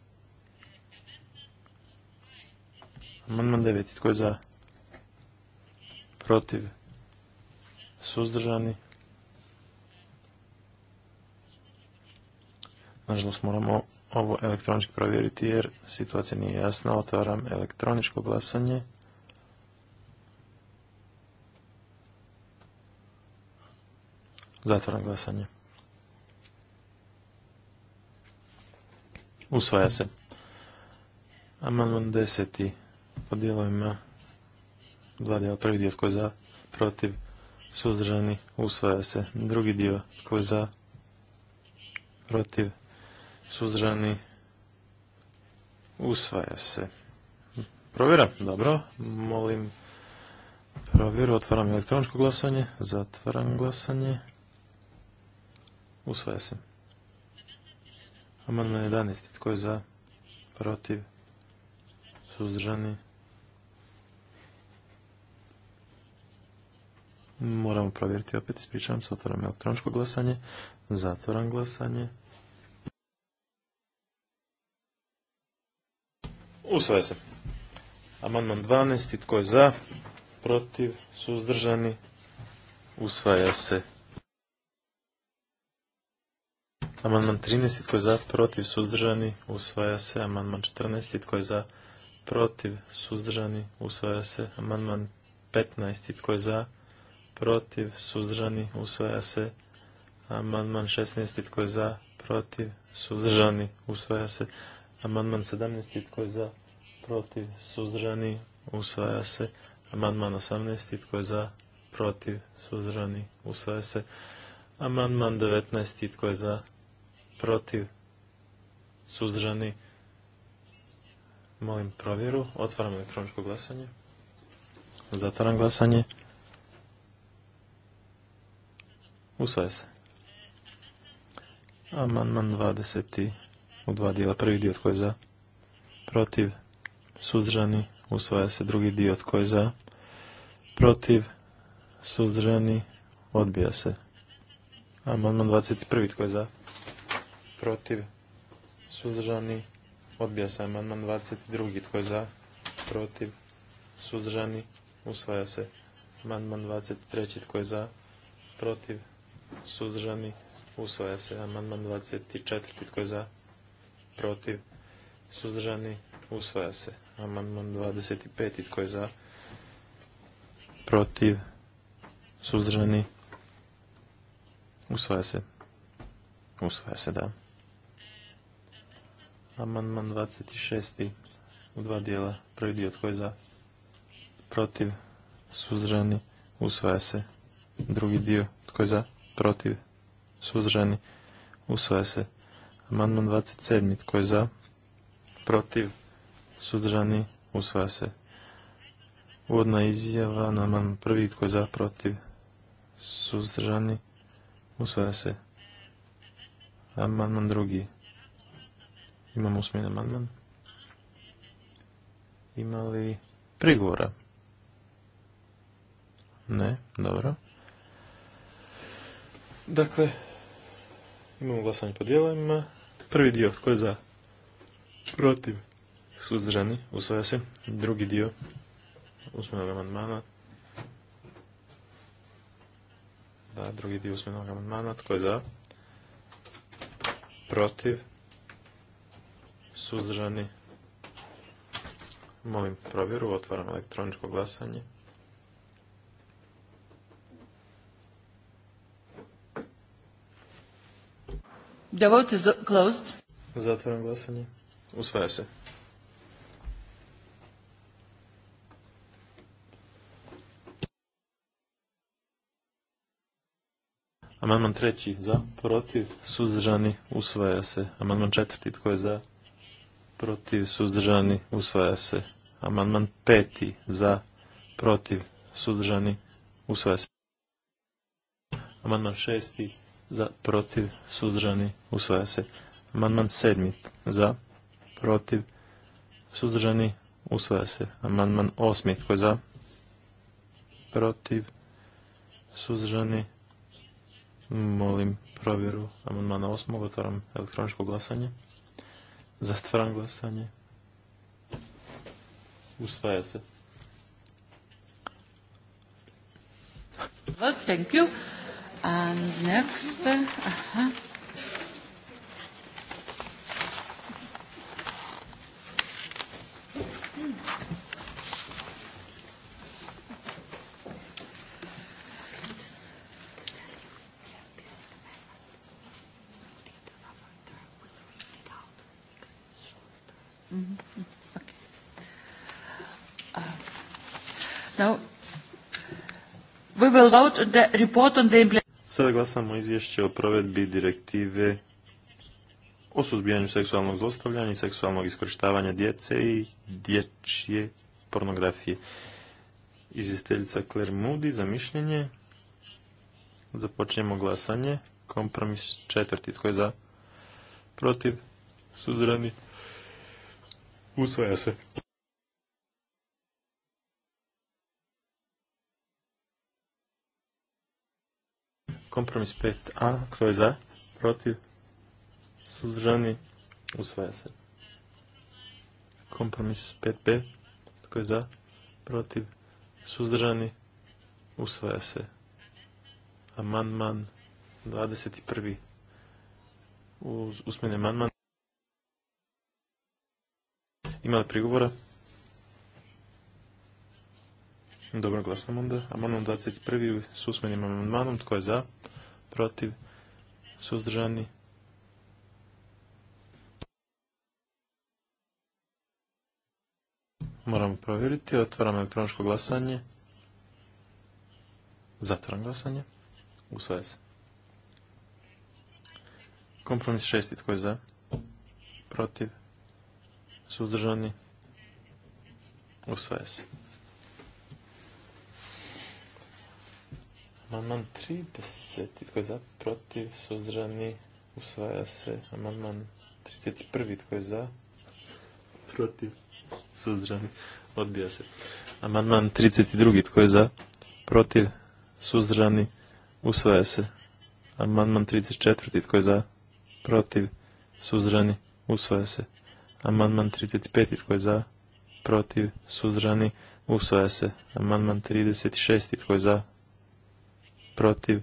E: Amandman deveti, Tko je za? Protiv? Suzdržani? Nažalost moramo ovo elektronički provjeriti jer situacija nije jasna. Otvaram elektroničko glasanje. Zatvaram glasanje. Usvaja se. Amandman deseti po dijelovima dva dijela. Prvi dio tko je za, protiv, suzdržani, usvaja se. Drugi dio tko je za, protiv, suzdržani, usvaja se. Provjera, dobro. Molim provjeru, otvaram elektroničko glasanje, zatvaram glasanje. Usvaja se. Amandman 11. Tko je za? Protiv? Suzdržani? Moramo provjeriti opet, ispričavam se, otvaram elektroničko glasanje, zatvaram glasanje. Usvaja se. Amandman 12. Tko je za? Protiv? Suzdržani? Usvaja se. Amandman 13. Tko je za? Protiv? Suzdržani? Usvaja se. Amandman 14. Tko je za? Protiv? Suzdržani? Usvaja se. Amandman 15. Tko je za? Protiv? Suzdržani? Usvaja se. Amandman 16. Tko je za? Protiv? Suzdržani? Usvaja se. Amandman 17. Tko je za? Protiv? Suzdržani? Usvaja se. Amandman 18. Tko je za? Protiv? Suzdržani? Usvaja se. Amandman 19. Tko je za? protiv, suzdržani. Molim provjeru. Otvaram elektroničko glasanje. Zatvaram glasanje. Usvaja se. Amandman 20. u dva dijela. Prvi dio tko je za, protiv, suzdržani. Usvaja se drugi dio tko je za, protiv, suzdržani. Odbija se. Amandman 21. tko je za, protiv, suzdržani, odbija se amandman 22. Tko je za, protiv, suzdržani, usvaja se amandman 23. Tko je za, protiv, suzdržani, usvaja se amandman 24. Tko je za, protiv, suzdržani, usvaja se amandman 25. Tko je za, protiv, suzdržani, usvaja se. Usvaja se, da. Amandman 26. u dva dijela. Prvi dio tko je za protiv suzdržani usvaja se. Drugi dio tko je za protiv suzdržani usvaja se. Amandman 27. tko je za protiv suzdržani usvaja se. Uvodna izjava na amandman prvi tko je za protiv suzdržani usvaja se. Amandman drugi Imamo usmeni amandman. Ima li prigovora? Ne, dobro. Dakle, imamo glasanje po dijelovima. Prvi dio, tko je za? Protiv. Suzdržani, usvaja se. Drugi dio usmenog amandmana. Da, drugi dio usmenog amandmana. Tko je za? Protiv suzdržani. Molim provjeru, otvaram elektroničko glasanje.
A: The closed.
E: Zatvaram glasanje. Usvaja se. Amandman treći za, protiv, suzdržani, usvaja se. Amandman četvrti, tko je za, protiv, suzdržani, usvaja se. Amandman peti za, protiv, suzdržani, usvaja se. Amandman šesti za, protiv, suzdržani, usvaja se. Amandman sedmi za, protiv, suzdržani, usvaja se. Amandman osmi tko za, protiv, suzdržani, molim provjeru amandmana osmog, otvaram elektroničko glasanje. Zatvaram glasanje. Usvaja se.
D: thank aha.
B: report
E: Sada glasamo izvješće o provedbi direktive o suzbijanju seksualnog zlostavljanja i seksualnog iskorištavanja djece i dječje pornografije. Izvjestiteljica Claire Moody za mišljenje. Započnemo glasanje. Kompromis četvrti. Tko je za? Protiv? Suzdrani? Usvaja se. Kompromis 5a. Tko je za? Protiv? Suzdržani? Usvaja se. Kompromis 5b. Tko je za? Protiv? Suzdržani? Usvaja se. Amandman 21. Uz usmeni amandman. Ima li prigovora? Dobro, glasnom onda. Amandman 21. s usmenim amandmanom. Tko je za? Protiv? Suzdržani? Moramo provjeriti. Otvaram elektroničko glasanje. Zatvaram glasanje. Usvaja se. Kompromis šesti. Tko je za? Protiv? Suzdržani? Usvaja se. Amandman 30. Tko je za? Protiv? Suzdržani? Usvaja se. Amandman 31. Tko je za? Protiv? Suzdržani? Odbija se. Amandman 32. Tko je za? Protiv? Suzdržani? Usvaja se. Amandman 34. Tko je za? Protiv? Suzdržani? Usvaja se. Amandman 35. Tko je za? Protiv? Suzdržani? Usvaja se. Amandman 36. Tko je za? protiv,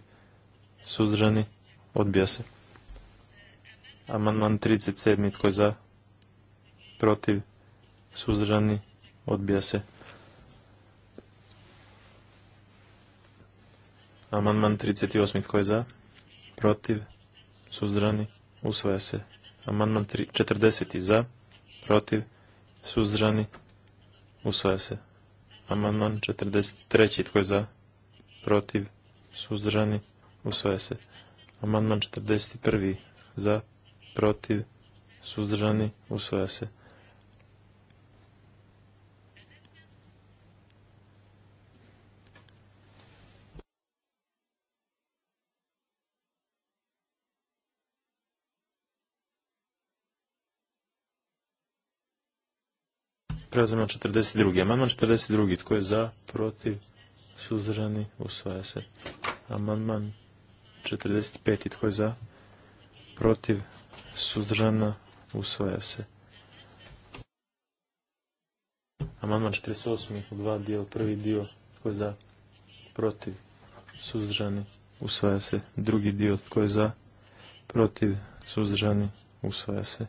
E: suzdržani, odbija se. Amandman 37. Tko je za? Protiv? Suzdržani? Odbija se. Amandman 38. Tko je za? Protiv? Suzdržani? Usvaja se. Amandman 40. Za? Protiv? Suzdržani? Usvaja se. Amandman 43. Tko je za? Protiv? suzdržani, usvaja se. Amandman 41. za, protiv, suzdržani, usvaja se. Prelazimo na 42. Amandman 42. Tko je za, protiv, suzdržani, usvaja se. Amandman 45. Tko je za? Protiv, suzdržana, usvaja se. Amandman 48. dva dio, Prvi dio. Tko je za? Protiv, suzdržani, usvaja se. Drugi dio. Tko je za? Protiv, suzdržani, usvaja se.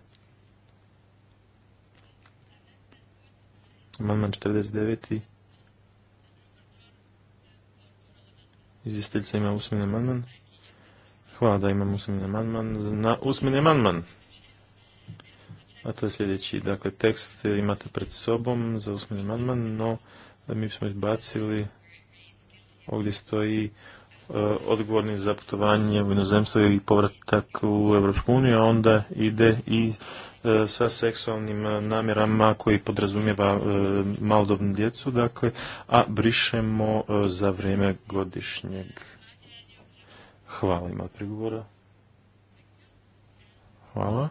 E: Amandman 49. Izvjestiteljica ima usmeni amandman. Hvala da imam usmeni amandman. Na usmeni amandman. A to je sljedeći. Dakle, tekst imate pred sobom za usmeni amandman, no mi smo izbacili ovdje stoji e, odgovorni za putovanje u inozemstvo i povratak u Evropsku uniju, a onda ide i E, sa seksualnim e, namjerama koji podrazumijeva e, malodobnu djecu, dakle, a brišemo za vrijeme godišnjeg. Hvala, ima prigovora. Hvala.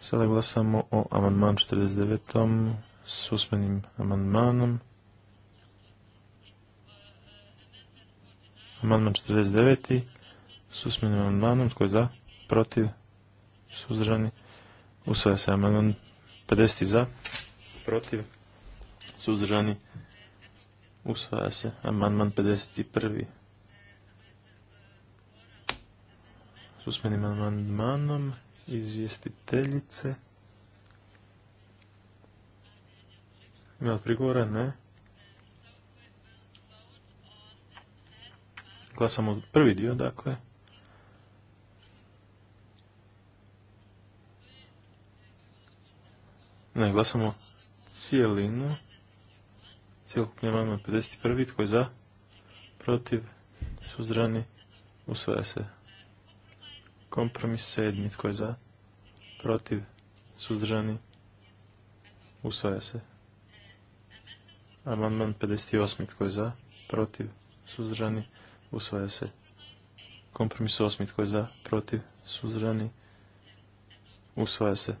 E: Sada glasamo o amandman 49. s usmenim amandmanom. Amandman 49. s usmenim amandmanom. Tko je za? Protiv? Suzdržani? Usvaja se amandman 50. za, protiv, suzdržani. Usvaja se amandman 51. S usmenim amandmanom izvjestiteljice. Ima li prigovora? Ne. Glasamo prvi dio, dakle. Ne, glasamo cijelinu. Cjelokupni amandman 51. Tko je za? Protiv? suzrani, Usvaja se. Kompromis sedmi. Tko je za? Protiv? Suzdržani? Usvaja se. Amandman 58. Tko je za? Protiv? Suzdržani? Usvaja se. Kompromis 8. Tko je za? Protiv? Suzdržani? Usvaja se.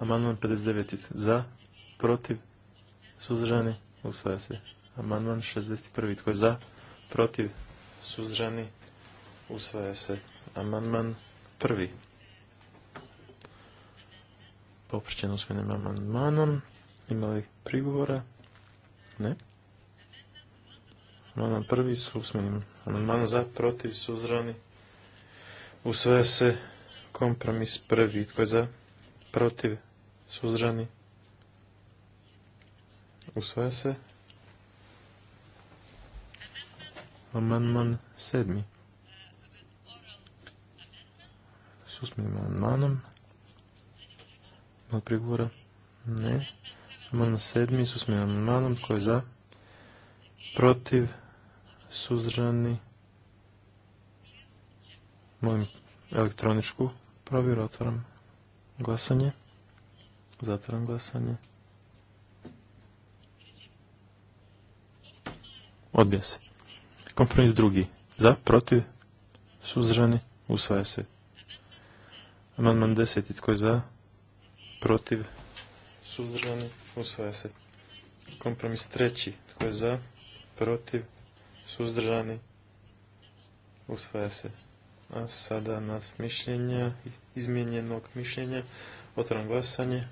E: Amandman 59. Za, protiv, suzdržani, usvaja se. Amandman 61. Tko je za, protiv, suzdržani, usvaja se. Amandman 1. Popričen usmenim amandmanom. Ima li prigovora? Ne. Amandman prvi s usmenim amandmanom za, protiv, suzdržani, usvaja se. Kompromis 1. Tko je za, protiv, Suzdržani? sve se. Amandman sedmi. S usmenim amandmanom. Malo prigovora? Ne. Amandman sedmi s usmenim amandmanom. Tko je za? Protiv? Suzdržani? Molim elektroničku provjeru. Otvaram glasanje. Zatvaram glasanje. Odbija se. Kompromis drugi. Za, protiv, suzdržani, usvaja se. Amandman deseti. Tko je za, protiv, suzdržani, usvaja se. Kompromis treći. Tko je za, protiv, suzdržani, usvaja se. A sada nas mišljenja, izmijenjenog mišljenja, otvaram glasanje.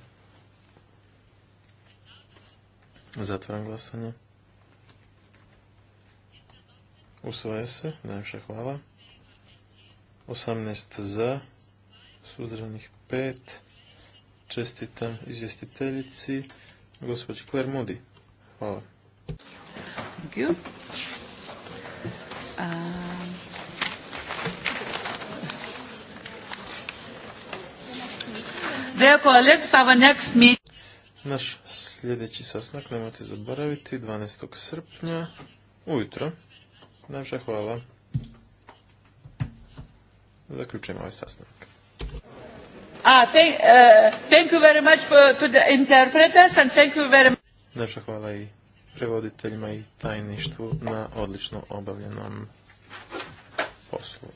E: Zatvaram glasanje. Usvaja se. Najviše hvala. 18 za. Suzdržanih 5. Čestitam izvjestiteljici. Gospođi Claire Moody. Hvala. Thank you.
D: Um, therefore, next meeting.
E: Naš sljedeći sastanak, nemojte zaboraviti, 12. srpnja, ujutro. Najviše hvala. Zaključujemo ovaj sastanak.
D: Ah,
A: thank,
E: hvala i prevoditeljima i tajništvu na odlično obavljenom poslu.